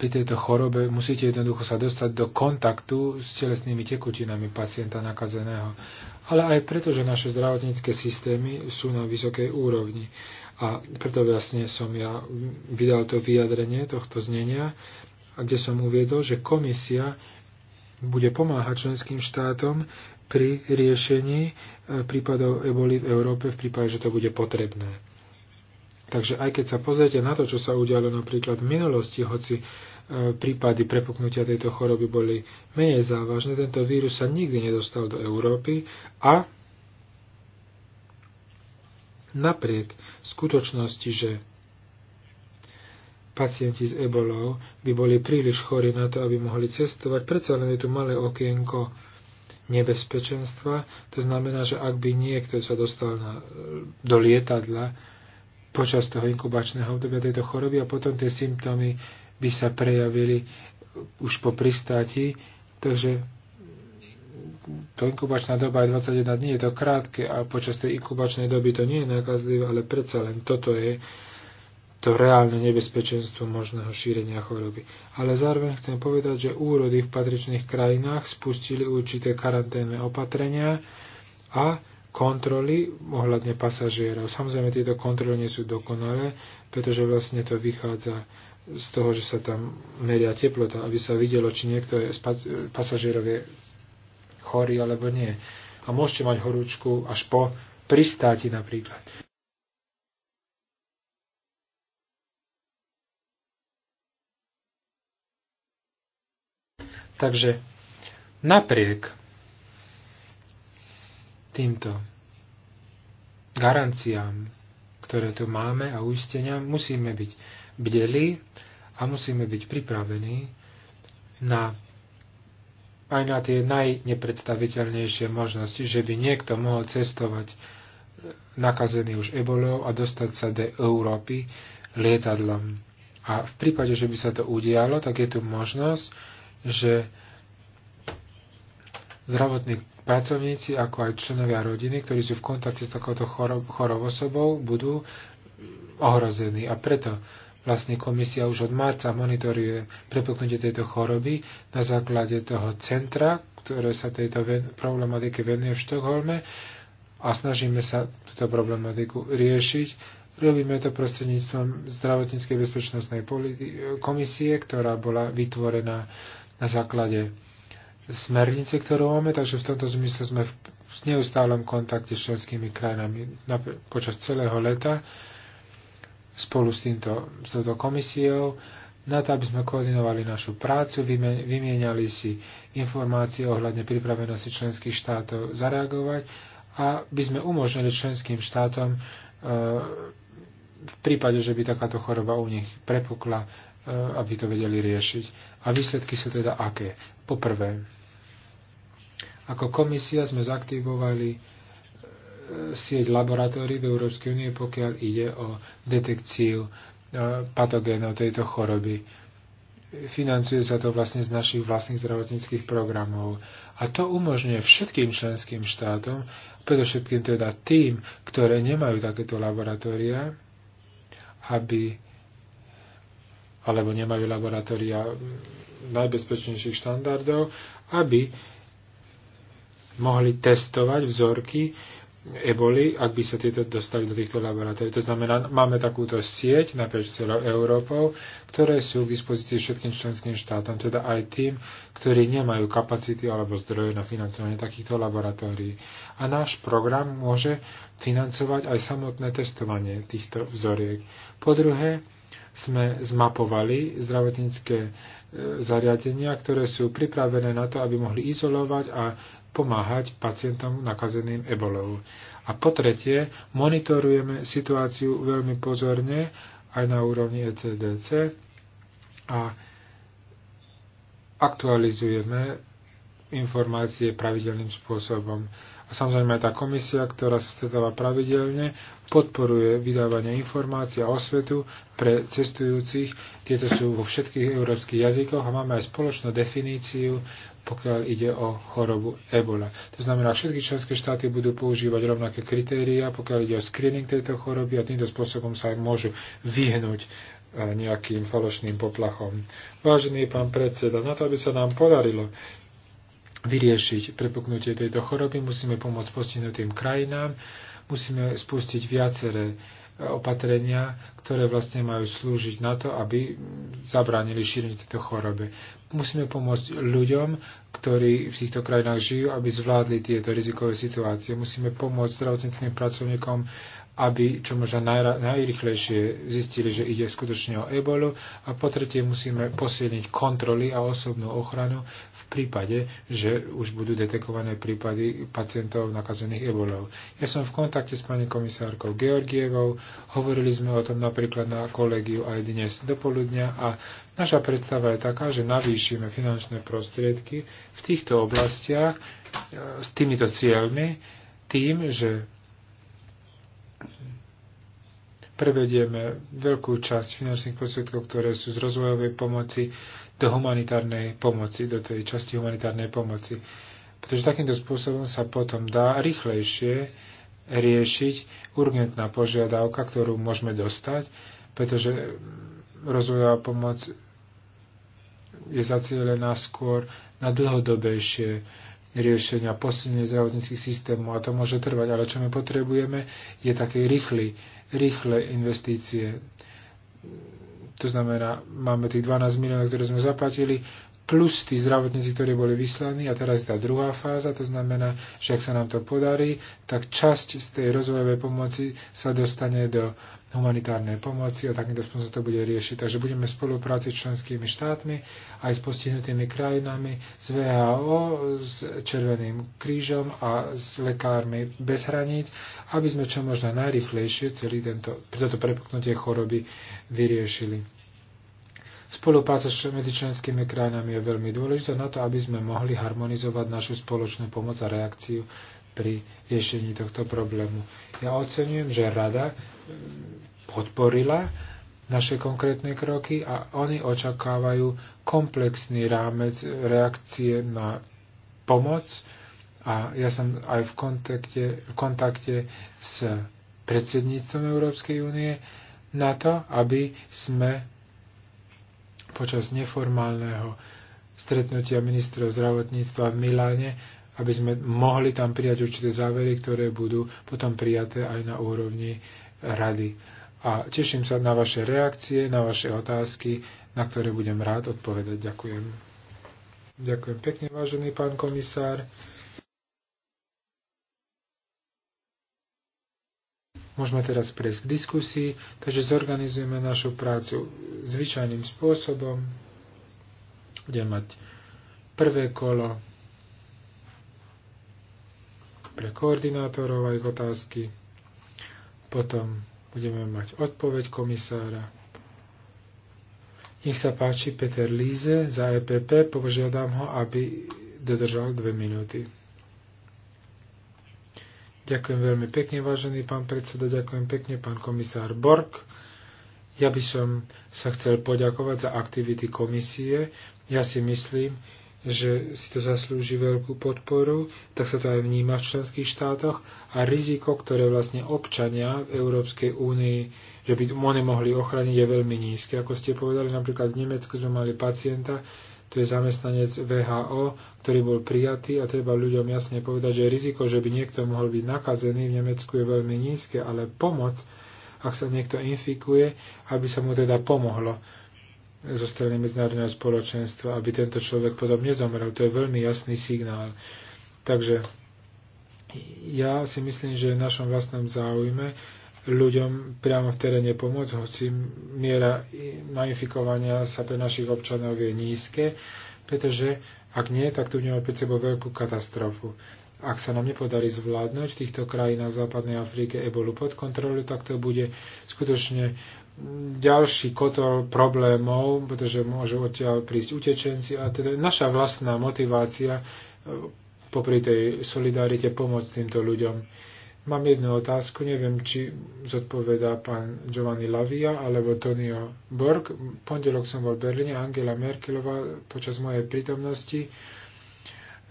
pri tejto chorobe musíte jednoducho sa dostať do kontaktu s telesnými tekutinami pacienta nakazeného. Ale aj preto, že naše zdravotnícke systémy sú na vysokej úrovni. A preto vlastne som ja vydal to vyjadrenie tohto znenia, kde som uviedol, že komisia bude pomáhať členským štátom pri riešení e, prípadov eboli v Európe v prípade, že to bude potrebné. Takže aj keď sa pozriete na to, čo sa udialo napríklad v minulosti, hoci prípady prepuknutia tejto choroby boli menej závažné. Tento vírus sa nikdy nedostal do Európy a napriek skutočnosti, že pacienti s ebolou by boli príliš chorí na to, aby mohli cestovať, predsa len je tu malé okienko nebezpečenstva. To znamená, že ak by niekto sa dostal na, do lietadla, počas toho inkubačného obdobia tejto choroby a potom tie symptómy by sa prejavili už po pristáti, takže to inkubačná doba je 21 dní, je to krátke a počas tej inkubačnej doby to nie je nakazlivé, ale predsa len toto je to reálne nebezpečenstvo možného šírenia choroby. Ale zároveň chcem povedať, že úrody v patričných krajinách spustili určité karanténne opatrenia a kontroly ohľadne pasažierov. Samozrejme, tieto kontroly nie sú dokonalé, pretože vlastne to vychádza z toho, že sa tam meria teplota, aby sa videlo, či niekto je pasažierov je chorý alebo nie. A môžete mať horúčku až po pristáti napríklad. Takže napriek týmto garanciám, ktoré tu máme a uisteniam, musíme byť bdeli a musíme byť pripravení na aj na tie najnepredstaviteľnejšie možnosti, že by niekto mohol cestovať e, nakazený už ebolou a dostať sa do Európy lietadlom. A v prípade, že by sa to udialo, tak je tu možnosť, že zdravotní pracovníci, ako aj členovia rodiny, ktorí sú v kontakte s takouto chorou osobou, budú ohrození. A preto Vlastne komisia už od marca monitoruje prepuknutie tejto choroby na základe toho centra, ktoré sa tejto problematike venuje v Štokholme a snažíme sa túto problematiku riešiť. Robíme to prostredníctvom zdravotníckej bezpečnostnej komisie, ktorá bola vytvorená na základe smernice, ktorú máme, takže v tomto zmysle sme v neustálom kontakte s členskými krajinami počas celého leta spolu s, týmto, s touto komisiou, na to, aby sme koordinovali našu prácu, vymieniali si informácie ohľadne pripravenosti členských štátov zareagovať a by sme umožnili členským štátom e, v prípade, že by takáto choroba u nich prepukla, e, aby to vedeli riešiť. A výsledky sú teda aké? Poprvé, ako komisia sme zaktivovali E, sieť laboratórií v Európskej únie, pokiaľ ide o detekciu e, patogénov tejto choroby. Financuje sa to vlastne z našich vlastných zdravotníckých programov. A to umožňuje všetkým členským štátom, predovšetkým teda tým, ktoré nemajú takéto laboratória, aby alebo nemajú laboratória najbezpečnejších štandardov, aby mohli testovať vzorky, eboli, ak by sa tieto dostali do týchto laboratórií. To znamená, máme takúto sieť naprieč celou Európou, ktoré sú k dispozícii všetkým členským štátom, teda aj tým, ktorí nemajú kapacity alebo zdroje na financovanie takýchto laboratórií. A náš program môže financovať aj samotné testovanie týchto vzoriek. Po druhé, sme zmapovali zdravotnícke e, zariadenia, ktoré sú pripravené na to, aby mohli izolovať a pomáhať pacientom nakazeným ebolou. A po tretie, monitorujeme situáciu veľmi pozorne aj na úrovni ECDC a aktualizujeme informácie pravidelným spôsobom. A samozrejme aj tá komisia, ktorá sa stretáva pravidelne, podporuje vydávanie informácií a osvetu pre cestujúcich. Tieto sú vo všetkých európskych jazykoch a máme aj spoločnú definíciu pokiaľ ide o chorobu Ebola. To znamená, všetky členské štáty budú používať rovnaké kritéria, pokiaľ ide o screening tejto choroby a týmto spôsobom sa môžu vyhnúť e, nejakým falošným poplachom. Vážený pán predseda, na to, aby sa nám podarilo vyriešiť prepuknutie tejto choroby, musíme pomôcť postihnutým krajinám, musíme spustiť viaceré opatrenia, ktoré vlastne majú slúžiť na to, aby zabránili šíreniu tejto choroby. Musíme pomôcť ľuďom, ktorí v týchto krajinách žijú, aby zvládli tieto rizikové situácie. Musíme pomôcť zdravotníckým pracovníkom aby čo možno najrychlejšie zistili, že ide skutočne o ebolu a po tretie musíme posilniť kontroly a osobnú ochranu v prípade, že už budú detekované prípady pacientov nakazených ebolou. Ja som v kontakte s pani komisárkou Georgievou, hovorili sme o tom napríklad na kolegiu aj dnes do poludnia a naša predstava je taká, že navýšime finančné prostriedky v týchto oblastiach e, s týmito cieľmi tým, že prevedieme veľkú časť finančných prostriedkov, ktoré sú z rozvojovej pomoci do humanitárnej pomoci, do tej časti humanitárnej pomoci. Pretože takýmto spôsobom sa potom dá rýchlejšie riešiť urgentná požiadavka, ktorú môžeme dostať, pretože rozvojová pomoc je zacielená skôr na dlhodobejšie riešenia, posilnenie zdravotníckých systémov a to môže trvať. Ale čo my potrebujeme, je také rýchly, rýchle investície. To znamená, máme tých 12 miliónov, ktoré sme zaplatili, plus tí zdravotníci, ktorí boli vyslaní a teraz je tá druhá fáza, to znamená, že ak sa nám to podarí, tak časť z tej rozvojovej pomoci sa dostane do humanitárnej pomoci a takýmto spôsobom sa to bude riešiť. Takže budeme spolupráci s členskými štátmi, aj s postihnutými krajinami, s VHO, s Červeným krížom a s lekármi bez hraníc, aby sme čo možno najrychlejšie celý tento, toto prepuknutie choroby vyriešili. Spolupráca medzi členskými krajinami je veľmi dôležitá na to, aby sme mohli harmonizovať našu spoločnú pomoc a reakciu pri riešení tohto problému. Ja ocenujem, že Rada e, podporila naše konkrétne kroky a oni očakávajú komplexný rámec reakcie na pomoc a ja som aj v kontakte, v kontakte s predsedníctvom Európskej únie na to, aby sme počas neformálneho stretnutia ministra zdravotníctva v Miláne, aby sme mohli tam prijať určité závery, ktoré budú potom prijaté aj na úrovni rady. A teším sa na vaše reakcie, na vaše otázky, na ktoré budem rád odpovedať. Ďakujem. Ďakujem pekne, vážený pán komisár. Môžeme teraz prejsť k diskusii, takže zorganizujeme našu prácu zvyčajným spôsobom. Budeme mať prvé kolo pre koordinátorov a ich otázky. Potom budeme mať odpoveď komisára. Nech sa páči Peter Líze za EPP, požiadam ho, aby dodržal dve minúty. Ďakujem veľmi pekne, vážený pán predseda, ďakujem pekne, pán komisár Borg. Ja by som sa chcel poďakovať za aktivity komisie. Ja si myslím, že si to zaslúži veľkú podporu, tak sa to aj vníma v členských štátoch a riziko, ktoré vlastne občania v Európskej únii, že by oni mohli ochraniť, je veľmi nízke. Ako ste povedali, napríklad v Nemecku sme mali pacienta, to je zamestnanec VHO, ktorý bol prijatý a treba ľuďom jasne povedať, že riziko, že by niekto mohol byť nakazený v Nemecku je veľmi nízke, ale pomoc, ak sa niekto infikuje, aby sa mu teda pomohlo zo strany medzinárodného spoločenstva, aby tento človek potom nezomrel. To je veľmi jasný signál. Takže ja si myslím, že v našom vlastnom záujme ľuďom priamo v teréne pomôcť, hoci miera nainfikovania sa pre našich občanov je nízke, pretože ak nie, tak tu budeme pred sebou veľkú katastrofu. Ak sa nám nepodarí zvládnuť v týchto krajinách v západnej Afrike ebolu pod kontrolu, tak to bude skutočne ďalší kotol problémov, pretože môžu odtiaľ prísť utečenci a teda naša vlastná motivácia eh, popri tej solidarite pomôcť týmto ľuďom Mám jednu otázku, neviem, či zodpovedá pán Giovanni Lavia alebo Tonio Borg. Pondelok som bol v Berlíne, Angela Merkelová počas mojej prítomnosti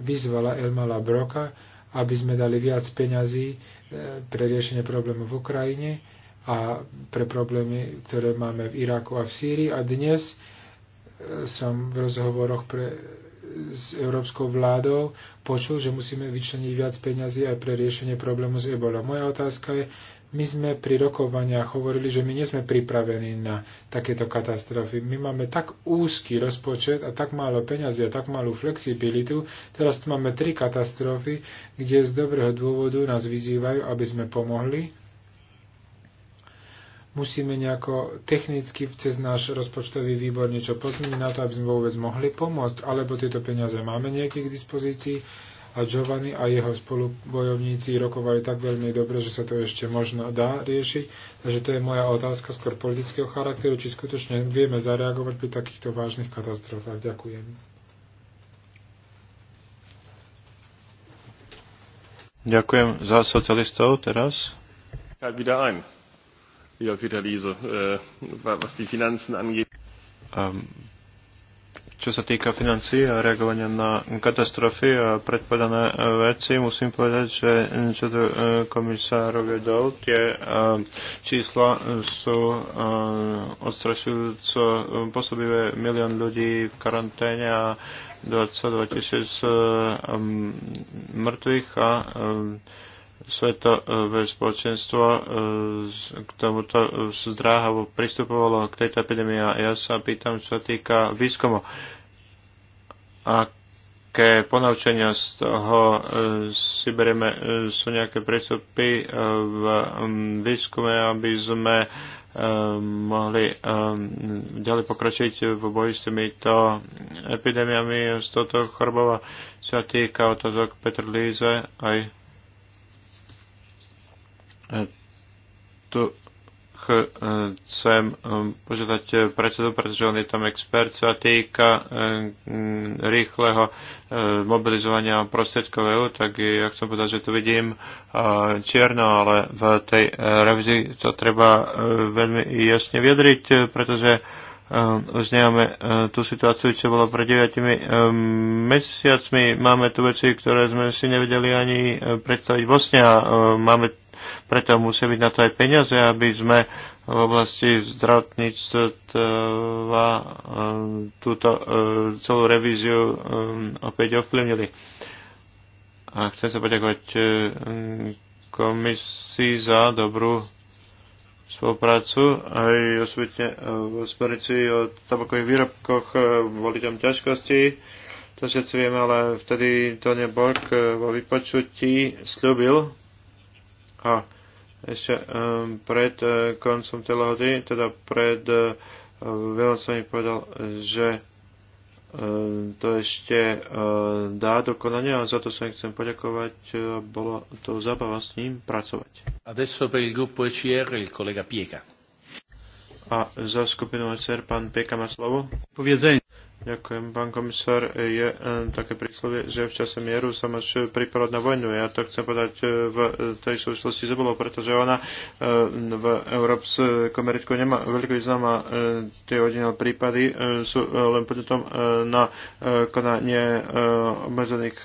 vyzvala Elmala Broka, aby sme dali viac peňazí e, pre riešenie problémov v Ukrajine a pre problémy, ktoré máme v Iraku a v Sýrii. A dnes e, som v rozhovoroch pre s európskou vládou počul, že musíme vyčleniť viac peňazí aj pre riešenie problému s ebolou. Moja otázka je, my sme pri rokovaniach hovorili, že my nie sme pripravení na takéto katastrofy. My máme tak úzky rozpočet a tak málo peňazí a tak malú flexibilitu. Teraz tu máme tri katastrofy, kde z dobrého dôvodu nás vyzývajú, aby sme pomohli musíme nejako technicky cez náš rozpočtový výbor niečo pozmeniť na to, aby sme vôbec mohli pomôcť, alebo tieto peniaze máme niekde k dispozícii a Giovanni a jeho spolubojovníci rokovali tak veľmi dobre, že sa to ešte možno dá riešiť. Takže to je moja otázka skôr politického charakteru, či skutočne vieme zareagovať pri takýchto vážnych katastrofách. Ďakujem. Ďakujem za socialistov teraz. Ja, wieder ein lieber Peter Liese, äh, was die Finanzen angeht. Um, čo sa týka financí a reagovania na katastrofy a predpovedané äh, veci, musím povedať, že čo tu äh, komisár vedel, tie čísla sú odstrašujúco pôsobivé milión ľudí v karanténe a 22 tisíc mŕtvych a sveto e, spoločenstvo e, k tomuto e, zdráhavo pristupovalo k tejto epidémii a ja sa pýtam, čo týka výskumu. Aké ponaučenia z toho si berieme, sú nejaké prístupy v výskume, aby sme mohli ďalej pokračiť v boji s týmito epidémiami z toto chorobova sa týka otázok Petr Líze aj tu chcem um, požiadať eh, predsedu, pretože on je tam expert, čo sa týka eh, mm, rýchleho eh, mobilizovania prostriedkov EU, tak ja chcem povedať, že tu vidím čierno, ale v tej revizii to treba veľmi jasne vyjadriť, pretože už nemáme tú situáciu, čo bolo pred 9 mesiacmi. Máme tu veci, ktoré sme si nevedeli ani predstaviť vlastne a máme preto musia byť na to aj peniaze, aby sme v oblasti zdravotníctva e, túto e, celú revíziu e, opäť ovplyvnili. A chcem sa poďakovať komisii za dobrú spoluprácu aj osobitne v smernici o tabakových výrobkoch boli tam ťažkosti. To všetci vieme, ale vtedy Tony Borg vo vypočutí slúbil, a ešte um, pred uh, koncom tej teda pred uh, eh, mi povedal, že ehm, to ešte uh, dá dokonania a za to sa chcem poďakovať. Uh, bolo to zabava s ním pracovať. Adesso per il gruppo ECR il collega Pieka A za skupinu ECR pán Pieka má slovo. Povedzenie. Ďakujem, pán komisár. Je e, také príslovie, že v čase mieru sa máš pripravať na vojnu. Ja to chcem povedať e, v tej súvislosti s Ebolou, pretože ona e, v Európskom meritku nemá veľký význam a tie originál prípady sú len podnetom na konanie obmedzených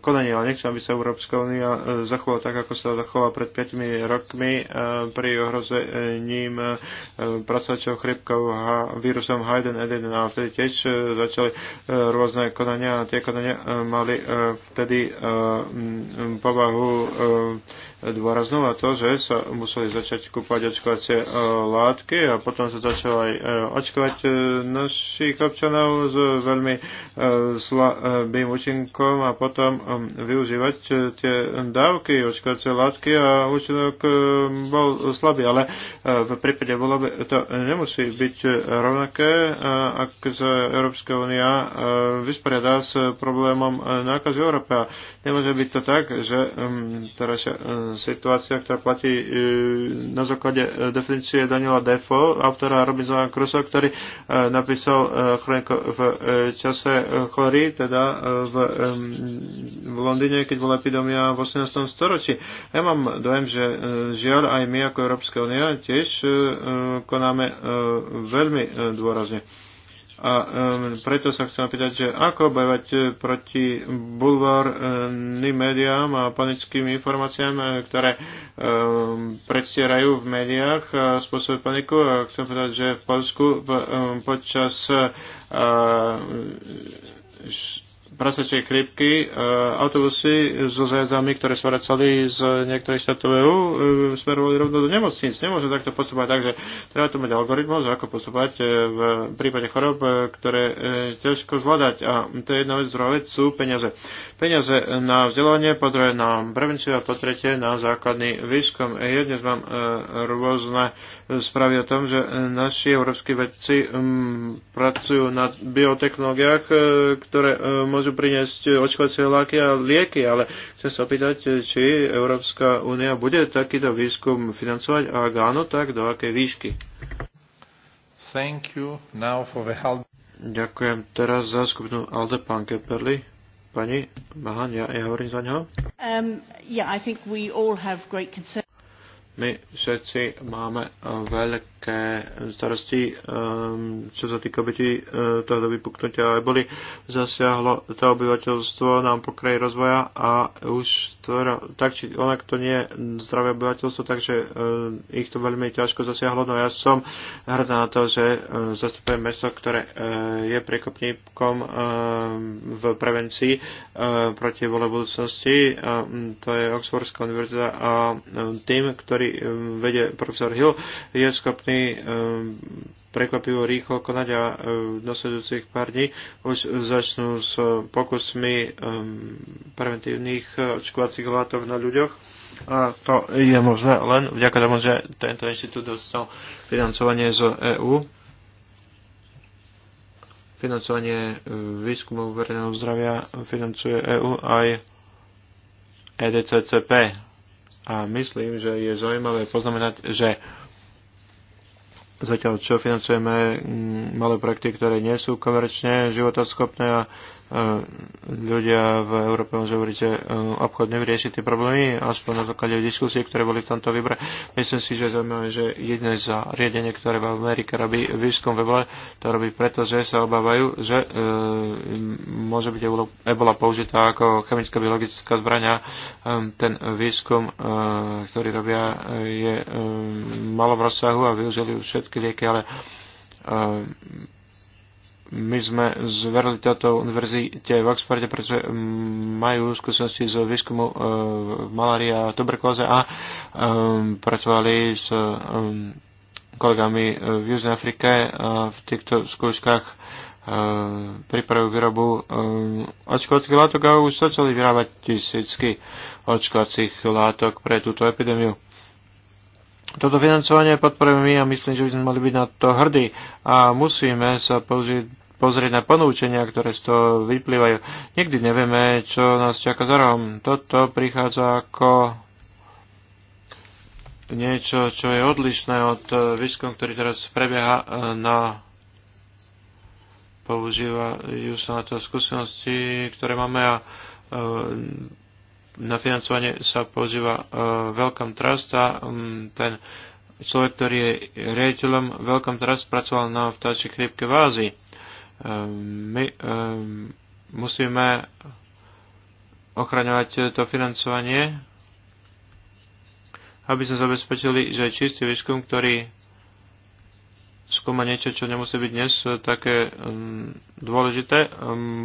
konaní. Ale nechcem, aby sa Európska únia zachovala tak, ako sa zachovala pred 5 rokmi pri ohrozením pracovačov chrypkov a vírusom Hayden Eden a vtedy tiež e, začali e, rôzne konania a tie konania e, mali vtedy povahu a to, že sa museli začať kúpať očkovacie e, látky a potom sa začalo aj e, očkovať e, našich občanov s veľmi slabým účinkom a potom využívať tie dávky očkovacie látky a účinok bol slabý, ale v prípade bolo by, to nemusí byť rovnaké, ak sa Európska únia vysporiada s problémom nákazy Európa. Nemôže byť to tak, že teraz situácia, ktorá platí e, na základe e, definície Daniela Defo, autora Robinsona Crusoe, ktorý e, napísal chroniku v čase chory, teda v, v Londýne, keď bola epidémia v 18. storočí. Ja mám dojem, že žiaľ aj my ako Európska unia tiež konáme veľmi dôrazne. A um, preto sa chcem pýtať, že ako bojovať e, proti bulvárnym e, médiám a panickým informáciám, e, ktoré um, predstierajú v médiách a paniku. A chcem povedať, že v Polsku v, um, počas uh, prasačie chrípky, e, autobusy so zájazdami, ktoré sa vracali z niektorých štátov EU, e, smerovali rovno do nemocníc. Nemôžeme takto postupovať, takže treba tu mať algoritmus, ako postupovať e, v prípade chorob, ktoré ťažko zvládať. A to je jedna vec, druhá vec sú peniaze. Peniaze na vzdelanie, po druhé na prevenciu a po tretie na základný výskum. Ja dnes mám rôzne správy o tom, že naši európsky vedci pracujú na biotechnológiách, ktoré môžu môžu priniesť eh, očkovacie láky a lieky, ale chcem sa opýtať, eh, či Európska únia bude takýto výskum financovať a ak áno, tak do akej výšky? Thank you now for the help. Ďakujem teraz za skupinu Alde pán Keperli. Pani Mahan, ja, ja hovorím za ňo. Um, yeah, I think we all have great concern. My všetci máme eh, veľké eh, starosti, eh, čo sa týka obeti tohto vypuknutia eboli. Zasiahlo to obyvateľstvo nám kraji rozvoja a už tvr, tak či onak to nie je zdravé obyvateľstvo, takže ich to veľmi ťažko zasiahlo. No ja som hrdá na to, že zastupujem mesto, ktoré je prekopníkom v prevencii proti vole budúcnosti. Mm, to je Oxfordská univerzita a tým, ktorý vede vedie profesor Hill, je schopný eh, prekvapivo rýchlo konať a eh, v nasledujúcich pár dní už začnú s pokusmi eh, preventívnych očkovacích látok na ľuďoch. A to je možné len vďaka tomu, že tento inštitút dostal financovanie z EÚ financovanie výskumov verejného zdravia financuje EU aj EDCCP, a myslím, že je zaujímavé poznamenať, že zatiaľ čo financujeme mm, malé projekty, ktoré nie sú komerčne životoschopné a ľudia v Európe môžu hovoriť, že e, obchod nevyrieši tie problémy, aspoň na základe diskusie, ktoré boli v tomto výbore. Myslím si, že zaujímavé, že jedné zariadenie, ktoré v Amerike robí výskum v ebole, to robí preto, že sa obávajú, že e, môže byť ebola použitá ako chemická biologická zbraňa. E, ten výskum, e, ktorý robia, e, je e, malom rozsahu a využili všetky lieky, ale e, my sme zverili toto univerzite v Oxforde, pretože majú skúsenosti z výskumu e, malárie a tuberkulóze a um, pracovali s um, kolegami e, v Južnej Afrike a v týchto skúškach e, pripravujú výrobu očkovacích látok a už začali vyrábať tisícky očkovacích látok pre túto epidémiu toto financovanie podporujeme my a myslím, že by sme mali byť na to hrdí a musíme sa použiť pozrieť na ponúčenia, ktoré z toho vyplývajú. Nikdy nevieme, čo nás čaká za rohom. Toto prichádza ako niečo, čo je odlišné od eh, výskum, ktorý teraz prebieha eh, na používajú sa na to skúsenosti, ktoré máme a eh, na financovanie sa používa Welcome Trust a mm, ten človek, ktorý je riaditeľom Welcome Trust, pracoval na vtáčej chrípke v Ázii. Ehm, my ehm, musíme ochraňovať to financovanie, aby sme zabezpečili, že čistý výskum, ktorý skúma niečo, čo nemusí byť dnes také ehm, dôležité,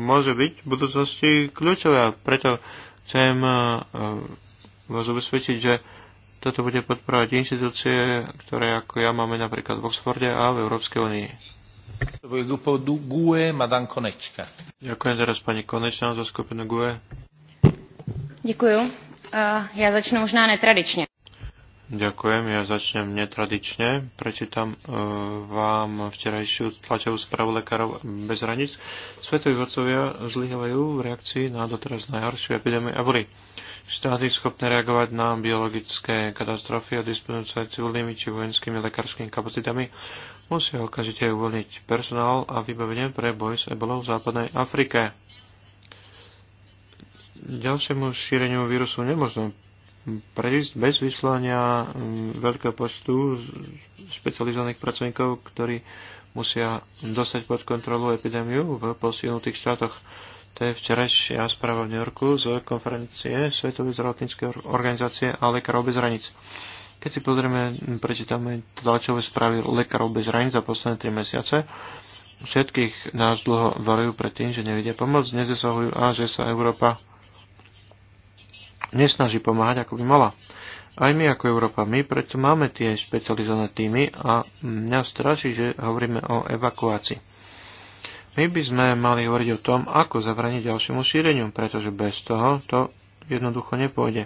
môže byť v budúcnosti kľúčové. A preto chcem vás ubezpečiť, že toto bude podporovať inštitúcie, ktoré ako ja máme napríklad v Oxforde a v Európskej únii. Ďakujem teraz pani Konečná za skupinu GUE. Ďakujem. Uh, ja začnem možná netradične. Ďakujem, ja začnem netradične. Prečítam e, vám včerajšiu tlačovú správu Lekárov bez hraníc. Svetoví vodcovia zlyhávajú v reakcii na doteraz najhoršiu epidémiu eboly štáty schopné reagovať na biologické katastrofy a disponovať civilnými či vojenskými lekárskými kapacitami, musia okamžite uvoľniť personál a vybavenie pre boj s ebolou v západnej Afrike. Ďalšiemu šíreniu vírusu nemôžno prejsť bez vyslania mm, veľkého počtu špecializovaných pracovníkov, ktorí musia dostať pod kontrolu epidémiu v posilnutých štátoch. To je včerajšia správa v New Yorku z konferencie Svetovej zdravotníckej organizácie a Lekárov bez hraníc. Keď si pozrieme, prečítame tlačové správy Lekárov bez hraníc za posledné 3 mesiace, všetkých nás dlho varujú pred tým, že nevidia pomoc, nezasahujú a že sa Európa nesnaží pomáhať, ako by mala. Aj my ako Európa, my preto máme tie špecializované týmy a mňa straší, že hovoríme o evakuácii. My by sme mali hovoriť o tom, ako zabraniť ďalšiemu šíreniu, pretože bez toho to jednoducho nepôjde.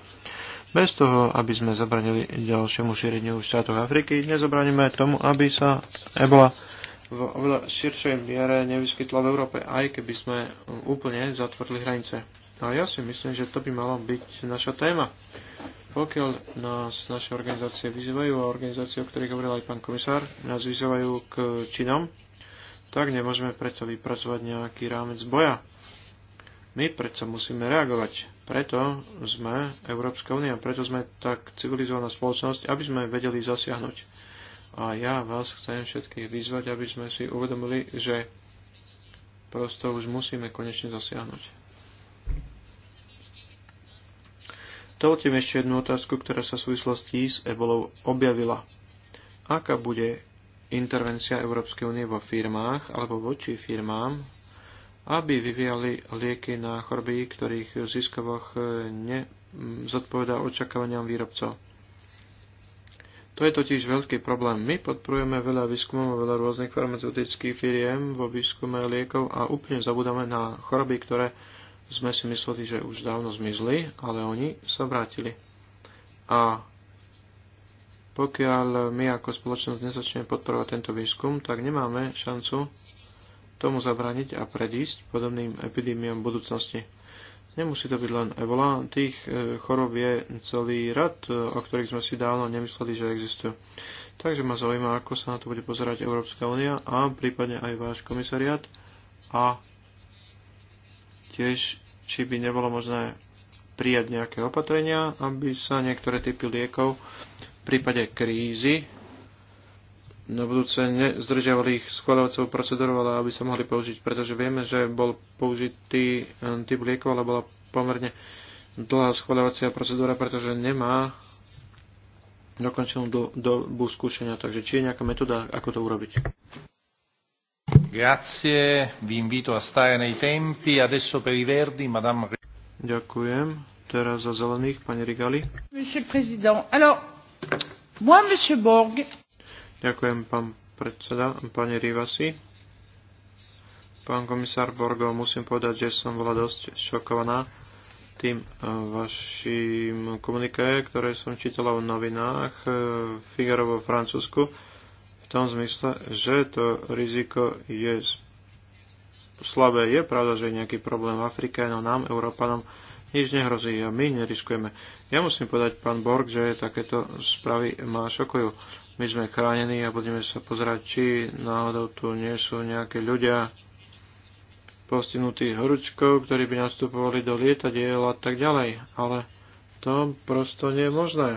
Bez toho, aby sme zabranili ďalšiemu šíreniu v štátoch Afriky, nezabraníme tomu, aby sa ebola v oveľa širšej miere nevyskytla v Európe, aj keby sme úplne zatvorili hranice. A ja si myslím, že to by malo byť naša téma. Pokiaľ nás naše organizácie vyzývajú, a organizácie, o ktorých hovoril aj pán komisár, nás vyzývajú k činom, tak nemôžeme predsa vypracovať nejaký rámec boja. My predsa musíme reagovať. Preto sme Európska únia, preto sme tak civilizovaná spoločnosť, aby sme vedeli zasiahnuť. A ja vás chcem všetkých vyzvať, aby sme si uvedomili, že prosto už musíme konečne zasiahnuť. Dovolte mi ešte jednu otázku, ktorá sa v súvislosti s ebolou objavila. Aká bude intervencia Európskej únie vo firmách alebo voči firmám, aby vyvíjali lieky na choroby, ktorých v ziskovoch e, nezodpovedá očakávaniam výrobcov. To je totiž veľký problém. My podporujeme veľa výskumov, veľa rôznych farmaceutických firiem vo výskume liekov a úplne zabudáme na choroby, ktoré sme si mysleli, že už dávno zmizli, ale oni sa vrátili. A pokiaľ my ako spoločnosť nezačneme podporovať tento výskum, tak nemáme šancu tomu zabraniť a predísť podobným epidémiám budúcnosti. Nemusí to byť len ebola, tých e, chorob je celý rad, e, o ktorých sme si dávno nemysleli, že existujú. Takže ma zaujíma, ako sa na to bude pozerať Európska únia a prípadne aj váš komisariat a tiež, či by nebolo možné prijať nejaké opatrenia, aby sa niektoré typy liekov prípade krízy na no budúce nezdržiavali ich schváľovacou procedúrou, ale aby sa mohli použiť, pretože vieme, že bol použitý eh, typ liekov, ale bola pomerne dlhá schváľovacia procedúra, pretože nemá dokončenú do, dobu skúšania. Takže či je nejaká metóda, ako to urobiť? Grazie, vi invito a stare nei tempi. Adesso per i verdi, madame... Ďakujem. Teraz za zelených, pani Rigali. Monsieur le Président, alors Ďakujem, pán predseda, pani Rivasi. Pán komisár Borgo, musím povedať, že som bola dosť šokovaná tým eh, vašim komuniké, ktoré som čítala v novinách eh, Figaro vo Francúzsku, v tom zmysle, že to riziko je slabé. Je pravda, že je nejaký problém v Afrike, no nám, Európanom, nič nehrozí a my neriskujeme. Ja musím povedať, pán Borg, že takéto správy ma šokujú. My sme chránení a budeme sa pozerať, či náhodou tu nie sú nejaké ľudia postihnutí horúčkou, ktorí by nastupovali do lietadiel a tak ďalej. Ale to prosto nie je možné.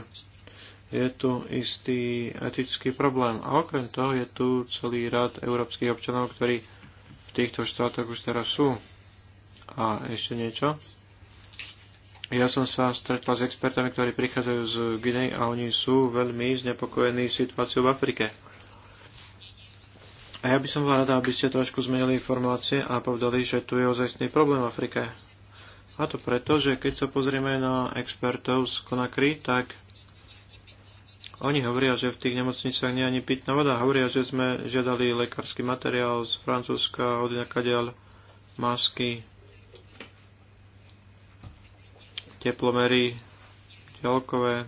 Je tu istý etický problém. A okrem toho je tu celý rad európskych občanov, ktorí v týchto štátoch už teraz sú. A ešte niečo? Ja som sa stretla s expertami, ktorí prichádzajú z Guinei a oni sú veľmi znepokojení situáciou v Afrike. A ja by som bola rada, aby ste trošku zmenili informácie a povedali, že tu je ozajstný problém v Afrike. A to preto, že keď sa pozrieme na expertov z Konakry, tak oni hovoria, že v tých nemocniciach nie je ani pitná voda. Hovoria, že sme žiadali lekársky materiál z Francúzska, odinakiaľ masky, teplomery, ďalkové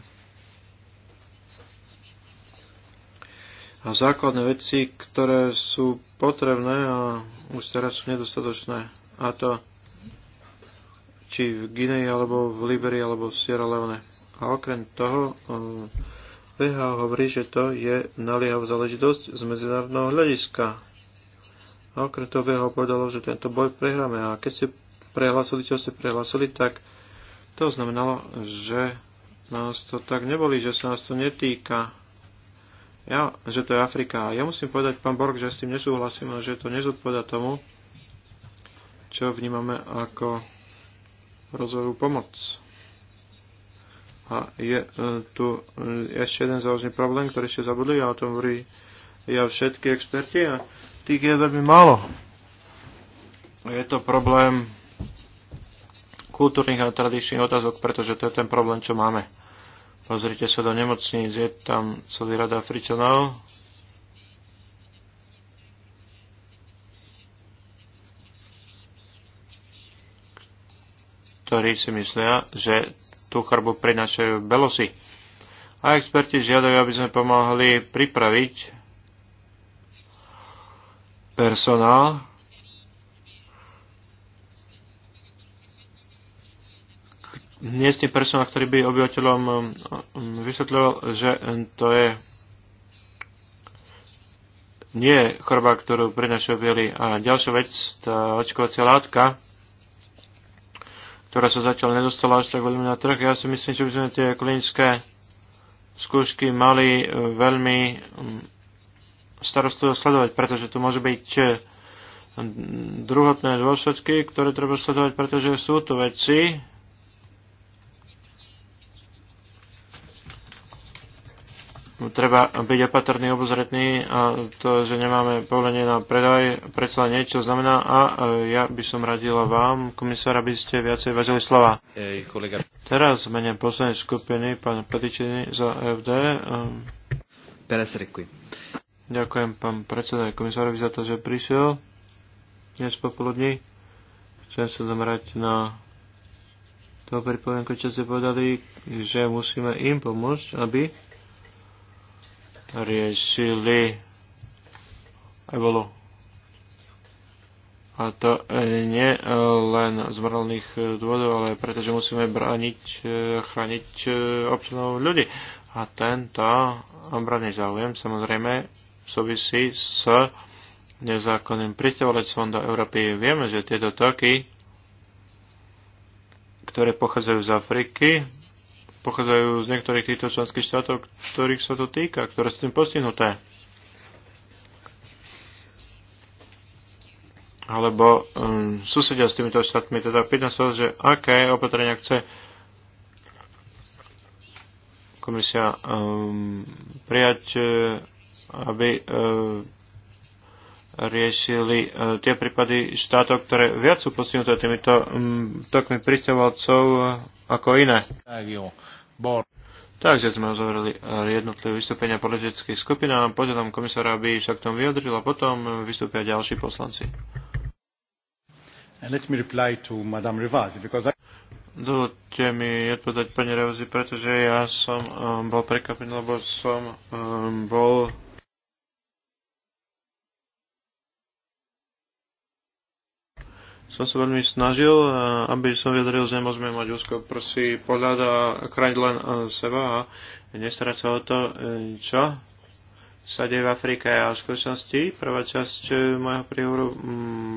a základné veci, ktoré sú potrebné a už teraz sú nedostatočné. A to či v Guinei, alebo v Liberii, alebo v Sierra Leone. A okrem toho VH eh, hovorí, že to je naliehavá záležitosť z medzinárodného hľadiska. A okrem toho VH povedalo, že tento boj prehráme. A keď ste prehlasili, čo ste prehlasili, tak to znamenalo, že nás to tak neboli, že sa nás to netýka. Ja, že to je Afrika. A ja musím povedať, pán Borg, že s tým nesúhlasím a že to nezodpoveda tomu, čo vnímame ako rozvojovú pomoc. A je e, tu ešte jeden záležný problém, ktorý ste zabudli a o tom hovorí ja všetky experti a tých je veľmi málo. Je to problém kultúrnych a tradičných otázok, pretože to je ten problém, čo máme. Pozrite sa do nemocníc, je tam celý rada Afričanov, ktorí si myslia, že tú chorbu prinašajú belosy. A experti žiadajú, aby sme pomáhali pripraviť personál nie ste persona, ktorý by obyvateľom um, um, vysvetľoval, že um, to je nie choroba, ktorú prinašajú bieli. A ďalšia vec, tá očkovacia látka, ktorá sa zatiaľ nedostala až tak veľmi na trh. Ja si myslím, že by sme tie klinické skúšky mali uh, veľmi starostlivo sledovať, pretože tu môže byť uh, druhotné dôsledky, ktoré treba sledovať, pretože sú to veci, treba byť opatrný, obozretný a to, že nemáme povolenie na predaj, predsa niečo znamená a e, ja by som radila vám, komisár, aby ste viacej vážili slova. Ej, kolega. Teraz menej poslednej skupiny, pán Petičiny za FD. Teraz e, Ďakujem pán predseda komisárovi za to, že prišiel dnes popoludní. Chcem sa zamerať na to pripomienku, čo ste povedali, že musíme im pomôcť, aby riešili bolo. A to e, nie e, len z morálnych e, dôvodov, ale pretože musíme brániť, chrániť občanov ľudí. A tento obranný záujem samozrejme súvisí s nezákonným pristevalectvom do Európy. Vieme, že tieto toky, ktoré pochádzajú z Afriky, pochádzajú z niektorých týchto členských štátov, ktorých sa to týka, ktoré sú tým postihnuté. Alebo um, susedia s týmito štátmi. Teda pýtam sa, že aké opatrenia chce komisia um, prijať, e, aby um, riešili e, tie prípady štátov, ktoré viac sú postihnuté týmito um, tokmi pristahovalcov ako iné. Bor. Takže sme uzavreli eh, jednotlivé vystúpenia politických skupín a požiadam komisára, aby sa k tomu vyjadril a potom vystúpia ďalší poslanci. And let me reply to Madame Rivasi, because I... Dovolte mi odpovedať pani Revozi, pretože ja som um, bol prekvapený, lebo som um, bol som sa veľmi snažil, aby som vyjadril, že nemôžeme mať úzko prsi pohľad a chrániť len seba a nestarať sa o to, e, čo sa deje v Afrike a v skutočnosti. Prvá časť e, mojho príhovoru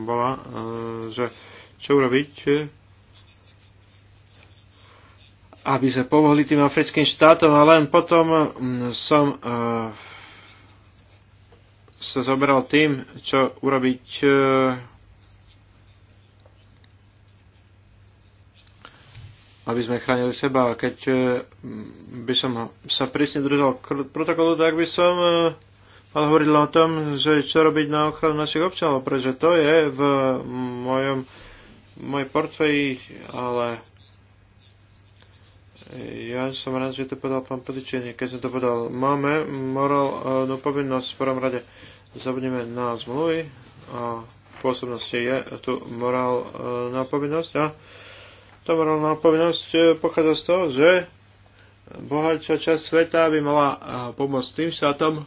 bola, e, že čo urobiť, aby sme pomohli tým africkým štátom a len potom som sa zoberal tým, čo urobiť aby sme chránili seba. A keď e, by som sa prísne držal protokolu, tak by som e, mal hovoriť o tom, že čo robiť na ochranu našich občanov, pretože to je v mojom mojej portfeji, ale ja som rád, že to povedal pán Petičenie, keď som to povedal. Máme morálnu e, no povinnosť v prvom rade. Zabudneme na zmluvy a v pôsobnosti je tu morálna povinnosť a dobrovoľná povinnosť e, pochádza z toho, že bohatšia časť sveta by mala e, pomôcť tým štátom,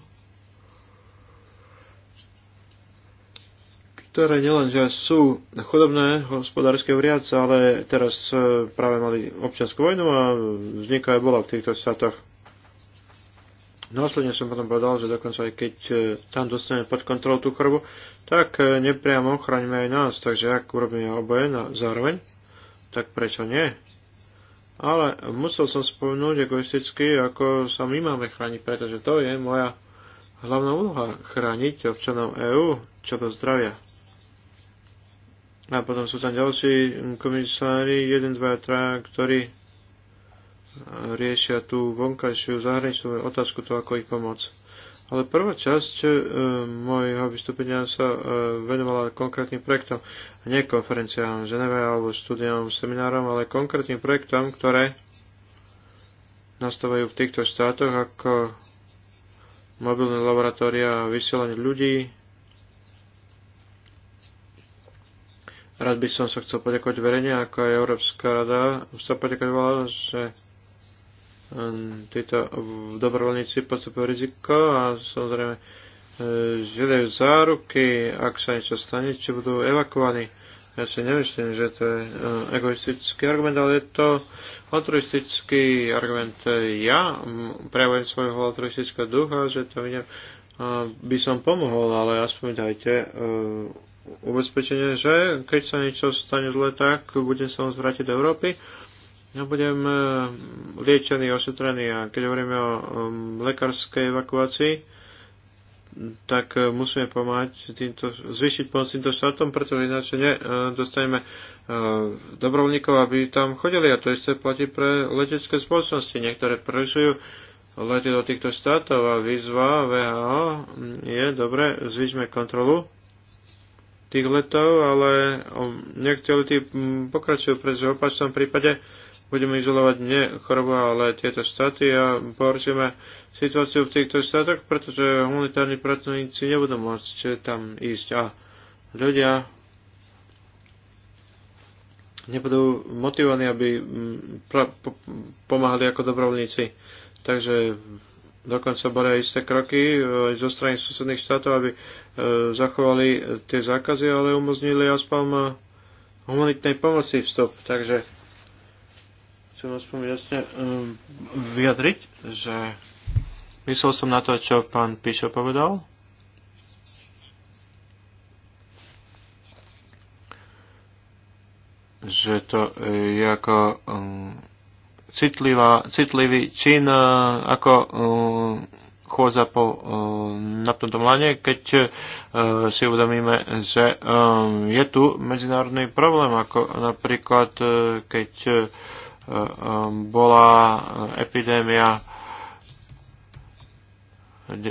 ktoré nielenže sú chudobné hospodárske vriace, ale teraz e, práve mali občianskú vojnu a vzniká aj bola v týchto štátoch. Následne som potom povedal, že dokonca aj keď tam dostaneme pod kontrolu tú chorobu, tak nepriamo ochraňme aj nás, takže ak urobíme oboje na zároveň, tak prečo nie? Ale musel som spomenúť egoisticky, ako sa my máme chrániť, pretože to je moja hlavná úloha chrániť občanov EÚ čo do zdravia. A potom sú tam ďalší komisári, 1, 2, 3, ktorí riešia tú vonkajšiu zahraničnú otázku, to ako ich pomôcť. Ale prvá časť e, môjho vystúpenia sa e, venovala konkrétnym projektom, nie konferenciám Ženeve alebo štúdiám, seminárom, ale konkrétnym projektom, ktoré nastávajú v týchto štátoch ako mobilné laboratória a vysielanie ľudí. Rád by som sa chcel poďakovať verejne, ako aj Európska rada už sa poďakovala, že títo dobrovoľníci podstupujú riziko a samozrejme e, žiadajú záruky, ak sa niečo stane, či budú evakuovaní. Ja si nemyslím, že to je e, egoistický argument, ale je to altruistický argument. Ja prejavujem svojho altruistického ducha, že to vidím, e, by som pomohol, ale aspoň dajte ubezpečenie, že keď sa niečo stane zle, tak budem sa vrátiť do Európy ja budem e, liečený, ošetrený a keď hovoríme o e, lekárskej evakuácii, tak e, musíme pomáhať týmto, zvýšiť pomoc týmto štátom, pretože ináč nedostaneme dobrovoľníkov, aby tam chodili. A to isté platí pre letecké spoločnosti. Niektoré prerušujú lety do týchto štátov a výzva VHO je dobre, zvýšme kontrolu tých letov, ale niektoré lety pokračujú, pretože v opačnom prípade uh, budeme izolovať nie chorobu, ale tieto štáty a porčíme situáciu v týchto štátoch, pretože humanitárni pracovníci nebudú môcť tam ísť a ľudia nebudú motivovaní, aby mm, pra- po- pomáhali ako dobrovoľníci. Takže dokonca boli isté kroky aj e, zo strany susedných štátov, aby e, zachovali tie zákazy, ale umožnili aspoň e, humanitnej pomoci vstup. Takže chcem aspoň jasne um, vyjadriť, že myslel som na to, čo pán Píšo povedal. že to je ako um, citlivá, citlivý čin, uh, ako um, chôdza po na tomto mlane, keď uh, si uvedomíme, že um, je tu medzinárodný problém, ako napríklad uh, keď uh, bola epidémia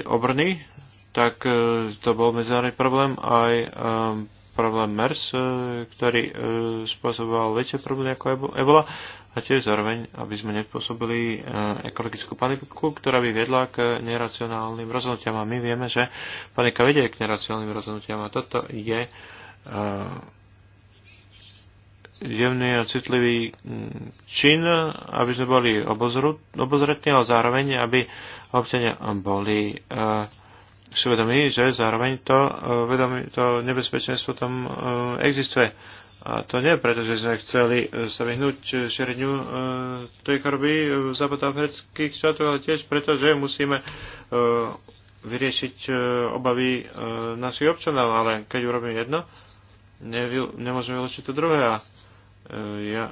obrny, tak e, to bol medzinárodný problém aj e, problém MERS, e, ktorý spôsoboval väčšie problémy ako ebola a tiež zároveň, aby sme nepôsobili ekologickú paniku, ktorá by viedla k neracionálnym rozhodnutiam. A my vieme, že panika vedie k neracionálnym rozhodnutiam a toto je jemný a citlivý mm, čin, aby sme boli obozretní, ale zároveň, aby občania boli uh, e, svedomí, že zároveň to, uh, vedomí, to nebezpečenstvo tam uh, existuje. A to nie preto, že sme chceli sa vyhnúť šereniu e, tej choroby v západoafrických štátoch, ale tiež preto, že musíme e, vyriešiť e, obavy e, našich občanov, ale keď urobím jedno, nevy, nemôžeme vylúčiť to druhé. A E, ja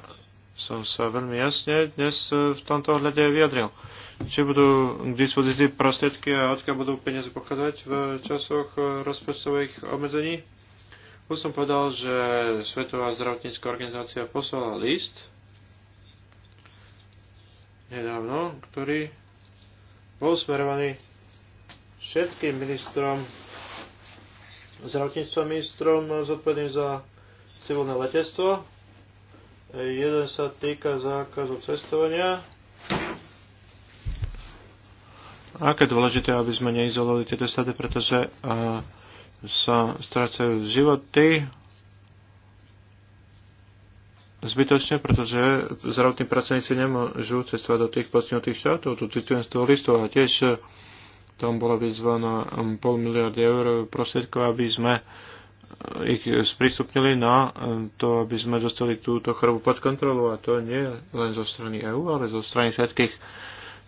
som sa veľmi jasne dnes e, v tomto ohľade vyjadril. Či budú k dispozícii prostriedky a odkiaľ budú peniaze pochádzať v časoch e, rozpočtových obmedzení? Už som povedal, že Svetová zdravotnícká organizácia poslala list nedávno, ktorý bol smerovaný všetkým ministrom zdravotníctva, ministrom zodpovedným za civilné letectvo Jeden sa týka zákazu cestovania. Aké je dôležité, aby sme neizolovali tieto štáty, pretože uh, sa strácajú životy zbytočne, pretože zdravotní pracovníci nemôžu cestovať do tých postihnutých štátov. Tu citujem z toho listu a tiež e, tam bola vyzvaná pol miliardy eur prostriedkov, aby sme uh, ich sprístupnili na eh, to, aby sme dostali túto chorobu pod kontrolu a to nie len zo strany EÚ, ale zo strany všetkých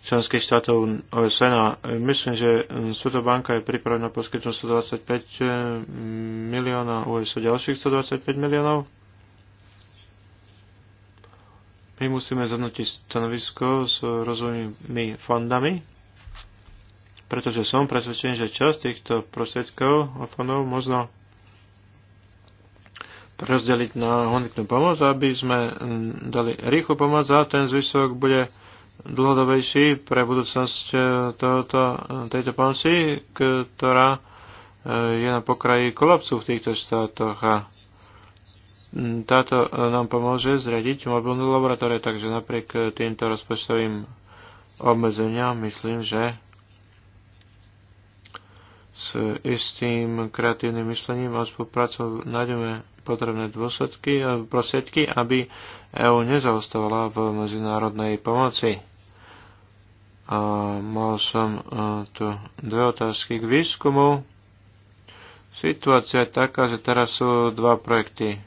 členských štátov OSN a eh, myslím, že eh, Svetová banka je pripravená poskytnúť 125 milióna USA ďalších 125 miliónov. My musíme zhodnotiť stanovisko s rozvojnými fondami, pretože som presvedčený, že časť týchto prostriedkov a fondov možno rozdeliť na humanitnú pomoc, aby sme mm, dali rýchlu pomoc a ten zvyšok bude dlhodobejší pre budúcnosť e, tohoto, e, tejto pomoci, ktorá e, je na pokraji kolapsu v týchto štátoch a mm, táto nám pomôže zriadiť mobilnú laboratóriu, takže napriek týmto rozpočtovým obmedzeniam myslím, že s istým kreatívnym myšlením a spoluprácou nájdeme potrebné dôsledky a aby EÚ nezaostávala v medzinárodnej pomoci. A mal som e, tu dve otázky k výskumu. Situácia je taká, že teraz sú dva projekty.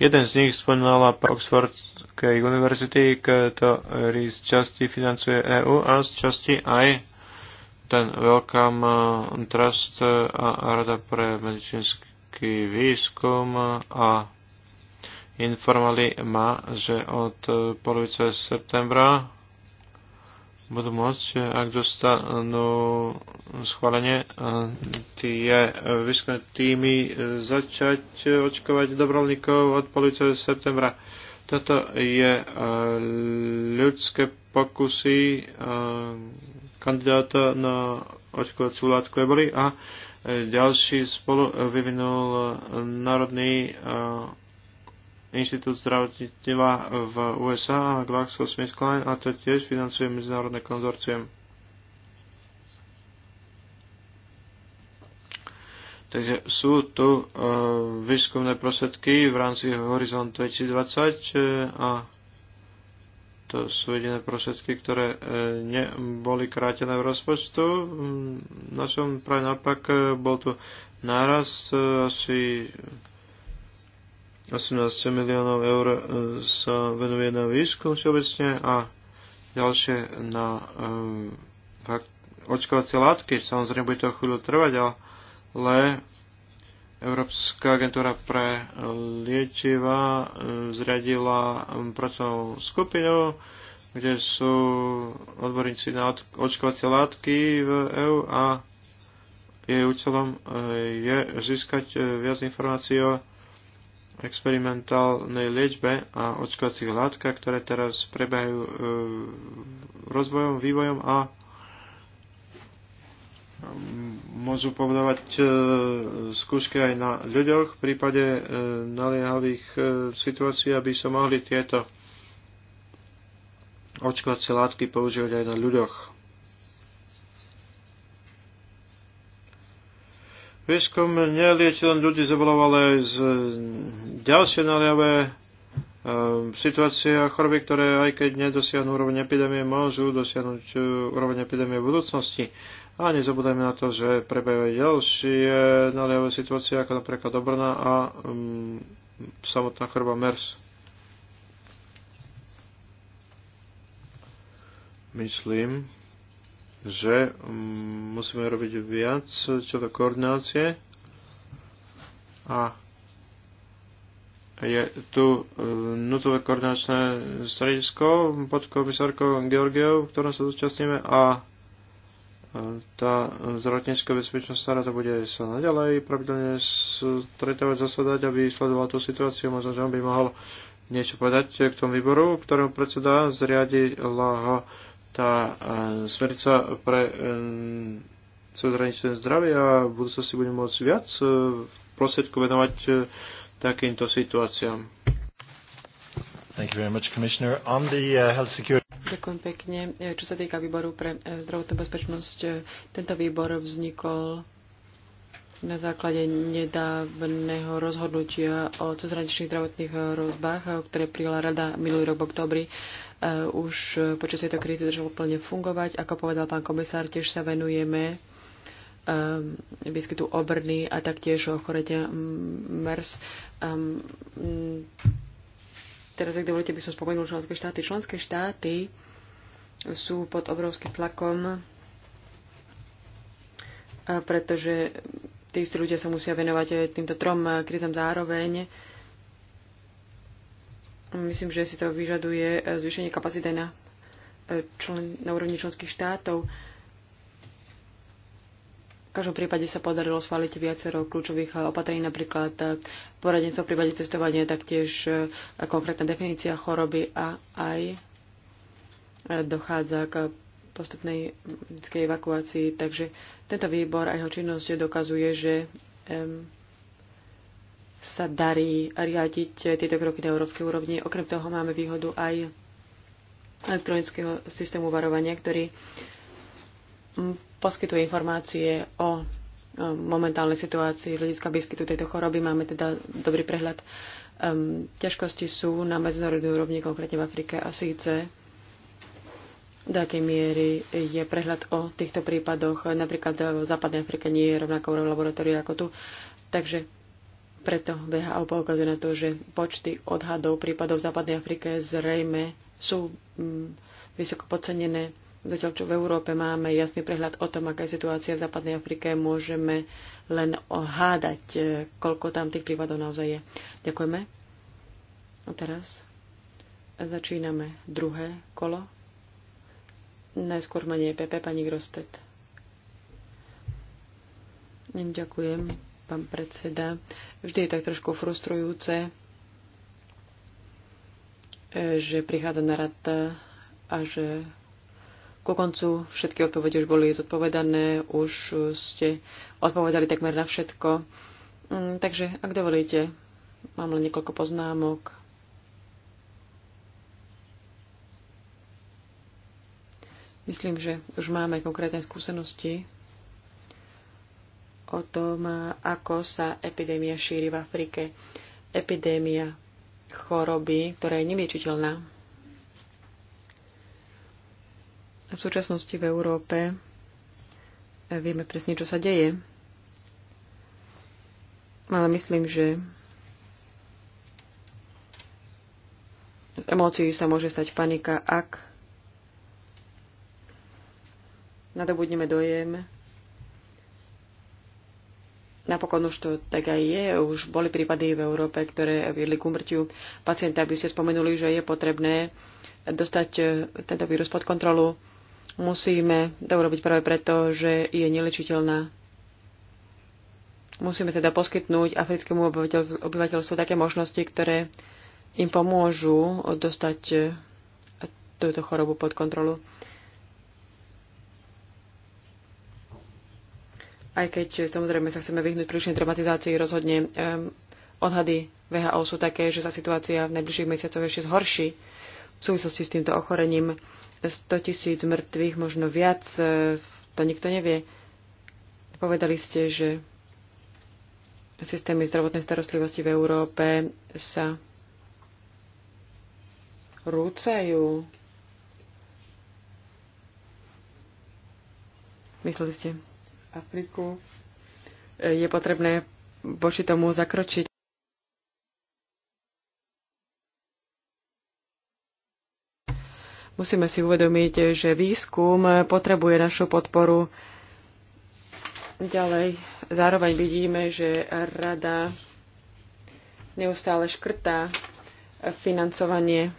Jeden z nich spomínala Oxfordskej univerzity, ktorý z časti financuje EÚ a z časti aj ten Welcome e, Trust a Rada pre medicínsky vedecký výskum a informovali ma, že od polovice septembra budú môcť, ak dostanú schválenie, tie výskumné týmy začať očkovať dobrovoľníkov od polovice septembra. Toto je e, ľudské pokusy e, kandidáta na očkovaciu látku eboli a ďalší spolu eh, vyvinul eh, Národný eh, inštitút zdravotníctva v USA a GlaxoSmithKline a to tiež financuje medzinárodné konzorcium. Takže sú tu e, výskumné prostriedky v rámci Horizont 2020 a to sú jediné prostriedky, ktoré e, neboli krátené v rozpočtu. Mm, na čom práve naopak e, bol tu náraz e, asi 18 miliónov eur sa venuje na výskum všeobecne a ďalšie na e, očkovacie látky. Samozrejme, bude to chvíľu trvať, ale Európska agentúra pre e, liečiva e, zriadila pracovnú skupinu, kde sú odborníci na očkovacie látky v EU a jej účelom e, je získať viac informácií o experimentálnej liečbe a očkovacích látkach, ktoré teraz prebehajú rozvojom, vývojom a môžu e, skúšky aj na ľuďoch v prípade e, naliehavých e, situácií, aby sa mohli tieto očkovacie látky používať aj na ľuďoch. Výskum nelieči len ľudí zabolov, ale aj z ďalšie naliehavé e, situácie a choroby, ktoré aj keď nedosiahnu úroveň epidémie, môžu dosiahnuť úroveň epidémie v budúcnosti. A nezabudajme na to, že prebehajú ďalšie naliehavé situácie, ako napríklad obrana a um, samotná chrba MERS. Myslím, že mm, musíme robiť viac čo do koordinácie a je tu e, nutové koordinačné stredisko pod komisárkou Georgiou, v ktorom sa zúčastníme a tá zdravotnícka bezpečnosť bezpečnostná rada bude sa naďalej pravidelne stretávať, zasadať, aby sledovala tú situáciu. Možno, že on by mohol niečo povedať k tomu výboru, ktorému predseda zriadila ho tá e, smerica pre e, cezhraničné zdravie a v budúcnosti bude môcť viac e, v prostriedku venovať takýmto situáciám. Thank you very much, Commissioner. On the uh, health security... Ďakujem pekne. E, Čo sa týka výboru pre e, zdravotnú bezpečnosť, e, tento výbor vznikol na základe nedávneho rozhodnutia o cezhraničných zdravotných rozbách, ktoré prijala rada minulý rok v oktobri, už počas tejto krízy začalo plne fungovať. Ako povedal pán komisár, tiež sa venujeme výskytu obrny a taktiež ochorenia MERS. Teraz, ak dovolíte, by som spomenul členské štáty. Členské štáty sú pod obrovským tlakom, pretože tí istí ľudia sa musia venovať týmto trom krizám zároveň. Myslím, že si to vyžaduje zvýšenie kapacity na, člen, na úrovni členských štátov. V každom prípade sa podarilo schváliť viacero kľúčových opatrení, napríklad eh, poradenstvo v prípade cestovania, taktiež eh, konkrétna definícia choroby a aj eh, dochádza k postupnej medicínskej evakuácii. Takže tento výbor a jeho činnosť dokazuje, že sa darí riadiť tieto kroky na európskej úrovni. Okrem toho máme výhodu aj elektronického systému varovania, ktorý poskytuje informácie o momentálnej situácii z hľadiska výskytu tejto choroby. Máme teda dobrý prehľad. Um, ťažkosti sú na medzinárodnej úrovni, konkrétne v Afrike a síce do akej miery je prehľad o týchto prípadoch. Napríklad v západnej Afrike nie je rovnaká úroveň laboratória ako tu. Takže preto VHO poukazuje na to, že počty odhadov prípadov v západnej Afrike zrejme sú um, vysoko podcenené Zatiaľ, čo v Európe máme jasný prehľad o tom, aká je situácia v západnej Afrike, môžeme len ohádať, e, koľko tam tých prípadov naozaj je. Ďakujeme. A teraz začíname druhé kolo. Najskôr ma nie PP, pani Grostet. Ďakujem, pán predseda. Vždy je tak trošku frustrujúce, e, že prichádza na rad e, a že. Ku koncu všetky odpovede už boli zodpovedané, už ste odpovedali takmer na všetko. Mm, takže, ak dovolíte, mám len niekoľko poznámok. Myslím, že už máme konkrétne skúsenosti o tom, ako sa epidémia šíri v Afrike. Epidémia choroby, ktorá je nemiečiteľná. V súčasnosti v Európe vieme presne, čo sa deje. Ale myslím, že z emócií sa môže stať panika, ak nadobudneme dojem. Napokon už to tak aj je. Už boli prípady v Európe, ktoré viedli k umrtiu pacienta. aby ste spomenuli, že je potrebné dostať tento vírus pod kontrolu. Musíme to urobiť práve preto, že je nelečiteľná. Musíme teda poskytnúť africkému obyvateľstvu také možnosti, ktoré im pomôžu dostať eh, túto chorobu pod kontrolu. Aj keď eh, samozrejme sa chceme vyhnúť prílišnej dramatizácii, rozhodne um, odhady VHO sú také, že sa situácia v najbližších mesiacoch ešte zhorší v súvislosti s týmto ochorením. 100 tisíc mŕtvych, možno viac, e, to nikto nevie. Povedali ste, že systémy zdravotnej starostlivosti v Európe sa rúcajú. Mysleli ste, Afriku e, je potrebné voči tomu zakročiť. Musíme si uvedomiť, že výskum potrebuje našu podporu. Ďalej, zároveň vidíme, že rada neustále škrtá financovanie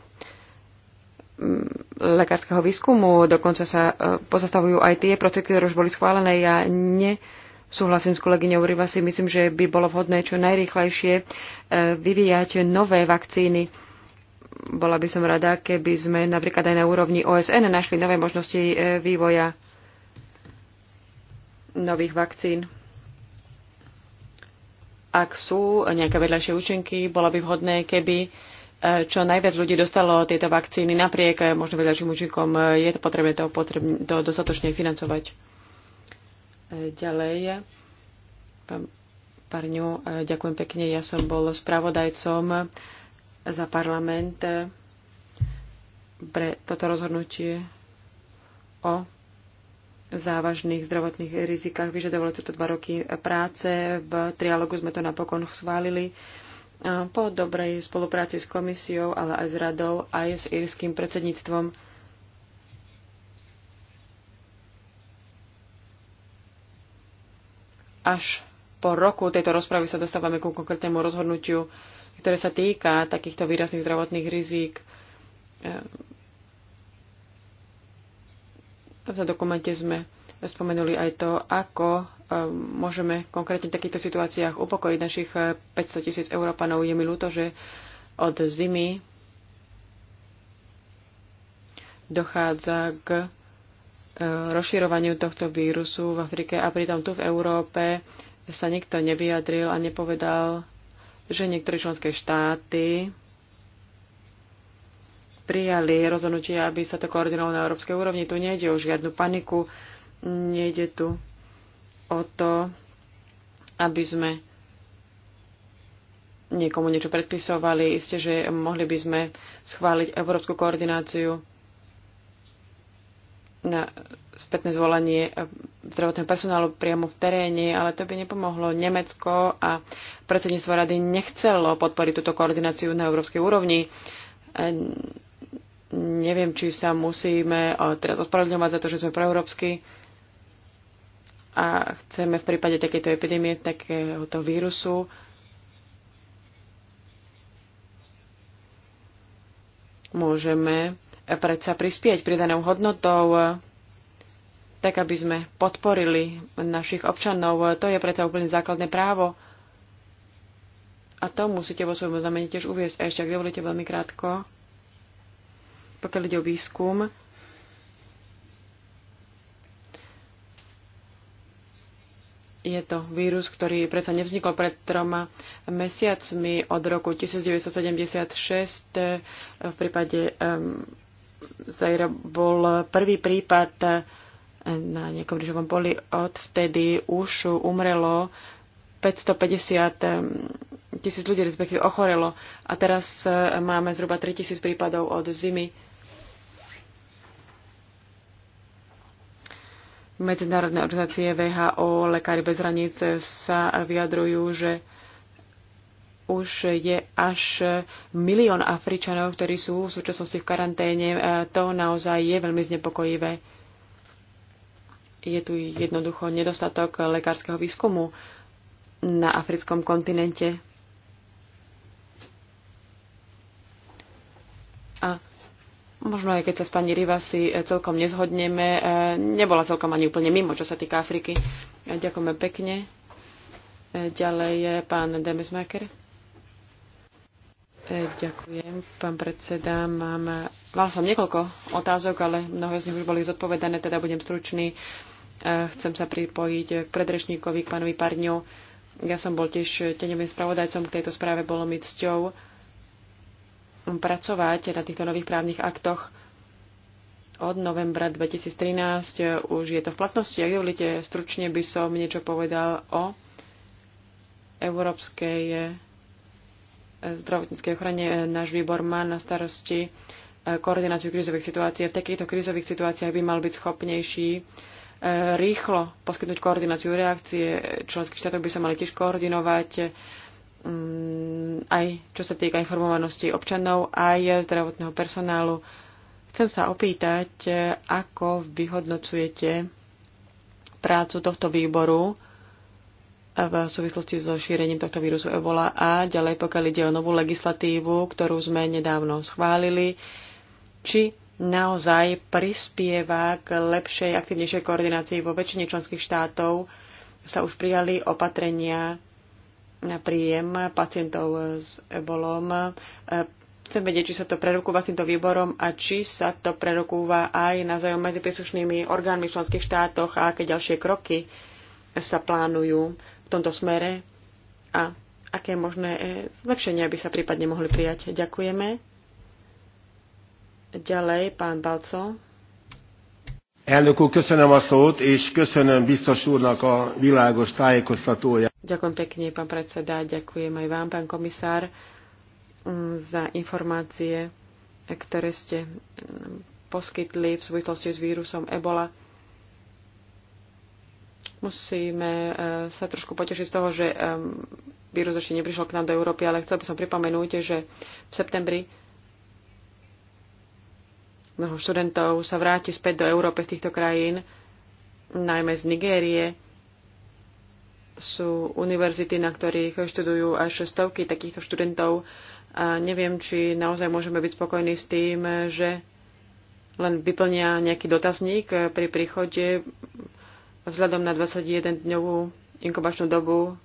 mm, lekárskeho výskumu, dokonca sa e, pozastavujú aj tie procesy, ktoré už boli schválené. Ja nesúhlasím s kolegyňou Rivasi, myslím, že by bolo vhodné čo najrýchlejšie e, vyvíjať nové vakcíny bola by som rada, keby sme napríklad aj na úrovni OSN našli nové možnosti e, vývoja nových vakcín. Ak sú nejaké vedľajšie účinky, bolo by vhodné, keby e, čo najviac ľudí dostalo tieto vakcíny napriek e, možno vedľajším účinkom. Je to potrebné to, potrebné, to dostatočne financovať. Ďalej, pán Parňu, ďakujem pekne. Ja som bol spravodajcom za parlament eh, pre toto rozhodnutie o závažných zdravotných rizikách. Vyžadovalo sa to dva roky práce. V trialogu sme to napokon schválili po dobrej spolupráci s komisiou, ale aj s radou, aj s írským predsedníctvom. Až po roku tejto rozpravy sa dostávame ku konkrétnemu rozhodnutiu ktoré sa týka takýchto výrazných zdravotných rizík. Eh, v dokumente sme spomenuli aj to, ako eh, môžeme konkrétne v takýchto situáciách upokojiť našich 500 eh, tisíc Európanov. Je mi ľúto, že od zimy dochádza k rozširovaniu tohto vírusu v Afrike a pritom tu v Európe sa nikto nevyjadril a nepovedal že niektoré členské štáty prijali rozhodnutie, aby sa to koordinovalo na európskej úrovni. Tu nejde o žiadnu paniku, nejde tu o to, aby sme niekomu niečo predpisovali. Isté, že mohli by sme schváliť európsku koordináciu na spätné zvolanie zdravotného personálu priamo v teréne, ale to by nepomohlo. Nemecko a predsedníctvo rady nechcelo podporiť túto koordináciu na európskej úrovni. E, neviem, či sa musíme teraz ospravedlňovať za to, že sme proeurópsky a chceme v prípade takejto epidémie, takéhoto vírusu, môžeme predsa prispieť pridanou hodnotou, tak aby sme podporili našich občanov. To je predsa úplne základné právo. A to musíte vo svojom znamení tiež uviesť. A ešte, ak dovolíte veľmi krátko, pokiaľ ide o výskum, je to vírus, ktorý predsa nevznikol pred troma mesiacmi od roku 1976 v prípade um, Zaira bol prvý prípad na nejakom rýžovom boli Odvtedy už umrelo 550 tisíc ľudí, respektíve ochorelo. A teraz e, máme zhruba 3000 prípadov od zimy. Medzinárodné organizácie VHO, Lekári bez hraníc e, sa vyjadrujú, že už je až milión Afričanov, ktorí sú v súčasnosti v karanténe. To naozaj je veľmi znepokojivé. Je tu jednoducho nedostatok lekárskeho výskumu na africkom kontinente. A možno aj keď sa s pani Rivasi e, celkom nezhodneme, e, nebola celkom ani úplne mimo, čo sa týka Afriky. E, ďakujeme pekne. Ďalej je pán Demesmaker. E, ďakujem, pán predseda. Mám, mal som niekoľko otázok, ale mnohé z nich už boli zodpovedané, teda budem stručný. E, chcem sa pripojiť k predrečníkovi, k pánovi Parňu. Ja som bol tiež tenevým spravodajcom k tejto správe, bolo mi cťou pracovať na týchto nových právnych aktoch od novembra 2013. Už je to v platnosti. Ak dovolíte, stručne by som niečo povedal o Európskej zdravotníckej ochrane. Náš výbor má na starosti eh, koordináciu krízových situácií. V takýchto krízových situáciách by mal byť schopnejší eh, rýchlo poskytnúť koordináciu reakcie. Členských štátov by sa mali tiež koordinovať mm, aj čo sa týka informovanosti občanov, aj zdravotného personálu. Chcem sa opýtať, eh, ako vyhodnocujete prácu tohto výboru v súvislosti so šírením tohto vírusu Ebola a ďalej, pokiaľ ide o novú legislatívu, ktorú sme nedávno schválili, či naozaj prispieva k lepšej, aktivnejšej koordinácii. Vo väčšine členských štátov sa už prijali opatrenia na príjem pacientov s ebolom. E, chcem vedieť, či sa to prerokúva s týmto výborom a či sa to prerokúva aj na medzi príslušnými orgánmi v členských štátoch a aké ďalšie kroky sa plánujú v tomto smere a aké možné e, zlepšenia by sa prípadne mohli prijať. Ďakujeme. Ďalej, pán Balco. Elnökú, köszönöm a szót, és köszönöm biztos úrnak a világos tájékoztatója. Ďakujem pekne, pán predseda, ďakujem aj vám, pán komisár, mm, za informácie, ktoré ste mm, poskytli v súvislosti s vírusom Ebola. Musíme e, sa trošku potešiť z toho, že e, vírus ešte neprišiel k nám do Európy, ale chcel by som pripomenúť, že v septembri mnoho študentov sa vráti späť do Európy z týchto krajín, najmä z Nigérie. Sú univerzity, na ktorých študujú až stovky takýchto študentov. A neviem, či naozaj môžeme byť spokojní s tým, že len vyplnia nejaký dotazník pri príchode vzhľadom na 21-dňovú inkubačnú dobu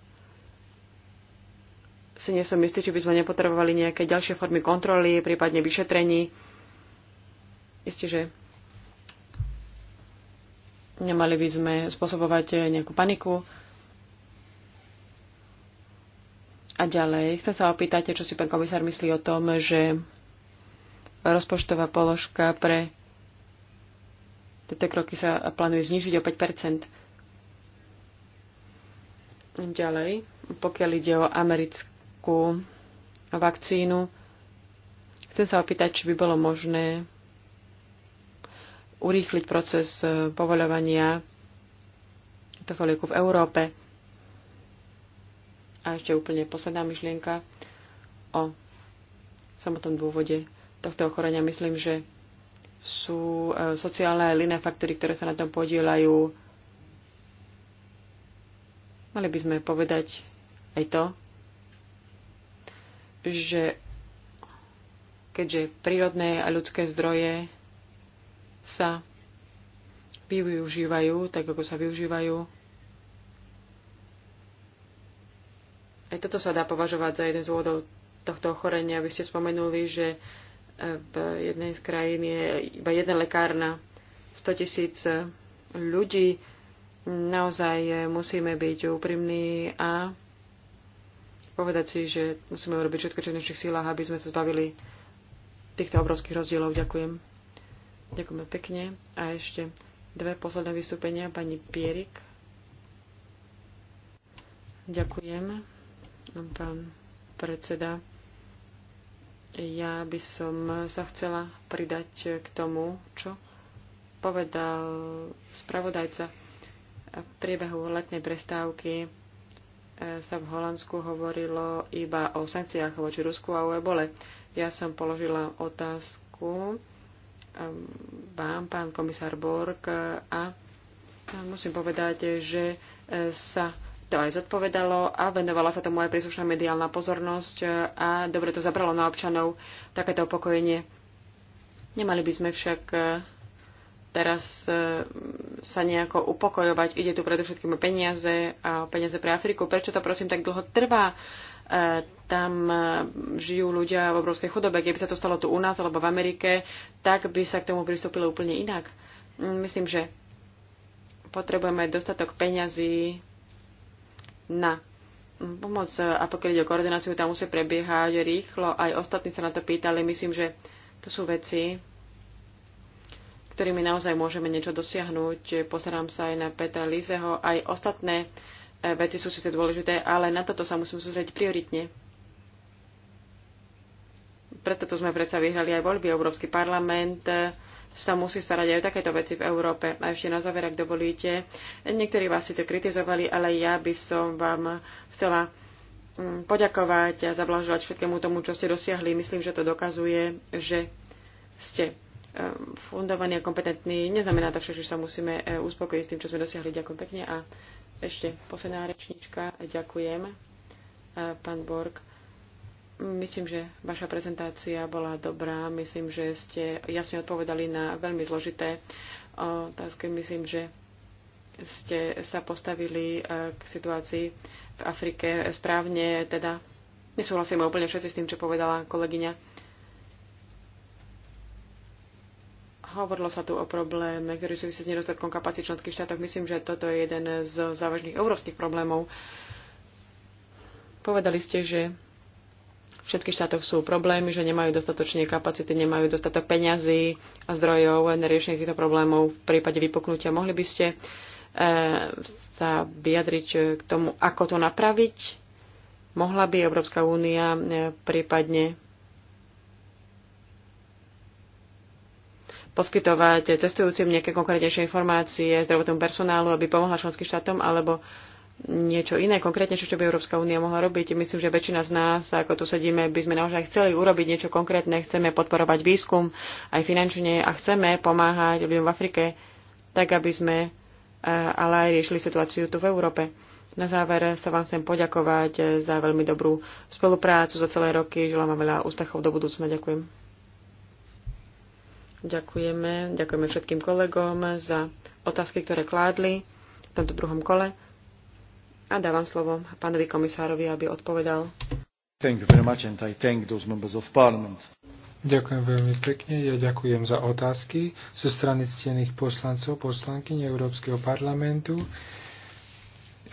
si nie som istý, či by sme nepotrebovali nejaké ďalšie formy kontroly, prípadne vyšetrení. Isté, že nemali by sme spôsobovať nejakú paniku. A ďalej, chcem sa opýtať, čo si pán komisár myslí o tom, že rozpočtová položka pre tieto kroky sa plánuje znižiť o 5 Ďalej, pokiaľ ide o americkú vakcínu, chcem sa opýtať, či by bolo možné urýchliť proces e, povoľovania tohto lieku v Európe. A ešte úplne posledná myšlienka o samotnom dôvode tohto ochorenia. Myslím, že sú e, sociálne aj iné faktory, ktoré sa na tom podielajú. Mali by sme povedať aj to, že keďže prírodné a ľudské zdroje sa využívajú tak, ako sa využívajú, aj toto sa dá považovať za jeden z dôvodov tohto ochorenia. Vy ste spomenuli, že v jednej z krajín je iba jeden lekár na 100 tisíc ľudí. Naozaj musíme byť úprimní a povedať si, že musíme urobiť všetko, čo v našich sílach, aby sme sa zbavili týchto obrovských rozdielov. Ďakujem. Ďakujeme pekne. A ešte dve posledné vystúpenia. Pani Pierik. Ďakujem. Pán predseda. Ja by som sa chcela pridať k tomu, čo povedal spravodajca. V priebehu letnej prestávky e, sa v Holandsku hovorilo iba o sankciách voči Rusku a o ebole. Ja som položila otázku ehm, vám, pán komisár Borg, a musím povedať, že e, sa to aj zodpovedalo a venovala sa tomu aj príslušná mediálna pozornosť a dobre to zabralo na občanov takéto opokojenie. Nemali by sme však e, teraz e, sa nejako upokojovať. Ide tu predovšetkým o peniaze a o peniaze pre Afriku. Prečo to prosím tak dlho trvá? E, tam žijú ľudia v obrovskej chudobe. Keby sa to stalo tu u nás alebo v Amerike, tak by sa k tomu pristúpilo úplne inak. Mm, myslím, že potrebujeme dostatok peňazí na pomoc a pokiaľ ide o koordináciu, tam musí prebiehať rýchlo. Aj ostatní sa na to pýtali. Myslím, že to sú veci, ktorými naozaj môžeme niečo dosiahnuť. Pozerám sa aj na Petra Lizeho. Aj ostatné e, veci sú síce dôležité, ale na toto sa musím sústrediť prioritne. Preto to sme predsa vyhrali aj voľby. Európsky parlament e, sa musí starať aj o takéto veci v Európe. A ešte na záver, ak dovolíte, niektorí vás to kritizovali, ale ja by som vám chcela mm, poďakovať a zablažovať všetkému tomu, čo ste dosiahli. Myslím, že to dokazuje, že ste e, fundovaní a kompetentní. Neznamená to však, že sa musíme e, uspokojiť s tým, čo sme dosiahli. Ďakujem pekne. A ešte posledná rečnička. Ďakujem, e, pán Borg. Myslím, že vaša prezentácia bola dobrá. Myslím, že ste jasne odpovedali na veľmi zložité eh, otázky. Myslím, že ste sa postavili eh, k situácii v Afrike správne. Teda nesúhlasíme úplne všetci s tým, čo povedala kolegyňa. Hovorilo sa tu o probléme, ktorý súvisí s nedostatkom kapacít členských štátov. Myslím, že toto je jeden z závažných európskych problémov. Povedali ste, že všetkých štátoch sú problémy, že nemajú dostatočne kapacity, nemajú dostatok peňazí a zdrojov na riešenie týchto problémov v prípade vypuknutia. Mohli by ste eh, sa vyjadriť k tomu, ako to napraviť? Mohla by Európska únia eh, prípadne poskytovať cestujúcim nejaké konkrétnejšie informácie zdravotnému personálu, aby pomohla členským štátom, alebo niečo iné, konkrétne, čo by Európska únia mohla robiť. Myslím, že väčšina z nás, ako tu sedíme, by sme naozaj chceli urobiť niečo konkrétne, chceme podporovať výskum aj finančne a chceme pomáhať ľuďom v Afrike, tak aby sme eh, ale aj riešili situáciu tu v Európe. Na záver sa vám chcem poďakovať eh, za veľmi dobrú spoluprácu za celé roky. Želám vám veľa úspechov do budúcna. Ďakujem. Ďakujeme. Ďakujeme všetkým kolegom za otázky, ktoré kládli v tomto druhom kole. A dávam slovo pánovi komisárovi, aby odpovedal. Thank you very much and I thank those members of parliament. Ďakujem veľmi pekne. Ja ďakujem za otázky zo strany ctených poslancov, poslankyň Európskeho parlamentu.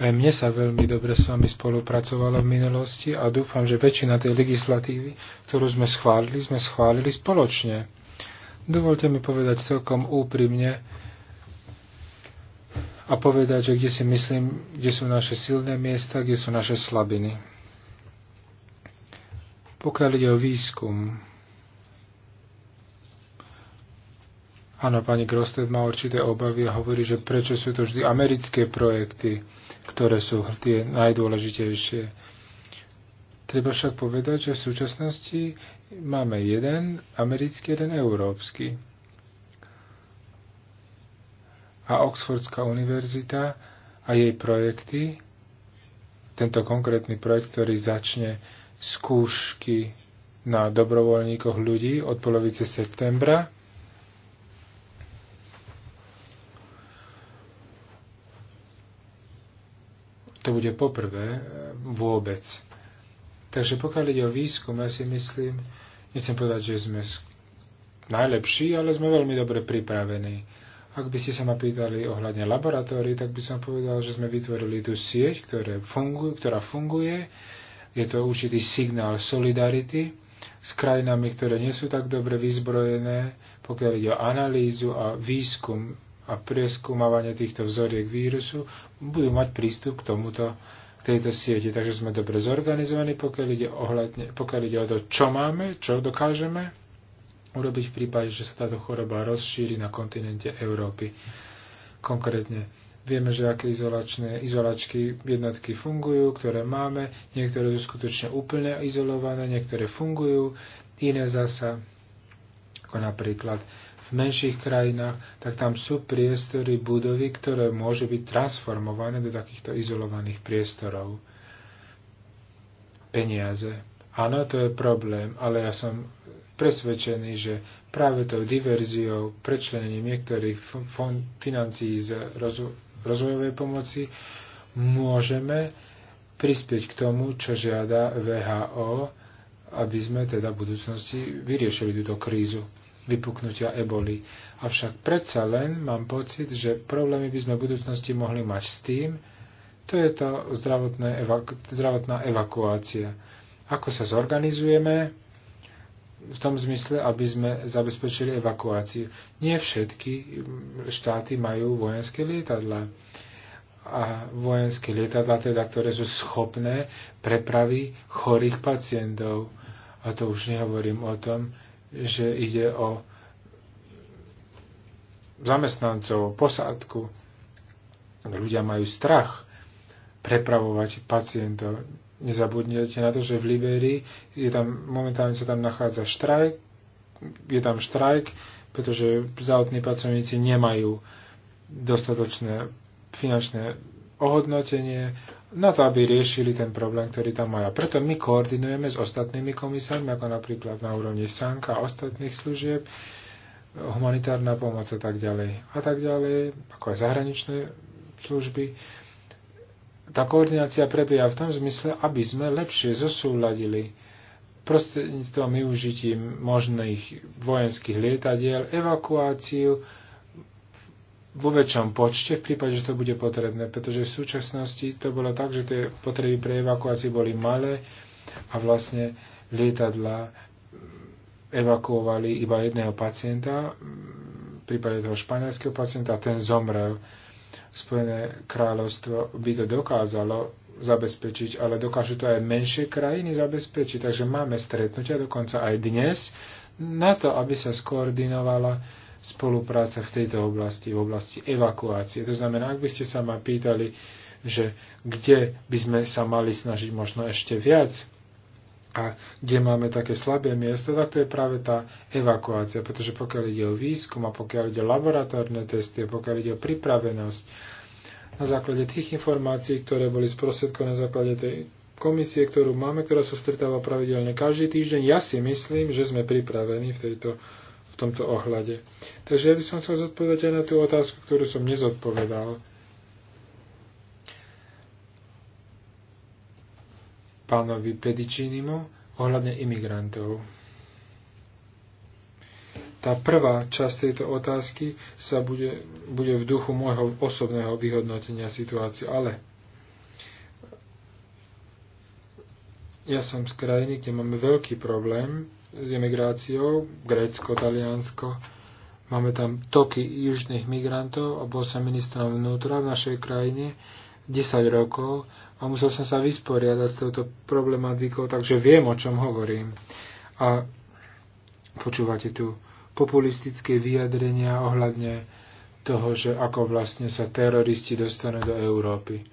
Aj e, mne sa veľmi dobre s vami spolupracovalo v minulosti a dúfam, že väčšina tej legislatívy, ktorú sme schválili, sme schválili spoločne. Dovolte mi povedať celkom úprimne, a povedať, že kde si myslím, kde sú naše silné miesta, kde sú naše slabiny. Pokiaľ ide o výskum, Áno, pani Grosted má určité obavy a hovorí, že prečo sú to vždy americké projekty, ktoré sú tie najdôležitejšie. Treba však povedať, že v súčasnosti máme jeden americký, jeden európsky a Oxfordská univerzita a jej projekty, tento konkrétny projekt, ktorý začne skúšky na dobrovoľníkoch ľudí od polovice septembra. To bude poprvé eh, vôbec. Takže pokiaľ ide o výskum, ja si myslím, nechcem povedať, že sme najlepší, ale sme veľmi dobre pripravení ak by ste sa ma pýtali ohľadne laboratórií, tak by som povedal, že sme vytvorili tú sieť, ktoré fungu, ktorá funguje. Je to určitý signál solidarity s krajinami, ktoré nie sú tak dobre vyzbrojené, pokiaľ ide o analýzu a výskum a preskúmavanie týchto vzoriek vírusu, budú mať prístup k tomuto k tejto sieti. Takže sme dobre zorganizovaní, pokiaľ ide, ohľadne, pokiaľ ide o to, čo máme, čo dokážeme urobiť v prípade, že sa táto choroba rozšíri na kontinente Európy. Konkrétne vieme, že aké izolačné izolačky jednotky fungujú, ktoré máme, niektoré sú skutočne úplne izolované, niektoré fungujú, iné zasa, ako napríklad v menších krajinách, tak tam sú priestory budovy, ktoré môžu byť transformované do takýchto izolovaných priestorov. Peniaze. Áno, to je problém, ale ja som presvedčený, že práve tou diverziou, prečlenením niektorých financií z rozvo- rozvojovej pomoci môžeme prispieť k tomu, čo žiada VHO, aby sme teda v budúcnosti vyriešili túto krízu vypuknutia eboli. Avšak predsa len mám pocit, že problémy by sme v budúcnosti mohli mať s tým, to je to zdravotná evakuácia. Ako sa zorganizujeme, v tom zmysle, aby sme zabezpečili evakuáciu. Nie všetky mm, štáty majú vojenské lietadla. A vojenské lietadla, teda, ktoré sú schopné prepravy chorých pacientov. A to už nehovorím o tom, že ide o zamestnancov, posádku. Ľudia majú strach prepravovať pacientov. Nezabudnete na to, že v Liberii je tam, momentálne sa tam nachádza štrajk, je tam štrajk, pretože zdravotní pracovníci nemajú dostatočné finančné ohodnotenie na to, aby riešili ten problém, ktorý tam majú. Preto my koordinujeme s ostatnými komisármi, ako napríklad na úrovni Sanka a ostatných služieb, humanitárna pomoc a tak ďalej. A tak ďalej, ako aj zahraničné služby tá koordinácia prebieha v tom zmysle, aby sme lepšie zosúladili prostredníctvom využitím možných vojenských lietadiel, evakuáciu vo väčšom počte v prípade, že to bude potrebné, pretože v súčasnosti to bolo tak, že tie potreby pre evakuáciu boli malé a vlastne lietadla evakuovali iba jedného pacienta, v prípade toho španielského pacienta, a ten zomrel. Spojené kráľovstvo by to dokázalo zabezpečiť, ale dokážu to aj menšie krajiny zabezpečiť. Takže máme stretnutia dokonca aj dnes na to, aby sa skoordinovala spolupráca v tejto oblasti, v oblasti evakuácie. To znamená, ak by ste sa ma pýtali, že kde by sme sa mali snažiť možno ešte viac, a kde máme také slabé miesto, tak to je práve tá evakuácia, pretože pokiaľ ide o výskum a pokiaľ ide o laboratórne testy a pokiaľ ide o pripravenosť, na základe tých informácií, ktoré boli sprostredkované na základe tej komisie, ktorú máme, ktorá sa stretáva pravidelne každý týždeň, ja si myslím, že sme pripravení v, tejto, v tomto ohľade. Takže ja by som chcel zodpovedať aj na tú otázku, ktorú som nezodpovedal pánovi Pedicinimu ohľadne imigrantov. Tá prvá časť tejto otázky sa bude, bude v duchu môjho osobného vyhodnotenia situácie, ale ja som z krajiny, kde máme veľký problém s emigráciou, Grécko, Taliansko, máme tam toky južných migrantov a bol som ministrom vnútra v našej krajine 10 rokov a musel som sa vysporiadať s touto problematikou, takže viem, o čom hovorím. A počúvate tu populistické vyjadrenia ohľadne toho, že ako vlastne sa teroristi dostanú do Európy.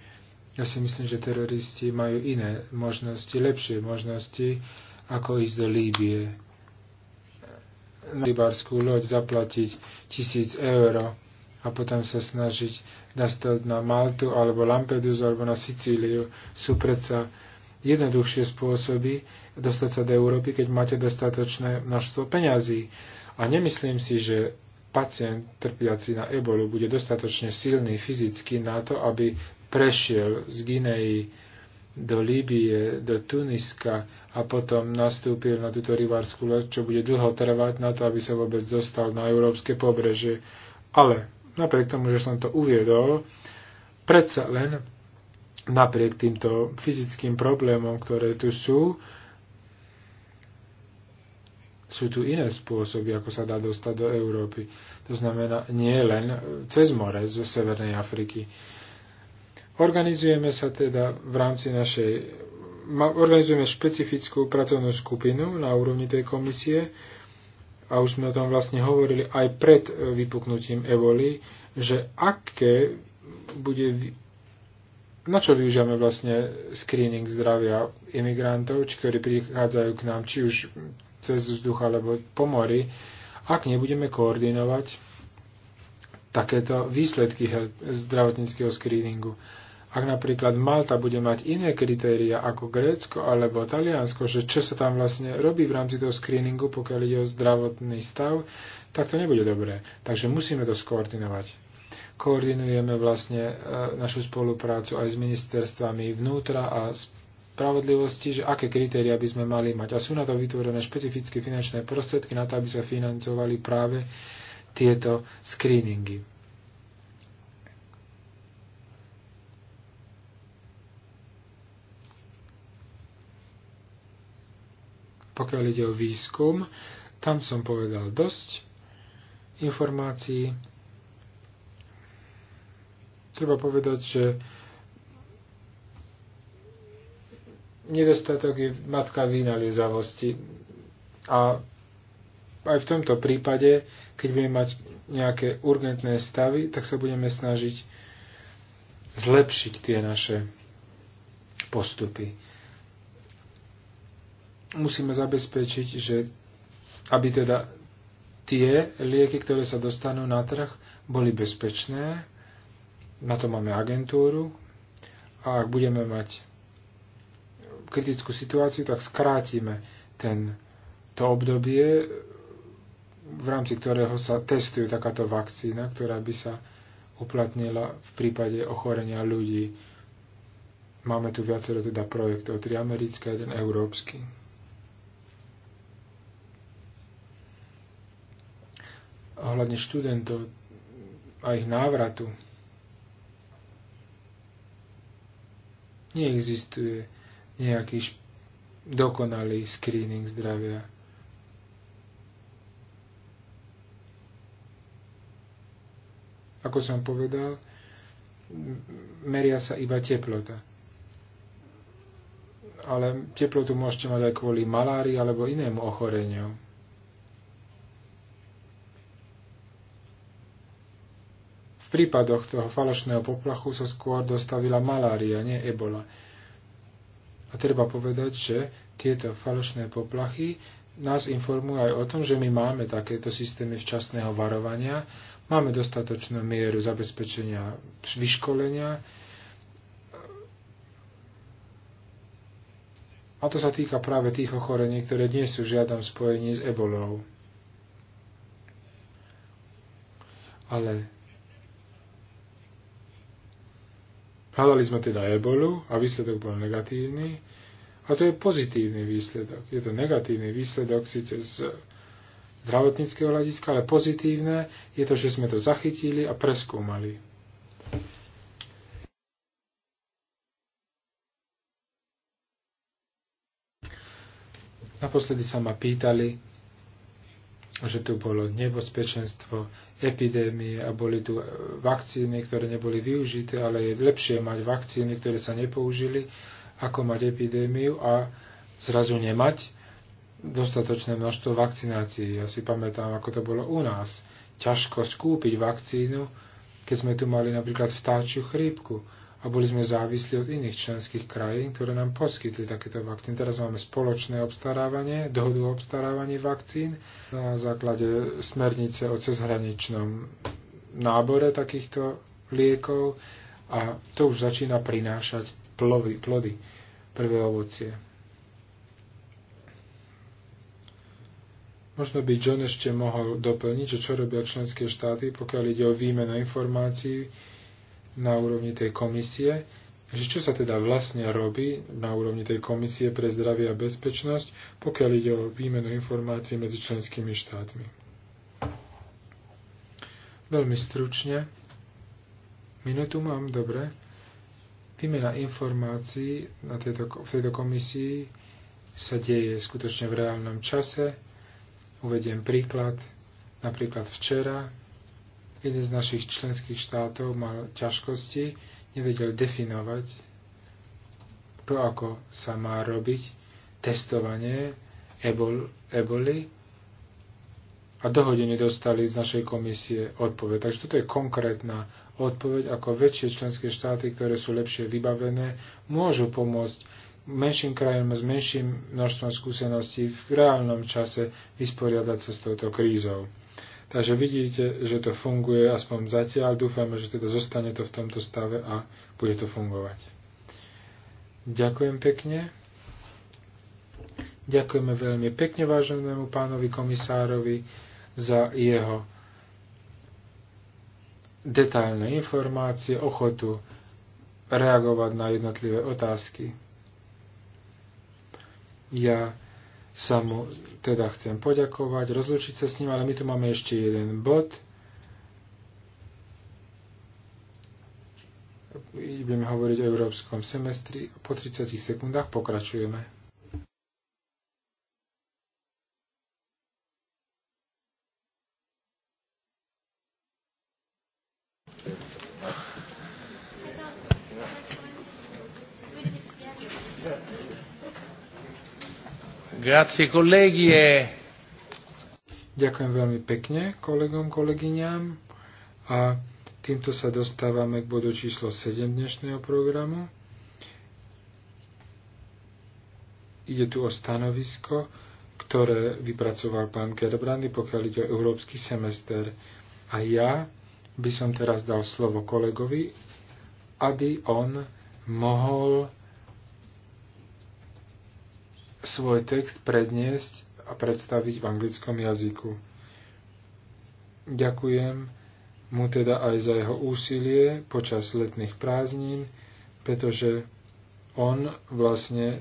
Ja si myslím, že teroristi majú iné možnosti, lepšie možnosti, ako ísť do Líbie. Na Líbarskú loď zaplatiť tisíc eur a potom sa snažiť nastať na Maltu alebo Lampedusu alebo na Sicíliu sú predsa jednoduchšie spôsoby dostať sa do Európy, keď máte dostatočné množstvo peňazí. A nemyslím si, že pacient trpiaci na ebolu bude dostatočne silný fyzicky na to, aby prešiel z Gineji do Líbie, do Tuniska a potom nastúpil na túto rivárskú loď, čo bude dlho trvať na to, aby sa vôbec dostal na európske pobreže. Ale Napriek tomu, že som to uviedol, predsa len napriek týmto fyzickým problémom, ktoré tu sú, sú tu iné spôsoby, ako sa dá dostať do Európy. To znamená nie len cez more zo Severnej Afriky. Organizujeme sa teda v rámci našej organizujeme špecifickú pracovnú skupinu na úrovni tej komisie, a už sme o tom vlastne hovorili aj pred e, vypuknutím Evoli, že aké bude na čo využívame vlastne screening zdravia imigrantov, či ktorí prichádzajú k nám, či už cez vzduch alebo po mori, ak nebudeme koordinovať takéto výsledky zdravotníckého screeningu. Ak napríklad Malta bude mať iné kritéria ako Grécko alebo Taliansko, že čo sa tam vlastne robí v rámci toho screeningu, pokiaľ ide o zdravotný stav, tak to nebude dobré. Takže musíme to skoordinovať. Koordinujeme vlastne e, našu spoluprácu aj s ministerstvami vnútra a spravodlivosti, že aké kritéria by sme mali mať. A sú na to vytvorené špecifické finančné prostriedky na to, aby sa financovali práve tieto screeningy. pokiaľ ide o výskum, tam som povedal dosť informácií. Treba povedať, že nedostatok je matka vynaliezavosti. A aj v tomto prípade, keď budeme mať nejaké urgentné stavy, tak sa budeme snažiť zlepšiť tie naše postupy musíme zabezpečiť, že aby teda tie lieky, ktoré sa dostanú na trh, boli bezpečné. Na to máme agentúru. A ak budeme mať kritickú situáciu, tak skrátime ten, to obdobie, v rámci ktorého sa testuje takáto vakcína, ktorá by sa uplatnila v prípade ochorenia ľudí. Máme tu viacero teda projektov, tri americké a jeden európsky. ohľadne študentov a ich návratu. Neexistuje nejaký dokonalý screening zdravia. Ako som povedal, meria sa iba teplota. Ale teplotu môžete mať aj kvôli malárii alebo inému ochoreniu. prípadoch toho falošného poplachu sa skôr dostavila malária, nie ebola. A treba povedať, že tieto falošné poplachy nás informujú aj o tom, že my máme takéto systémy včasného varovania, máme dostatočnú mieru zabezpečenia vyškolenia, A to sa týka práve tých ochorení, ktoré nie sú žiadom spojení s ebolou. Ale Hľadali sme teda ebolu a výsledok bol negatívny. A to je pozitívny výsledok. Je to negatívny výsledok síce z zdravotníckého hľadiska, ale pozitívne je to, že sme to zachytili a preskúmali. Naposledy sa ma pýtali, že tu bolo nebezpečenstvo epidémie a boli tu e, vakcíny, ktoré neboli využité, ale je lepšie mať vakcíny, ktoré sa nepoužili, ako mať epidémiu a zrazu nemať dostatočné množstvo vakcinácií. Ja si pamätám, ako to bolo u nás. Ťažko skúpiť vakcínu, keď sme tu mali napríklad vtáčiu chrípku a boli sme závislí od iných členských krajín, ktoré nám poskytli takéto vakcíny. Teraz máme spoločné obstarávanie, dohodu o obstarávaní vakcín na základe smernice o cezhraničnom nábore takýchto liekov a to už začína prinášať plovy, plody, prvé ovocie. Možno by John ešte mohol doplniť, že čo robia členské štáty, pokiaľ ide o výmenu informácií, na úrovni tej komisie, že čo sa teda vlastne robí na úrovni tej komisie pre zdravie a bezpečnosť, pokiaľ ide o výmenu informácií medzi členskými štátmi. Veľmi stručne. minutu mám, dobre. Výmena informácií na tejto, v tejto komisii sa deje skutočne v reálnom čase. Uvediem príklad. Napríklad včera Jeden z našich členských štátov mal ťažkosti, nevedel definovať to, ako sa má robiť testovanie ebol, eboli a do hodiny dostali z našej komisie odpoveď. Takže toto je konkrétna odpoveď, ako väčšie členské štáty, ktoré sú lepšie vybavené, môžu pomôcť menším krajinám s menším množstvom skúseností v reálnom čase vysporiadať sa s touto krízou. Takže vidíte, že to funguje aspoň zatiaľ. Dúfame, že teda zostane to v tomto stave a bude to fungovať. Ďakujem pekne. Ďakujeme veľmi pekne váženému pánovi komisárovi za jeho detailné informácie, ochotu reagovať na jednotlivé otázky. Ja sa mu teda chcem poďakovať, rozlučiť sa s ním, ale my tu máme ešte jeden bod. Budeme hovoriť o európskom semestri. Po 30 sekundách pokračujeme. Grazie colleghi e... Ďakujem veľmi pekne kolegom, kolegyňám. A týmto sa dostávame k bodu číslo 7 dnešného programu. Ide tu o stanovisko, ktoré vypracoval pán Gerbrandy, pokiaľ ide o európsky semester. A ja by som teraz dal slovo kolegovi, aby on mohol svoj text predniesť a predstaviť v anglickom jazyku. Ďakujem mu teda aj za jeho úsilie počas letných prázdnin, pretože on vlastne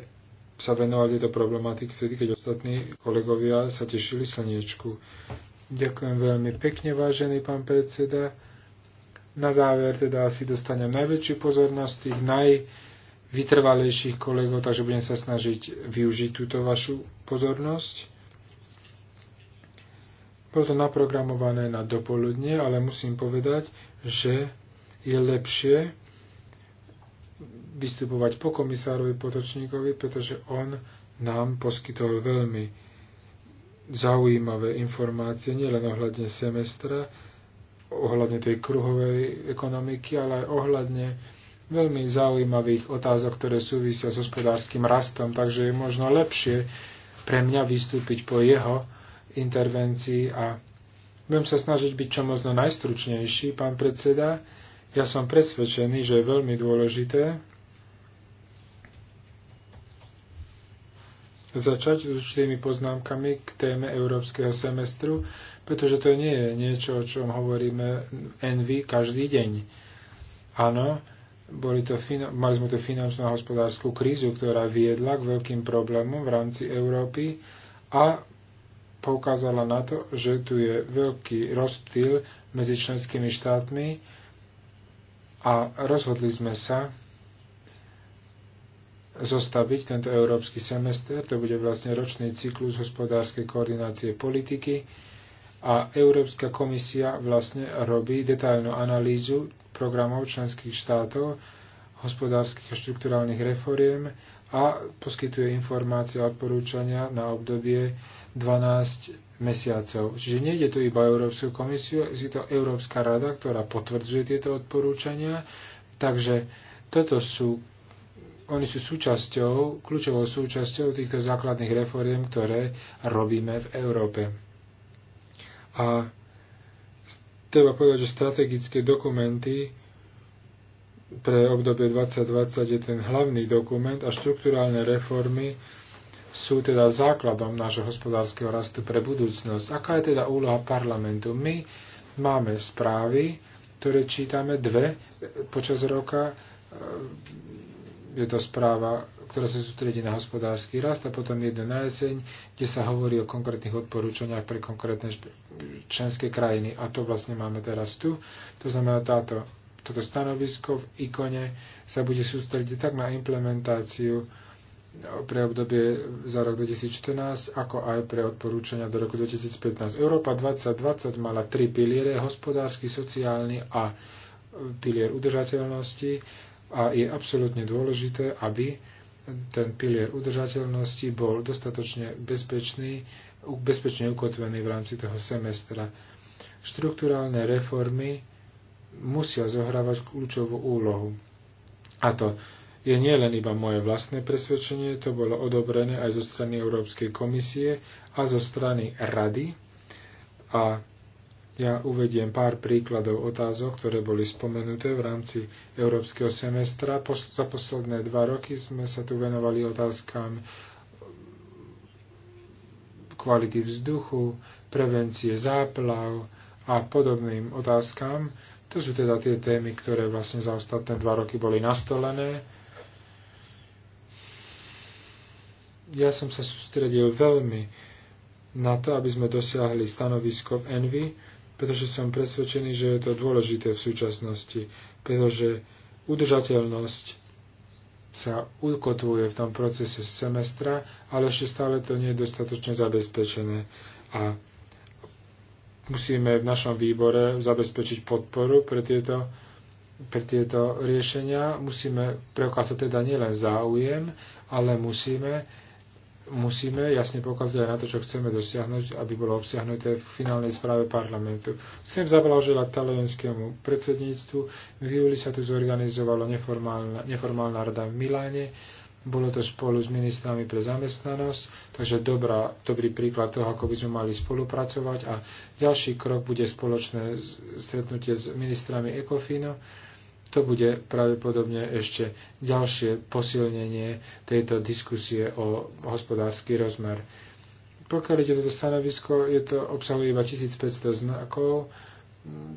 sa venoval tejto problematiky vtedy, keď ostatní kolegovia sa tešili slniečku. Ďakujem veľmi pekne, vážený pán predseda. Na záver teda asi dostanem najväčšiu pozornosť tých naj vytrvalejších kolegov, takže budem sa snažiť využiť túto vašu pozornosť. Bolo to naprogramované na dopoludne, ale musím povedať, že je lepšie vystupovať po komisárovi Potočníkovi, pretože on nám poskytol veľmi zaujímavé informácie, nielen ohľadne semestra, ohľadne tej kruhovej ekonomiky, ale aj ohľadne veľmi zaujímavých otázok, ktoré súvisia s hospodárskym rastom, takže je možno lepšie pre mňa vystúpiť po jeho intervencii a budem sa snažiť byť čo možno najstručnejší, pán predseda. Ja som presvedčený, že je veľmi dôležité začať s určitými poznámkami k téme európskeho semestru, pretože to nie je niečo, o čom hovoríme NV každý deň. Áno, boli to, mali sme tu finančnú a hospodárskú krízu, ktorá viedla k veľkým problémom v rámci Európy a poukázala na to, že tu je veľký rozptýl medzi členskými štátmi a rozhodli sme sa zostaviť tento európsky semester. To bude vlastne ročný cyklus hospodárskej koordinácie politiky a Európska komisia vlastne robí detailnú analýzu programov členských štátov, hospodárskych a štruktúrálnych reforiem a poskytuje informácie a odporúčania na obdobie 12 mesiacov. Čiže nejde tu iba Európsku komisiu, je to Európska rada, ktorá potvrdzuje tieto odporúčania. Takže toto sú, oni sú súčasťou, kľúčovou súčasťou týchto základných reforiem, ktoré robíme v Európe. A treba povedať, že strategické dokumenty pre obdobie 2020 je ten hlavný dokument a štruktúrálne reformy sú teda základom nášho hospodárskeho rastu pre budúcnosť. Aká je teda úloha parlamentu? My máme správy, ktoré čítame dve počas roka. Je to správa ktorá sa sústredí na hospodársky rast a potom jedno na jeseň, kde sa hovorí o konkrétnych odporúčaniach pre konkrétne členské krajiny. A to vlastne máme teraz tu. To znamená, táto, toto stanovisko v ikone sa bude sústrediť tak na implementáciu pre obdobie za rok 2014, ako aj pre odporúčania do roku 2015. Európa 2020 mala tri piliere, hospodársky, sociálny a pilier udržateľnosti a je absolútne dôležité, aby ten pilier udržateľnosti bol dostatočne bezpečný, bezpečne ukotvený v rámci toho semestra. Štruktúrálne reformy musia zohrávať kľúčovú úlohu. A to je nielen iba moje vlastné presvedčenie, to bolo odobrené aj zo strany Európskej komisie a zo strany Rady. A ja uvediem pár príkladov otázok, ktoré boli spomenuté v rámci európskeho semestra. za posledné dva roky sme sa tu venovali otázkam kvality vzduchu, prevencie záplav a podobným otázkam. To sú teda tie témy, ktoré vlastne za ostatné dva roky boli nastolené. Ja som sa sústredil veľmi na to, aby sme dosiahli stanovisko v Envy, pretože som presvedčený, že je to dôležité v súčasnosti, pretože udržateľnosť sa ukotvuje v tom procese semestra, ale ešte stále to nie je dostatočne zabezpečené. A musíme v našom výbore zabezpečiť podporu pre tieto, pre tieto riešenia. Musíme preukázať teda nielen záujem, ale musíme musíme jasne pokazať na to, čo chceme dosiahnuť, aby bolo obsiahnuté v finálnej správe parlamentu. Chcem zablahoželať talianskému predsedníctvu. V júli sa tu zorganizovala neformálna, neformálna rada v Miláne. Bolo to spolu s ministrami pre zamestnanosť, takže dobrá, dobrý príklad toho, ako by sme mali spolupracovať. A ďalší krok bude spoločné stretnutie s ministrami ECOFINO to bude pravdepodobne ešte ďalšie posilnenie tejto diskusie o hospodársky rozmer. Pokiaľ ide toto stanovisko, je to obsahuje iba 1500 znakov,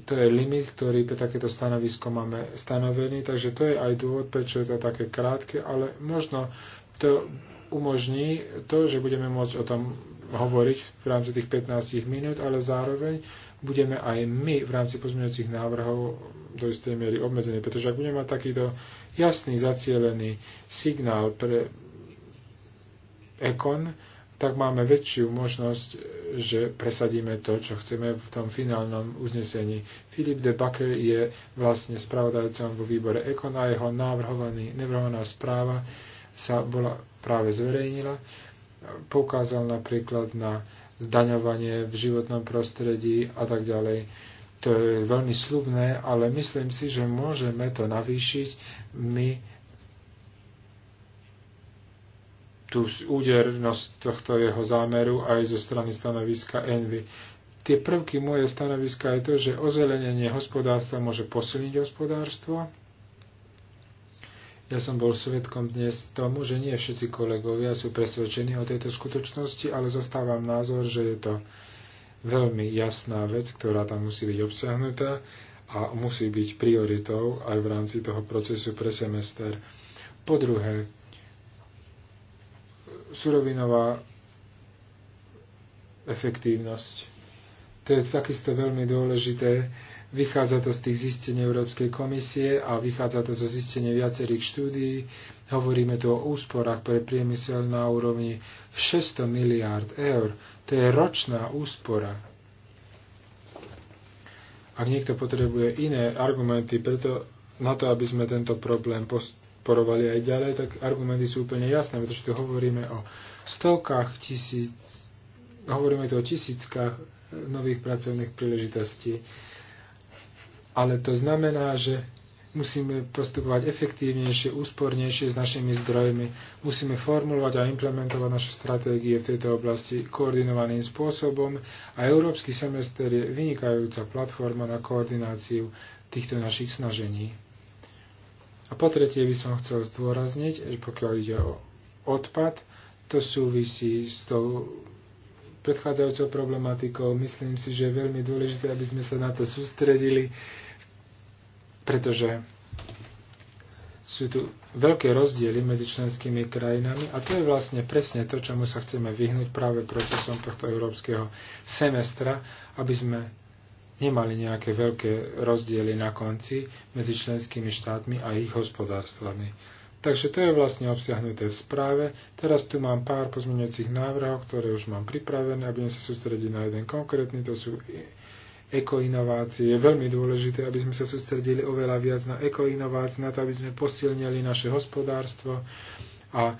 to je limit, ktorý pre takéto stanovisko máme stanovený, takže to je aj dôvod, prečo je to také krátke, ale možno to umožní to, že budeme môcť o tom hovoriť v rámci tých 15 minút, ale zároveň budeme aj my v rámci pozmeňujúcich návrhov do istej miery obmedzení, pretože ak budeme mať takýto jasný, zacielený signál pre ekon, tak máme väčšiu možnosť, že presadíme to, čo chceme v tom finálnom uznesení. Filip de Bakker je vlastne spravodajcom vo výbore Ekon a jeho navrhovaná správa sa bola práve zverejnila. Poukázal napríklad na zdaňovanie v životnom prostredí a tak ďalej. To je veľmi slubné, ale myslím si, že môžeme to navýšiť. My tú údernosť tohto jeho zámeru aj zo strany stanoviska Envy. Tie prvky moje stanoviska je to, že ozelenenie hospodárstva môže posilniť hospodárstvo, ja som bol svetkom dnes tomu, že nie všetci kolegovia sú presvedčení o tejto skutočnosti, ale zastávam názor, že je to veľmi jasná vec, ktorá tam musí byť obsiahnutá a musí byť prioritou aj v rámci toho procesu pre semester. Po druhé, surovinová efektívnosť. To je takisto veľmi dôležité Vychádza to z tých zistení Európskej komisie a vychádza to zo zistení viacerých štúdií. Hovoríme tu o úsporách pre priemysel na úrovni 600 miliárd eur. To je ročná úspora. Ak niekto potrebuje iné argumenty preto, na to, aby sme tento problém porovali aj ďalej, tak argumenty sú úplne jasné, pretože tu hovoríme o stovkách tisíc, hovoríme tu o tisíckach nových pracovných príležitostí ale to znamená, že musíme postupovať efektívnejšie, úspornejšie s našimi zdrojmi, musíme formulovať a implementovať naše stratégie v tejto oblasti koordinovaným spôsobom a Európsky semester je vynikajúca platforma na koordináciu týchto našich snažení. A po tretie by som chcel zdôrazniť, že pokiaľ ide o odpad, to súvisí s tou predchádzajúcou problematikou. Myslím si, že je veľmi dôležité, aby sme sa na to sústredili, pretože sú tu veľké rozdiely medzi členskými krajinami a to je vlastne presne to, čomu sa chceme vyhnúť práve procesom tohto európskeho semestra, aby sme nemali nejaké veľké rozdiely na konci medzi členskými štátmi a ich hospodárstvami. Takže to je vlastne obsiahnuté v správe. Teraz tu mám pár pozmeňujúcich návrhov, ktoré už mám pripravené a budem sa sústrediť na jeden konkrétny, to sú e- ekoinovácie. Je veľmi dôležité, aby sme sa sústredili oveľa viac na ekoinovácie, na to, aby sme posilnili naše hospodárstvo a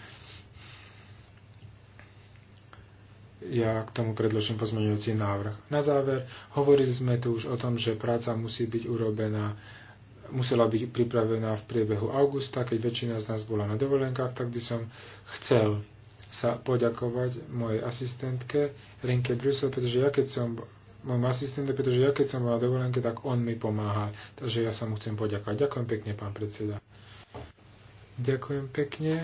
ja k tomu predložím pozmeňujúci návrh. Na záver, hovorili sme tu už o tom, že práca musí byť urobená musela byť pripravená v priebehu augusta, keď väčšina z nás bola na dovolenkách, tak by som chcel sa poďakovať mojej asistentke Rinke Brusel, pretože ja keď som môjmu asistentovi, pretože ja keď som bola dovolenke, tak on mi pomáha. Takže ja sa mu chcem poďakovať. Ďakujem pekne, pán predseda. Ďakujem pekne.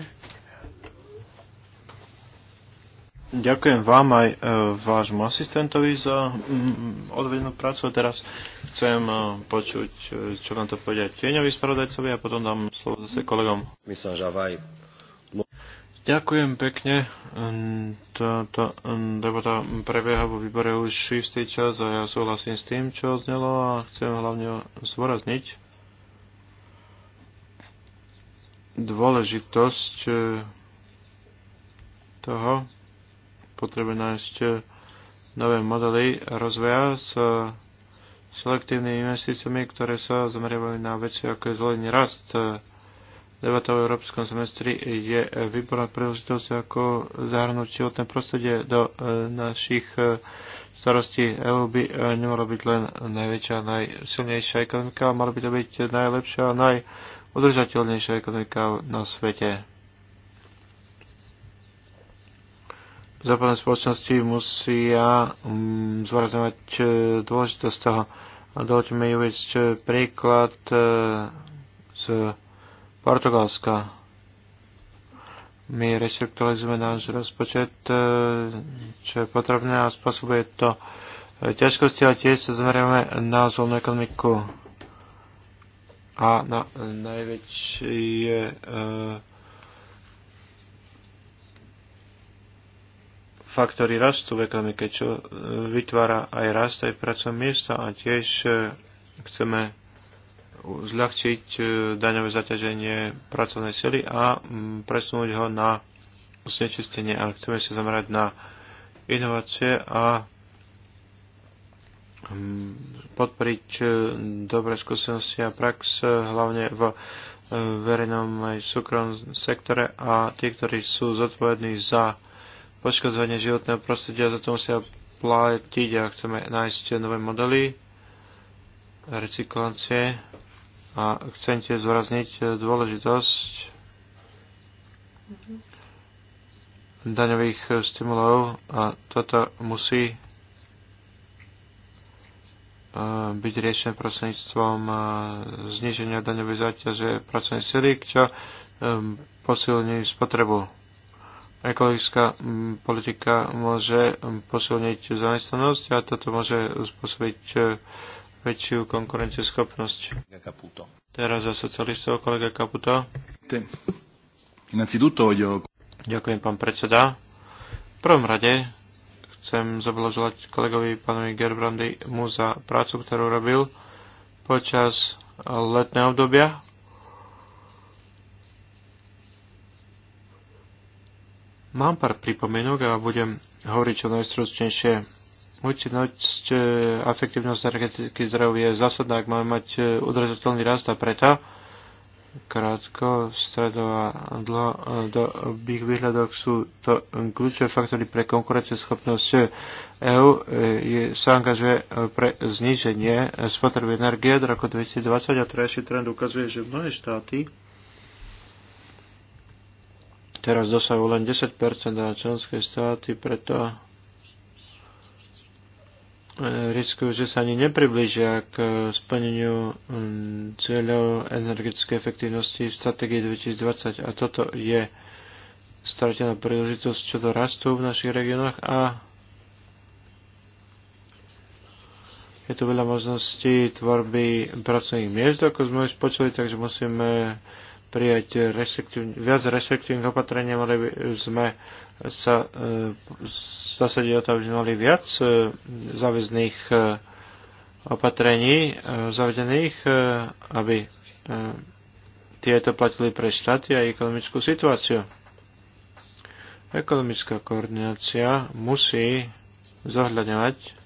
Ďakujem vám aj e, vášmu asistentovi za mm, odvedenú prácu. teraz chcem eh, počuť, eh, čo nám to povedia tieňoví spravodajcovi a potom dám slovo zase kolegom. Myslím, že aj Ďakujem pekne. Táto debata prebieha vo výbore už šiestý čas a ja súhlasím s tým, čo znelo a chcem hlavne zvorazniť dôležitosť eh, toho, potrebe nájsť nové modely rozvoja s selektívnymi investíciami, ktoré sa zameriavajú na veci ako je zelený rast. Debata o európskom semestri je výborná príležitosť, ako zahrnúť životné prostredie do e, našich e, starostí. EU by e, nemala byť len najväčšia, najsilnejšia ekonomika, mala by to byť najlepšia, najudržateľnejšia ekonomika na svete. západné spoločnosti musia mm, zvorazňovať e, dôležitosť toho. Dovolte mi uvieť e, príklad e, z Portugalska. My reštrukturalizujeme náš rozpočet, čo je potrebné a spôsobuje to ťažkosti, ale tiež sa zameriame na zvolnú ekonomiku a na najväčšie je. faktory rastu v ekonomike, čo e, vytvára aj rast aj pracovné miesta a tiež e, chceme zľahčiť e, daňové zaťaženie pracovnej sily a presunúť ho na znečistenie. ale chceme sa zamerať na inovácie a podporiť dobré skúsenosti a prax, hlavne v verejnom aj súkromnom sektore a tí, ktorí sú zodpovední za poškodzovanie životného prostredia, za to musia platiť a chceme nájsť nové modely recyklácie a chcem tiež zvorazniť dôležitosť daňových stimulov a toto musí e, byť riešené prostredníctvom e, zniženia daňovej záťaže pracovnej sily, čo e, posilní spotrebu ekologická mm, politika môže mm, posilniť zamestnanosť a toto môže spôsobiť e, väčšiu konkurencieschopnosť. Teraz za socialistov kolega Kaputo. Ďakujem, pán predseda. V prvom rade chcem zablažovať kolegovi pánovi Gerbrandy mu za prácu, ktorú robil počas letného obdobia Mám pár pripomienok a budem hovoriť čo najstručnejšie. Účinnosť, efektívnosť energetických zdrav je zásadná, ak máme mať e, udržateľný rast a preto krátko, stredo a dlho e, do obých výhľadok sú to kľúčové faktory pre konkurencieschopnosť e, e sa angažuje pre zníženie spotreby energie do roku 2020 a trajší trend ukazuje, že mnohé štáty teraz dosahujú len 10% na členské státy, preto e, riskujú, že sa ani nepriblížia k e, splneniu cieľov energetickej efektivnosti v strategii 2020. A toto je stratená príležitosť, čo to rastú v našich regiónoch a je tu veľa možností tvorby pracovných miest, ako sme už počuli, takže musíme prijať viac restriktívnych opatrení, mali by sme sa e, zasadiť o to, aby sme mali viac e, záväzných e, opatrení e, zavedených, e, aby e, tieto platili pre štáty a ekonomickú situáciu. Ekonomická koordinácia musí zohľadňovať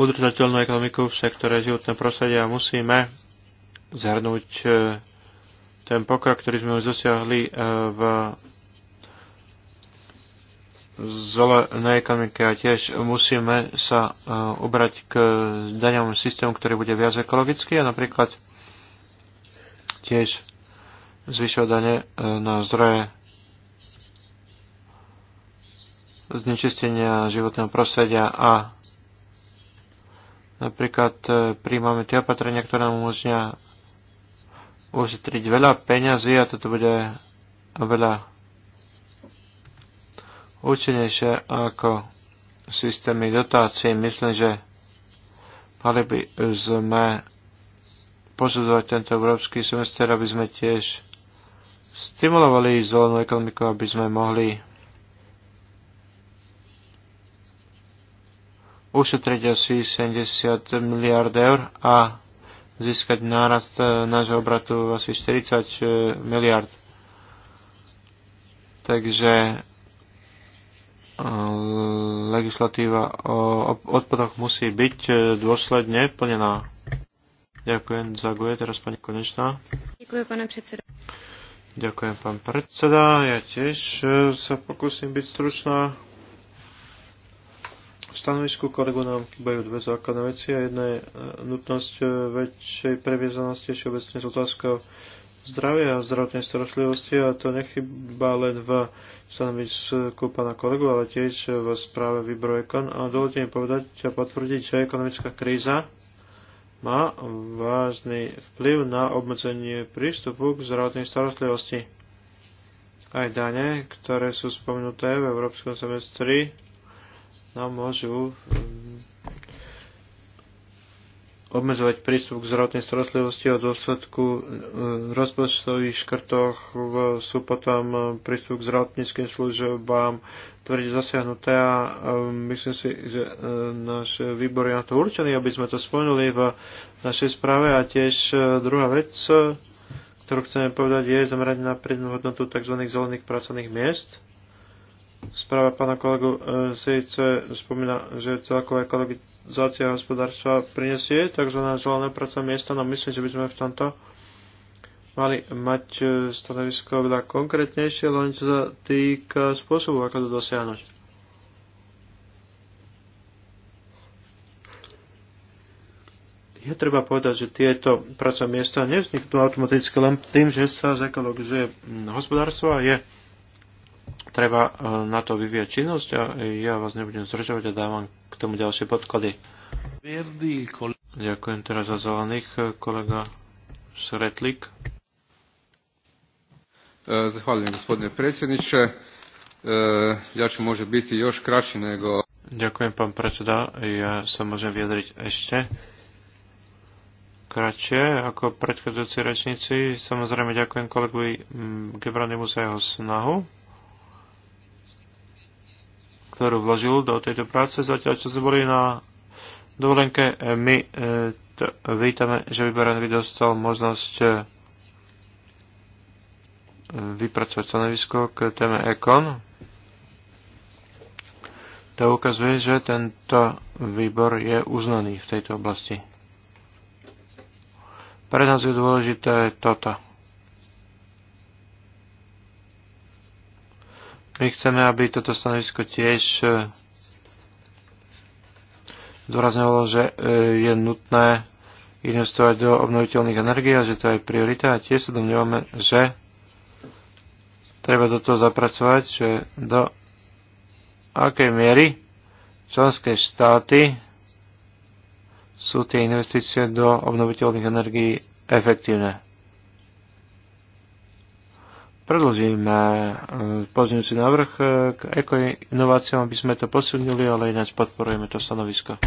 udržateľnú ekonomiku v sektore životného prostredia a musíme zhrnúť e, ten pokrok, ktorý sme už dosiahli e, v zelenej ekonomike a tiež musíme sa e, ubrať k daňovému systému, ktorý bude viac ekologický a napríklad tiež zvyšovať dane na zdroje znečistenia životného prostredia a Napríklad e, príjmame tie opatrenia, ktoré nám umožnia ušetriť veľa peňazí a toto bude veľa účinnejšie ako systémy dotácií. Myslím, že mali by sme posudzovať tento európsky semester, aby sme tiež stimulovali zelenú ekonomiku, aby sme mohli ušetriť asi 70 miliard eur a získať nárast e, nášho obratu asi 40 e, miliard. Takže e, legislatíva o odpadoch musí byť dôsledne plnená. Ďakujem za guje, teraz pani Konečná. Ďakujem, pane predseda. Ďakujem, pán predseda. Ja tiež sa pokúsim byť stručná stanovisku kolegu nám chýbajú dve základné veci a jedna je e, nutnosť e, väčšej previezanosti všeobecne s otázkou zdravia a zdravotnej starostlivosti a to nechyba len v stanovisku pána kolegu, ale tiež v správe Vibro Econ. A dovolte mi povedať a potvrdiť, že ekonomická kríza má vážny vplyv na obmedzenie prístupu k zdravotnej starostlivosti. Aj dane, ktoré sú spomenuté v Európskom semestri, nám no, môžu um, obmedzovať prístup k zdravotnej starostlivosti a dôsledku um, rozpočtových škrtoch sú potom um, prístup k zdravotníckým službám tvrde zasiahnuté a myslím si, že uh, náš výbor je na to určený, aby sme to spomenuli v našej správe a tiež uh, druhá vec, uh, ktorú chceme povedať, je zamerať na prednú hodnotu tzv. zelených pracovných miest Správa pána kolegu e, Sejce spomína, že celková ekologizácia hospodárstva prinesie tzv. želané pracovné miesta, no myslím, že by sme v tomto mali mať e, stanovisko veľa konkrétnejšie, len čo sa týka spôsobu, ako to dosiahnuť. Je treba povedať, že tieto pracovné miesta nevzniknú automaticky len tým, že sa zekologizuje hm, hospodárstvo a je treba e, na to vyvíjať činnosť a ja vás nebudem zdržovať a dávam k tomu ďalšie podklady. Ďakujem teraz za zelených, e, kolega Sretlik. E, zahvaljujem gospodine predsjedniče. Ja ću možda biti još kraći nego... Ďakujem pán predseda, ja sa môžem vyjadriť ešte kratšie ako predchádzajúci rečníci. Samozrejme ďakujem kolegovi Gebranimu za jeho snahu ktorú vložil do tejto práce. Zatiaľ, čo sme boli na dovolenke, e, my e, vítame, že Vyberaný dostal možnosť e, vypracovať stanovisko k téme Ekon. To ukazuje, že tento výbor je uznaný v tejto oblasti. Pre nás je dôležité toto My chceme, aby toto stanovisko tiež eh, zdôrazňovalo, že eh, je nutné investovať do obnoviteľných energií a že to je priorita. A tiež sa domnievame, že treba do toho zapracovať, že do akej miery členské štáty sú tie investície do obnoviteľných energií efektívne predložím eh, pozdňujúci návrh eh, k ekoinováciám, aby sme to posunili, ale ináč podporujeme to stanovisko.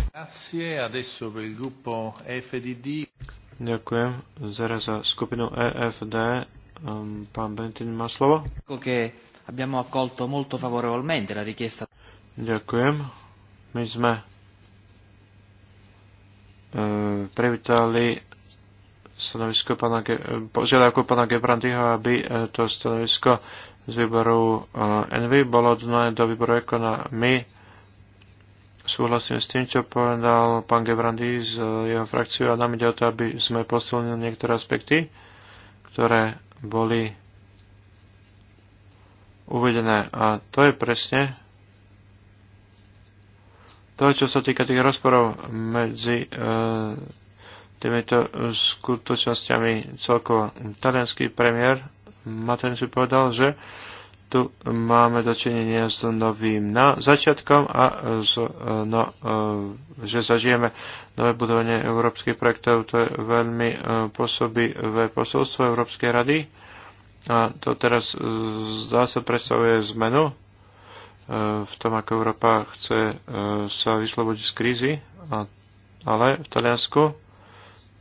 Ďakujem. Zara za skupinu EFD ehm, pán Bentin má slovo. Ďakujem. My sme eh, privítali stanovisko pana, eh, požiadavku pana Gebrandyho, aby eh, to stanovisko z výboru eh, Envy bolo oddané do výboru Ekona. My súhlasím s tým, čo povedal pán Gebrandy z jeho frakciu a nám ide o to, aby sme posilnili niektoré aspekty, ktoré boli uvedené. A to je presne to, čo sa týka tých rozporov medzi e, týmito e, skutočnosťami celkovo. Talianský premiér Matenci povedal, že tu máme dočinenie s novým na začiatkom a z, e, no, e, že zažijeme nové budovanie európskych projektov. To je veľmi pôsobivé posolstvo Európskej rady. A to teraz zdá sa predstavuje zmenu v tom, ako Európa chce sa vyslobodiť z krízy, ale v Taliansku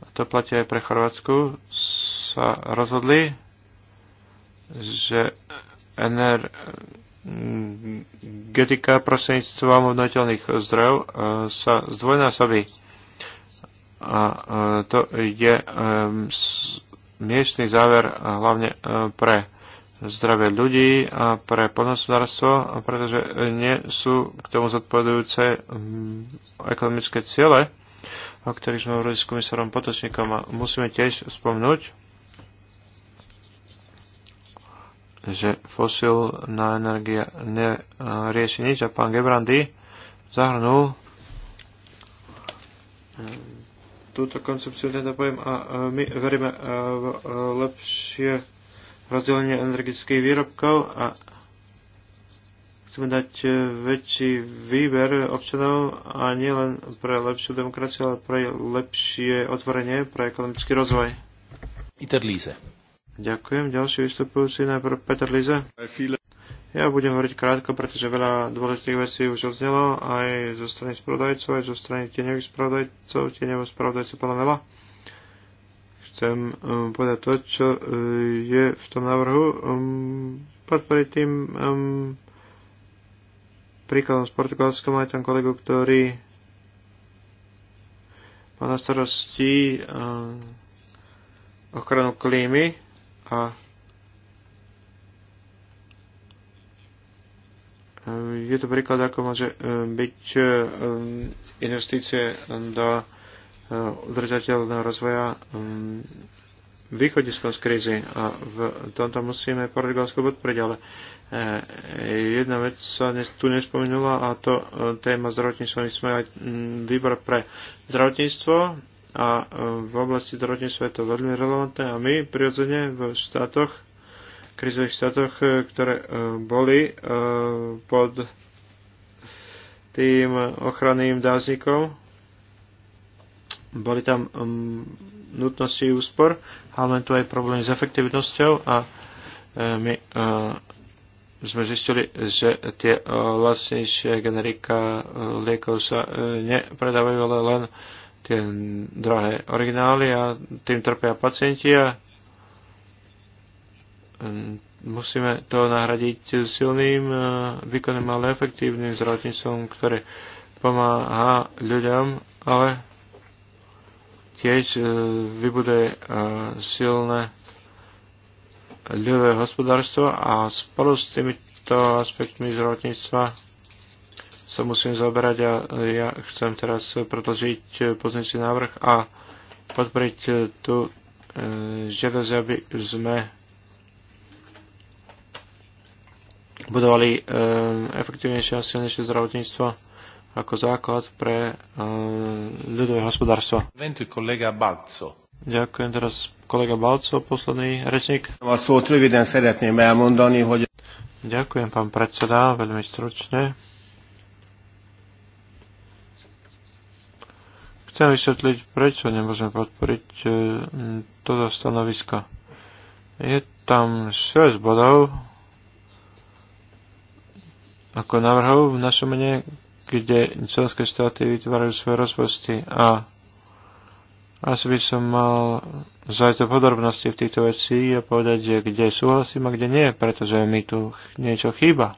a to platí aj pre Chorvátsku, sa rozhodli, že energetika prostredníctvom obnoviteľných zdrojov e, sa zdvojnásobí. A e, to je e, miestný záver hlavne pre zdravie ľudí a pre podnosodárstvo, pretože nie sú k tomu zodpovedujúce ekonomické ciele o ktorých sme hovorili s komisárom Potočníkom. A musíme tiež spomnúť, že fosilná energia nerieši nič a pán Gebrandy zahrnul ehm, túto koncepciu teda poviem a e, my veríme e, v e, lepšie rozdelenie energetických výrobkov a Chceme dať e, väčší výber občanov a nielen pre lepšiu demokraciu, ale pre lepšie otvorenie pre ekonomický rozvoj. Peter Líze. Ďakujem. Ďalší vystupujúci najprv Peter Líze. Ja budem hovoriť krátko, pretože veľa dôležitých vecí už odznelo aj zo strany spravodajcov, aj zo strany tieňových spravodajcov, tieňových spravodajcov pána Mela. Chcem um, povedať to, čo um, je v tom návrhu. Um, podporiť tým um, príkladom z Portugalska. Máme tam kolegu, ktorý má na starosti eh, ochranu klímy a eh, je to príklad, ako môže eh, byť investície do udržateľného rozvoja východisko z krízy a v tomto musíme Portugalsko podporiť, ale E, jedna vec sa tu nespomenula a to e, téma zdravotníctva. My sme aj výbor pre zdravotníctvo a e, v oblasti zdravotníctva je to veľmi relevantné a my prirodzene v štátoch, krizových štátoch, ktoré boli pod tým ochranným dáznikom, boli tam nutnosti úspor, ale máme tu aj problém s efektivnosťou a my sme zistili, že tie e, lacnejšie generika e, liekov sa e, nepredávajú, ale len tie drahé originály a tým trpia pacienti a musíme to nahradiť silným, výkonným, ale efektívnym zdravotníctvom, ktoré pomáha ľuďom, ale tiež vybuduje silné ľudové hospodárstvo a spolu s týmito aspektmi zdravotníctva sa musím zaoberať a ja chcem teraz predložiť poznici návrh a podporiť tú e, žiadosť, aby sme budovali e, efektívnejšie a silnejšie zdravotníctvo ako základ pre e, ľudové hospodárstvo. Kolega Balco. Ďakujem teraz kolega Balco, posledný rečník. Ďakujem, pán predseda, veľmi stručne. Chcem vysvetliť, prečo nemôžeme podporiť e, toto stanovisko. Je tam 6 bodov ako navrhov v našom mene, kde členské štáty vytvárajú svoje rozpočty a asi by som mal zajsť do podrobnosti v týchto veci a povedať, že kde súhlasím a kde nie, pretože mi tu niečo chýba.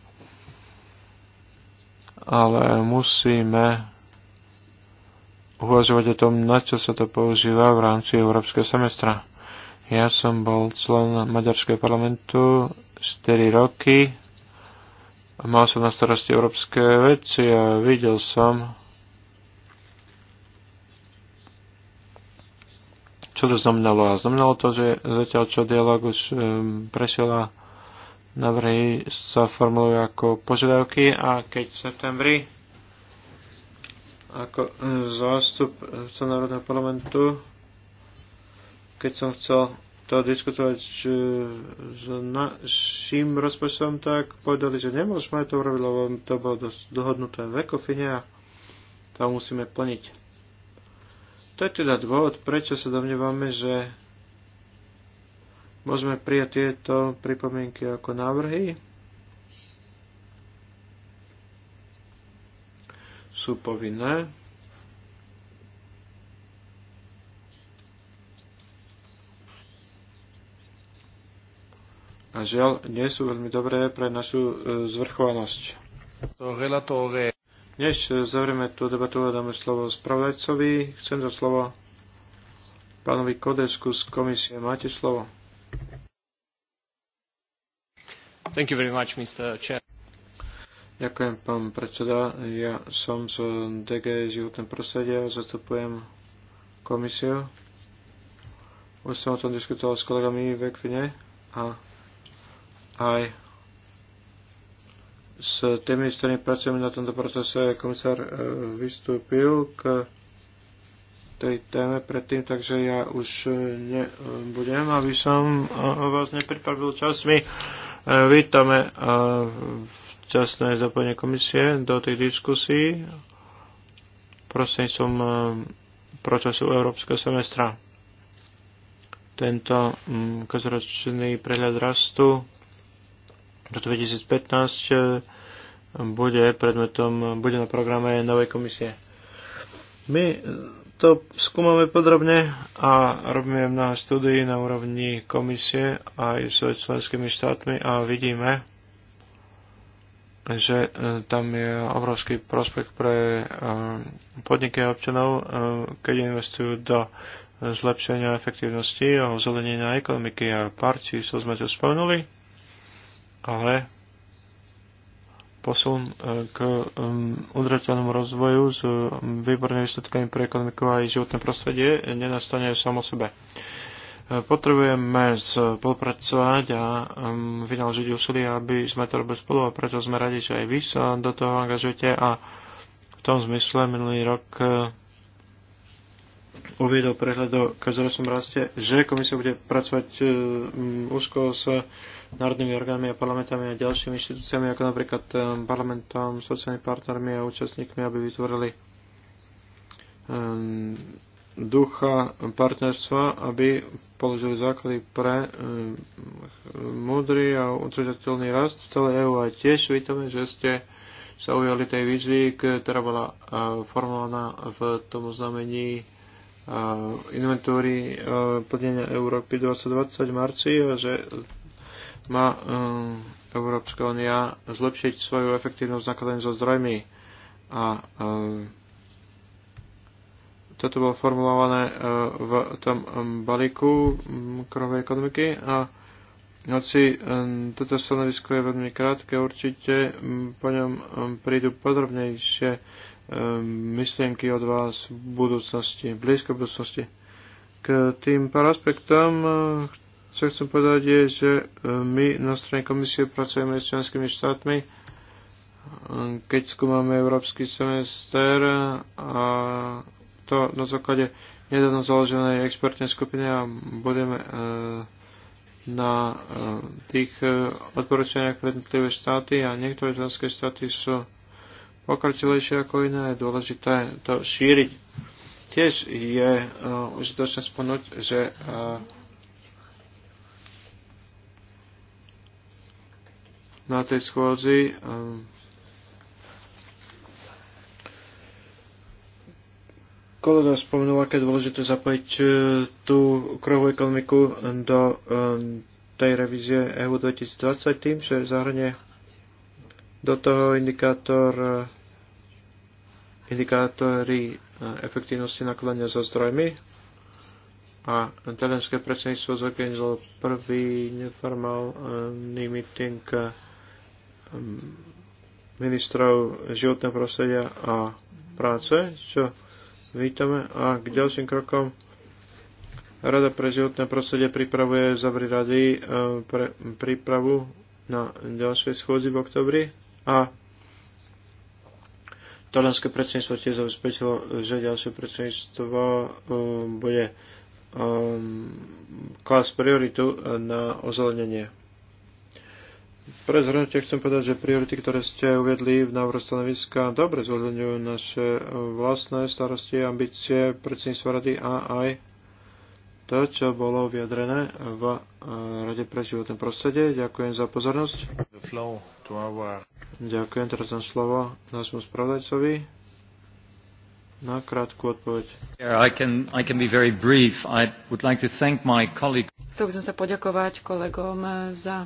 Ale musíme uvažovať o tom, na čo sa to používa v rámci Európskeho semestra. Ja som bol člen Maďarského parlamentu 4 roky. Mal som na starosti európske veci a videl som, Čo to znamenalo? A znamenalo to, že zatiaľ čo dialog už um, prešiel a návrhy sa formulujú ako požiadavky a keď v septembri ako zástup Národného parlamentu, keď som chcel to diskutovať e, s našim rozpočtom, tak povedali, že nemôžeme to urobiť, lebo to bolo dosť dohodnuté v ECOFINE a to musíme plniť. To je teda dôvod, prečo sa domnievame, že môžeme prijať tieto pripomienky ako návrhy. Sú povinné. A žiaľ, nie sú veľmi dobré pre našu e, zvrchovanosť. Relatore. Než zavrieme tú debatu a dáme slovo spravodajcovi, chcem dať slovo pánovi Kodesku z komisie. Máte slovo. Thank you very much, Mr. Chair. Ďakujem, pán predseda. Ja som z DG životné prostredia a zastupujem komisiu. Už som o tom diskutoval s kolegami v Ekvine a aj s tými, s ktorými pracujeme na tomto procese, komisár e, vystúpil k tej téme predtým, takže ja už e, nebudem, aby som e, vás nepripravil časmi. Vítame včasné zapojenie komisie do tej diskusí prostredníctvom procesu európskeho semestra. Tento kozročný prehľad rastu 2015 e, bude predmetom, bude na programe novej komisie. My to skúmame podrobne a robíme mnoho štúdií na úrovni komisie aj s členskými štátmi a vidíme, že e, tam je obrovský prospekt pre e, podniky a občanov, keď investujú do zlepšenia efektívnosti a ozelenenia ekonomiky a pár čo sme tu spomenuli ale posun e, k um, udržateľnému rozvoju s um, výbornými výsledkami pre ekonomiku a aj životné prostredie nenastane samo sebe. E, potrebujeme spolupracovať a um, vynaložiť úsilie, aby sme to robili spolu a preto sme radi, že aj vy sa do toho angažujete a v tom zmysle minulý rok e, uviedol prehľad o každoročnom raste, že komisia bude pracovať e, úzko s národnými orgánmi a parlamentami a ďalšími inštitúciami, ako napríklad e, parlamentom, sociálnymi partnermi a účastníkmi, aby vytvorili e, ducha partnerstva, aby položili základy pre múdry a udržateľný rast v celej EU. A tiež vítame, že ste sa ujali tej výzvy, ktorá bola formulovaná v tom znamení inventúry e, plnenia Európy 2020 v marci že má e, Európska únia zlepšiť svoju efektívnosť nakladania so zdrojmi. A e, toto bolo formulované v tom balíku krovej ekonomiky a hoci toto stanovisko je veľmi krátke, určite po ňom prídu podrobnejšie Ehm, myšlienky od vás v budúcnosti, v blízkej budúcnosti. K tým pár aspektom, eh, čo chcem povedať, je, že eh, my na strane komisie pracujeme s členskými štátmi, eh, keď skúmame európsky semester a to na základe nedávno založenej expertnej skupiny a budeme na tých odporúčaniach pre jednotlivé štáty a niektoré členské štáty sú pokročilejšie ako iné, je dôležité to šíriť. Tiež je uh, užitočné spomenúť, že uh, na tej schôdzi um, kolega spomenul, aké je dôležité zapojiť uh, tú krovú ekonomiku do um, tej revízie EU 2020 tým, že zahrnie do toho indikátor, indikátory eh, efektívnosti nakladania so zdrojmi a talianské predsedníctvo zorganizovalo prvý neformálny meeting eh, ministrov životného prostredia a práce, čo vítame a k ďalším krokom Rada pre životné prostredie pripravuje zavri rady eh, pre prípravu na ďalšej schôdzi v oktobri a talianské predsedníctvo tiež zabezpečilo, že ďalšie predsedníctvo um, bude um, klas prioritu na ozelenenie. Pre zhrnutie chcem povedať, že priority, ktoré ste uviedli v návrhu stanoviska, dobre zohľadňujú naše vlastné starosti, ambície predsedníctva rady a aj to, čo bolo vyjadrené v e, Rade pre životné prostredie. Ďakujem za pozornosť. Ďakujem, teraz dám slovo nášmu spravodajcovi na krátku odpoveď. Chcel by som sa poďakovať kolegom za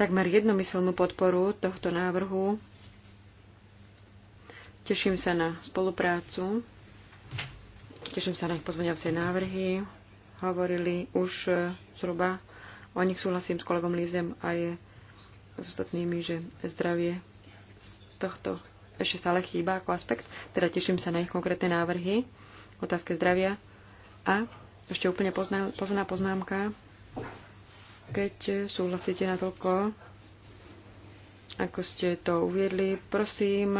takmer jednomyselnú podporu tohto návrhu. Teším sa na spoluprácu. Teším sa na ich pozmeňovacie návrhy. Hovorili už e, zhruba o nich súhlasím s kolegom Lízem aj s ostatnými, že zdravie z tohto ešte stále chýba ako aspekt. Teda teším sa na ich konkrétne návrhy otázke zdravia. A ešte úplne pozná poznámka, keď súhlasíte na toľko, ako ste to uviedli, prosím,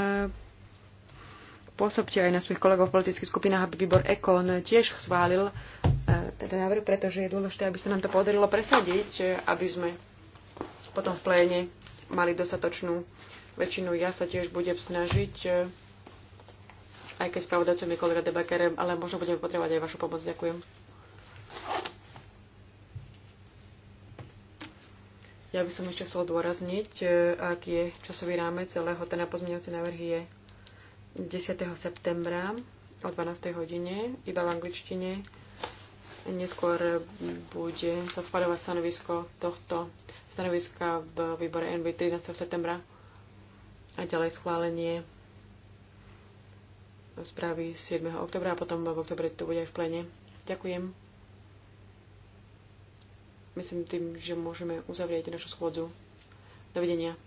pôsobte aj na svojich kolegov v politických skupinách, aby výbor EKON tiež chválil e, tento návrh, pretože je dôležité, aby sa nám to podarilo presadiť, aby sme potom v pléne mali dostatočnú väčšinu. Ja sa tiež budem snažiť, e, aj keď spravodajcom je kolega Debaker, ale možno budeme potrebovať aj vašu pomoc. Ďakujem. Ja by som ešte chcel dôrazniť, e, aký je časový rámec celého. Ten pozmeňovací návrh je 10. septembra o 12. hodine, iba v angličtine. Neskôr bude sa spadovať stanovisko tohto stanoviska v výbore NB 13. septembra a ďalej schválenie správy 7. oktobra a potom v oktobre to bude aj v plene. Ďakujem. Myslím tým, že môžeme uzavrieť našu schôdzu. Dovidenia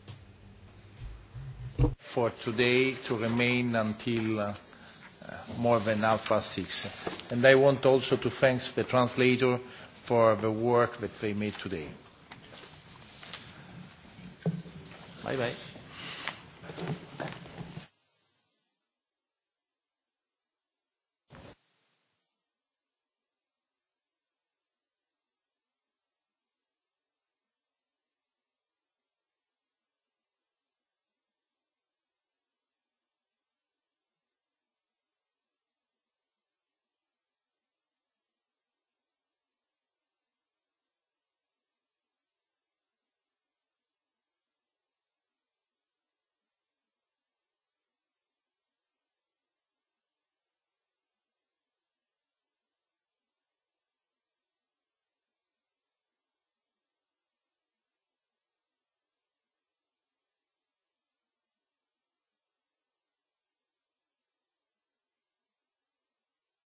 for today to remain until uh, uh, more than half past six. And I want also to thank the translator for the work that they made today. Bye bye.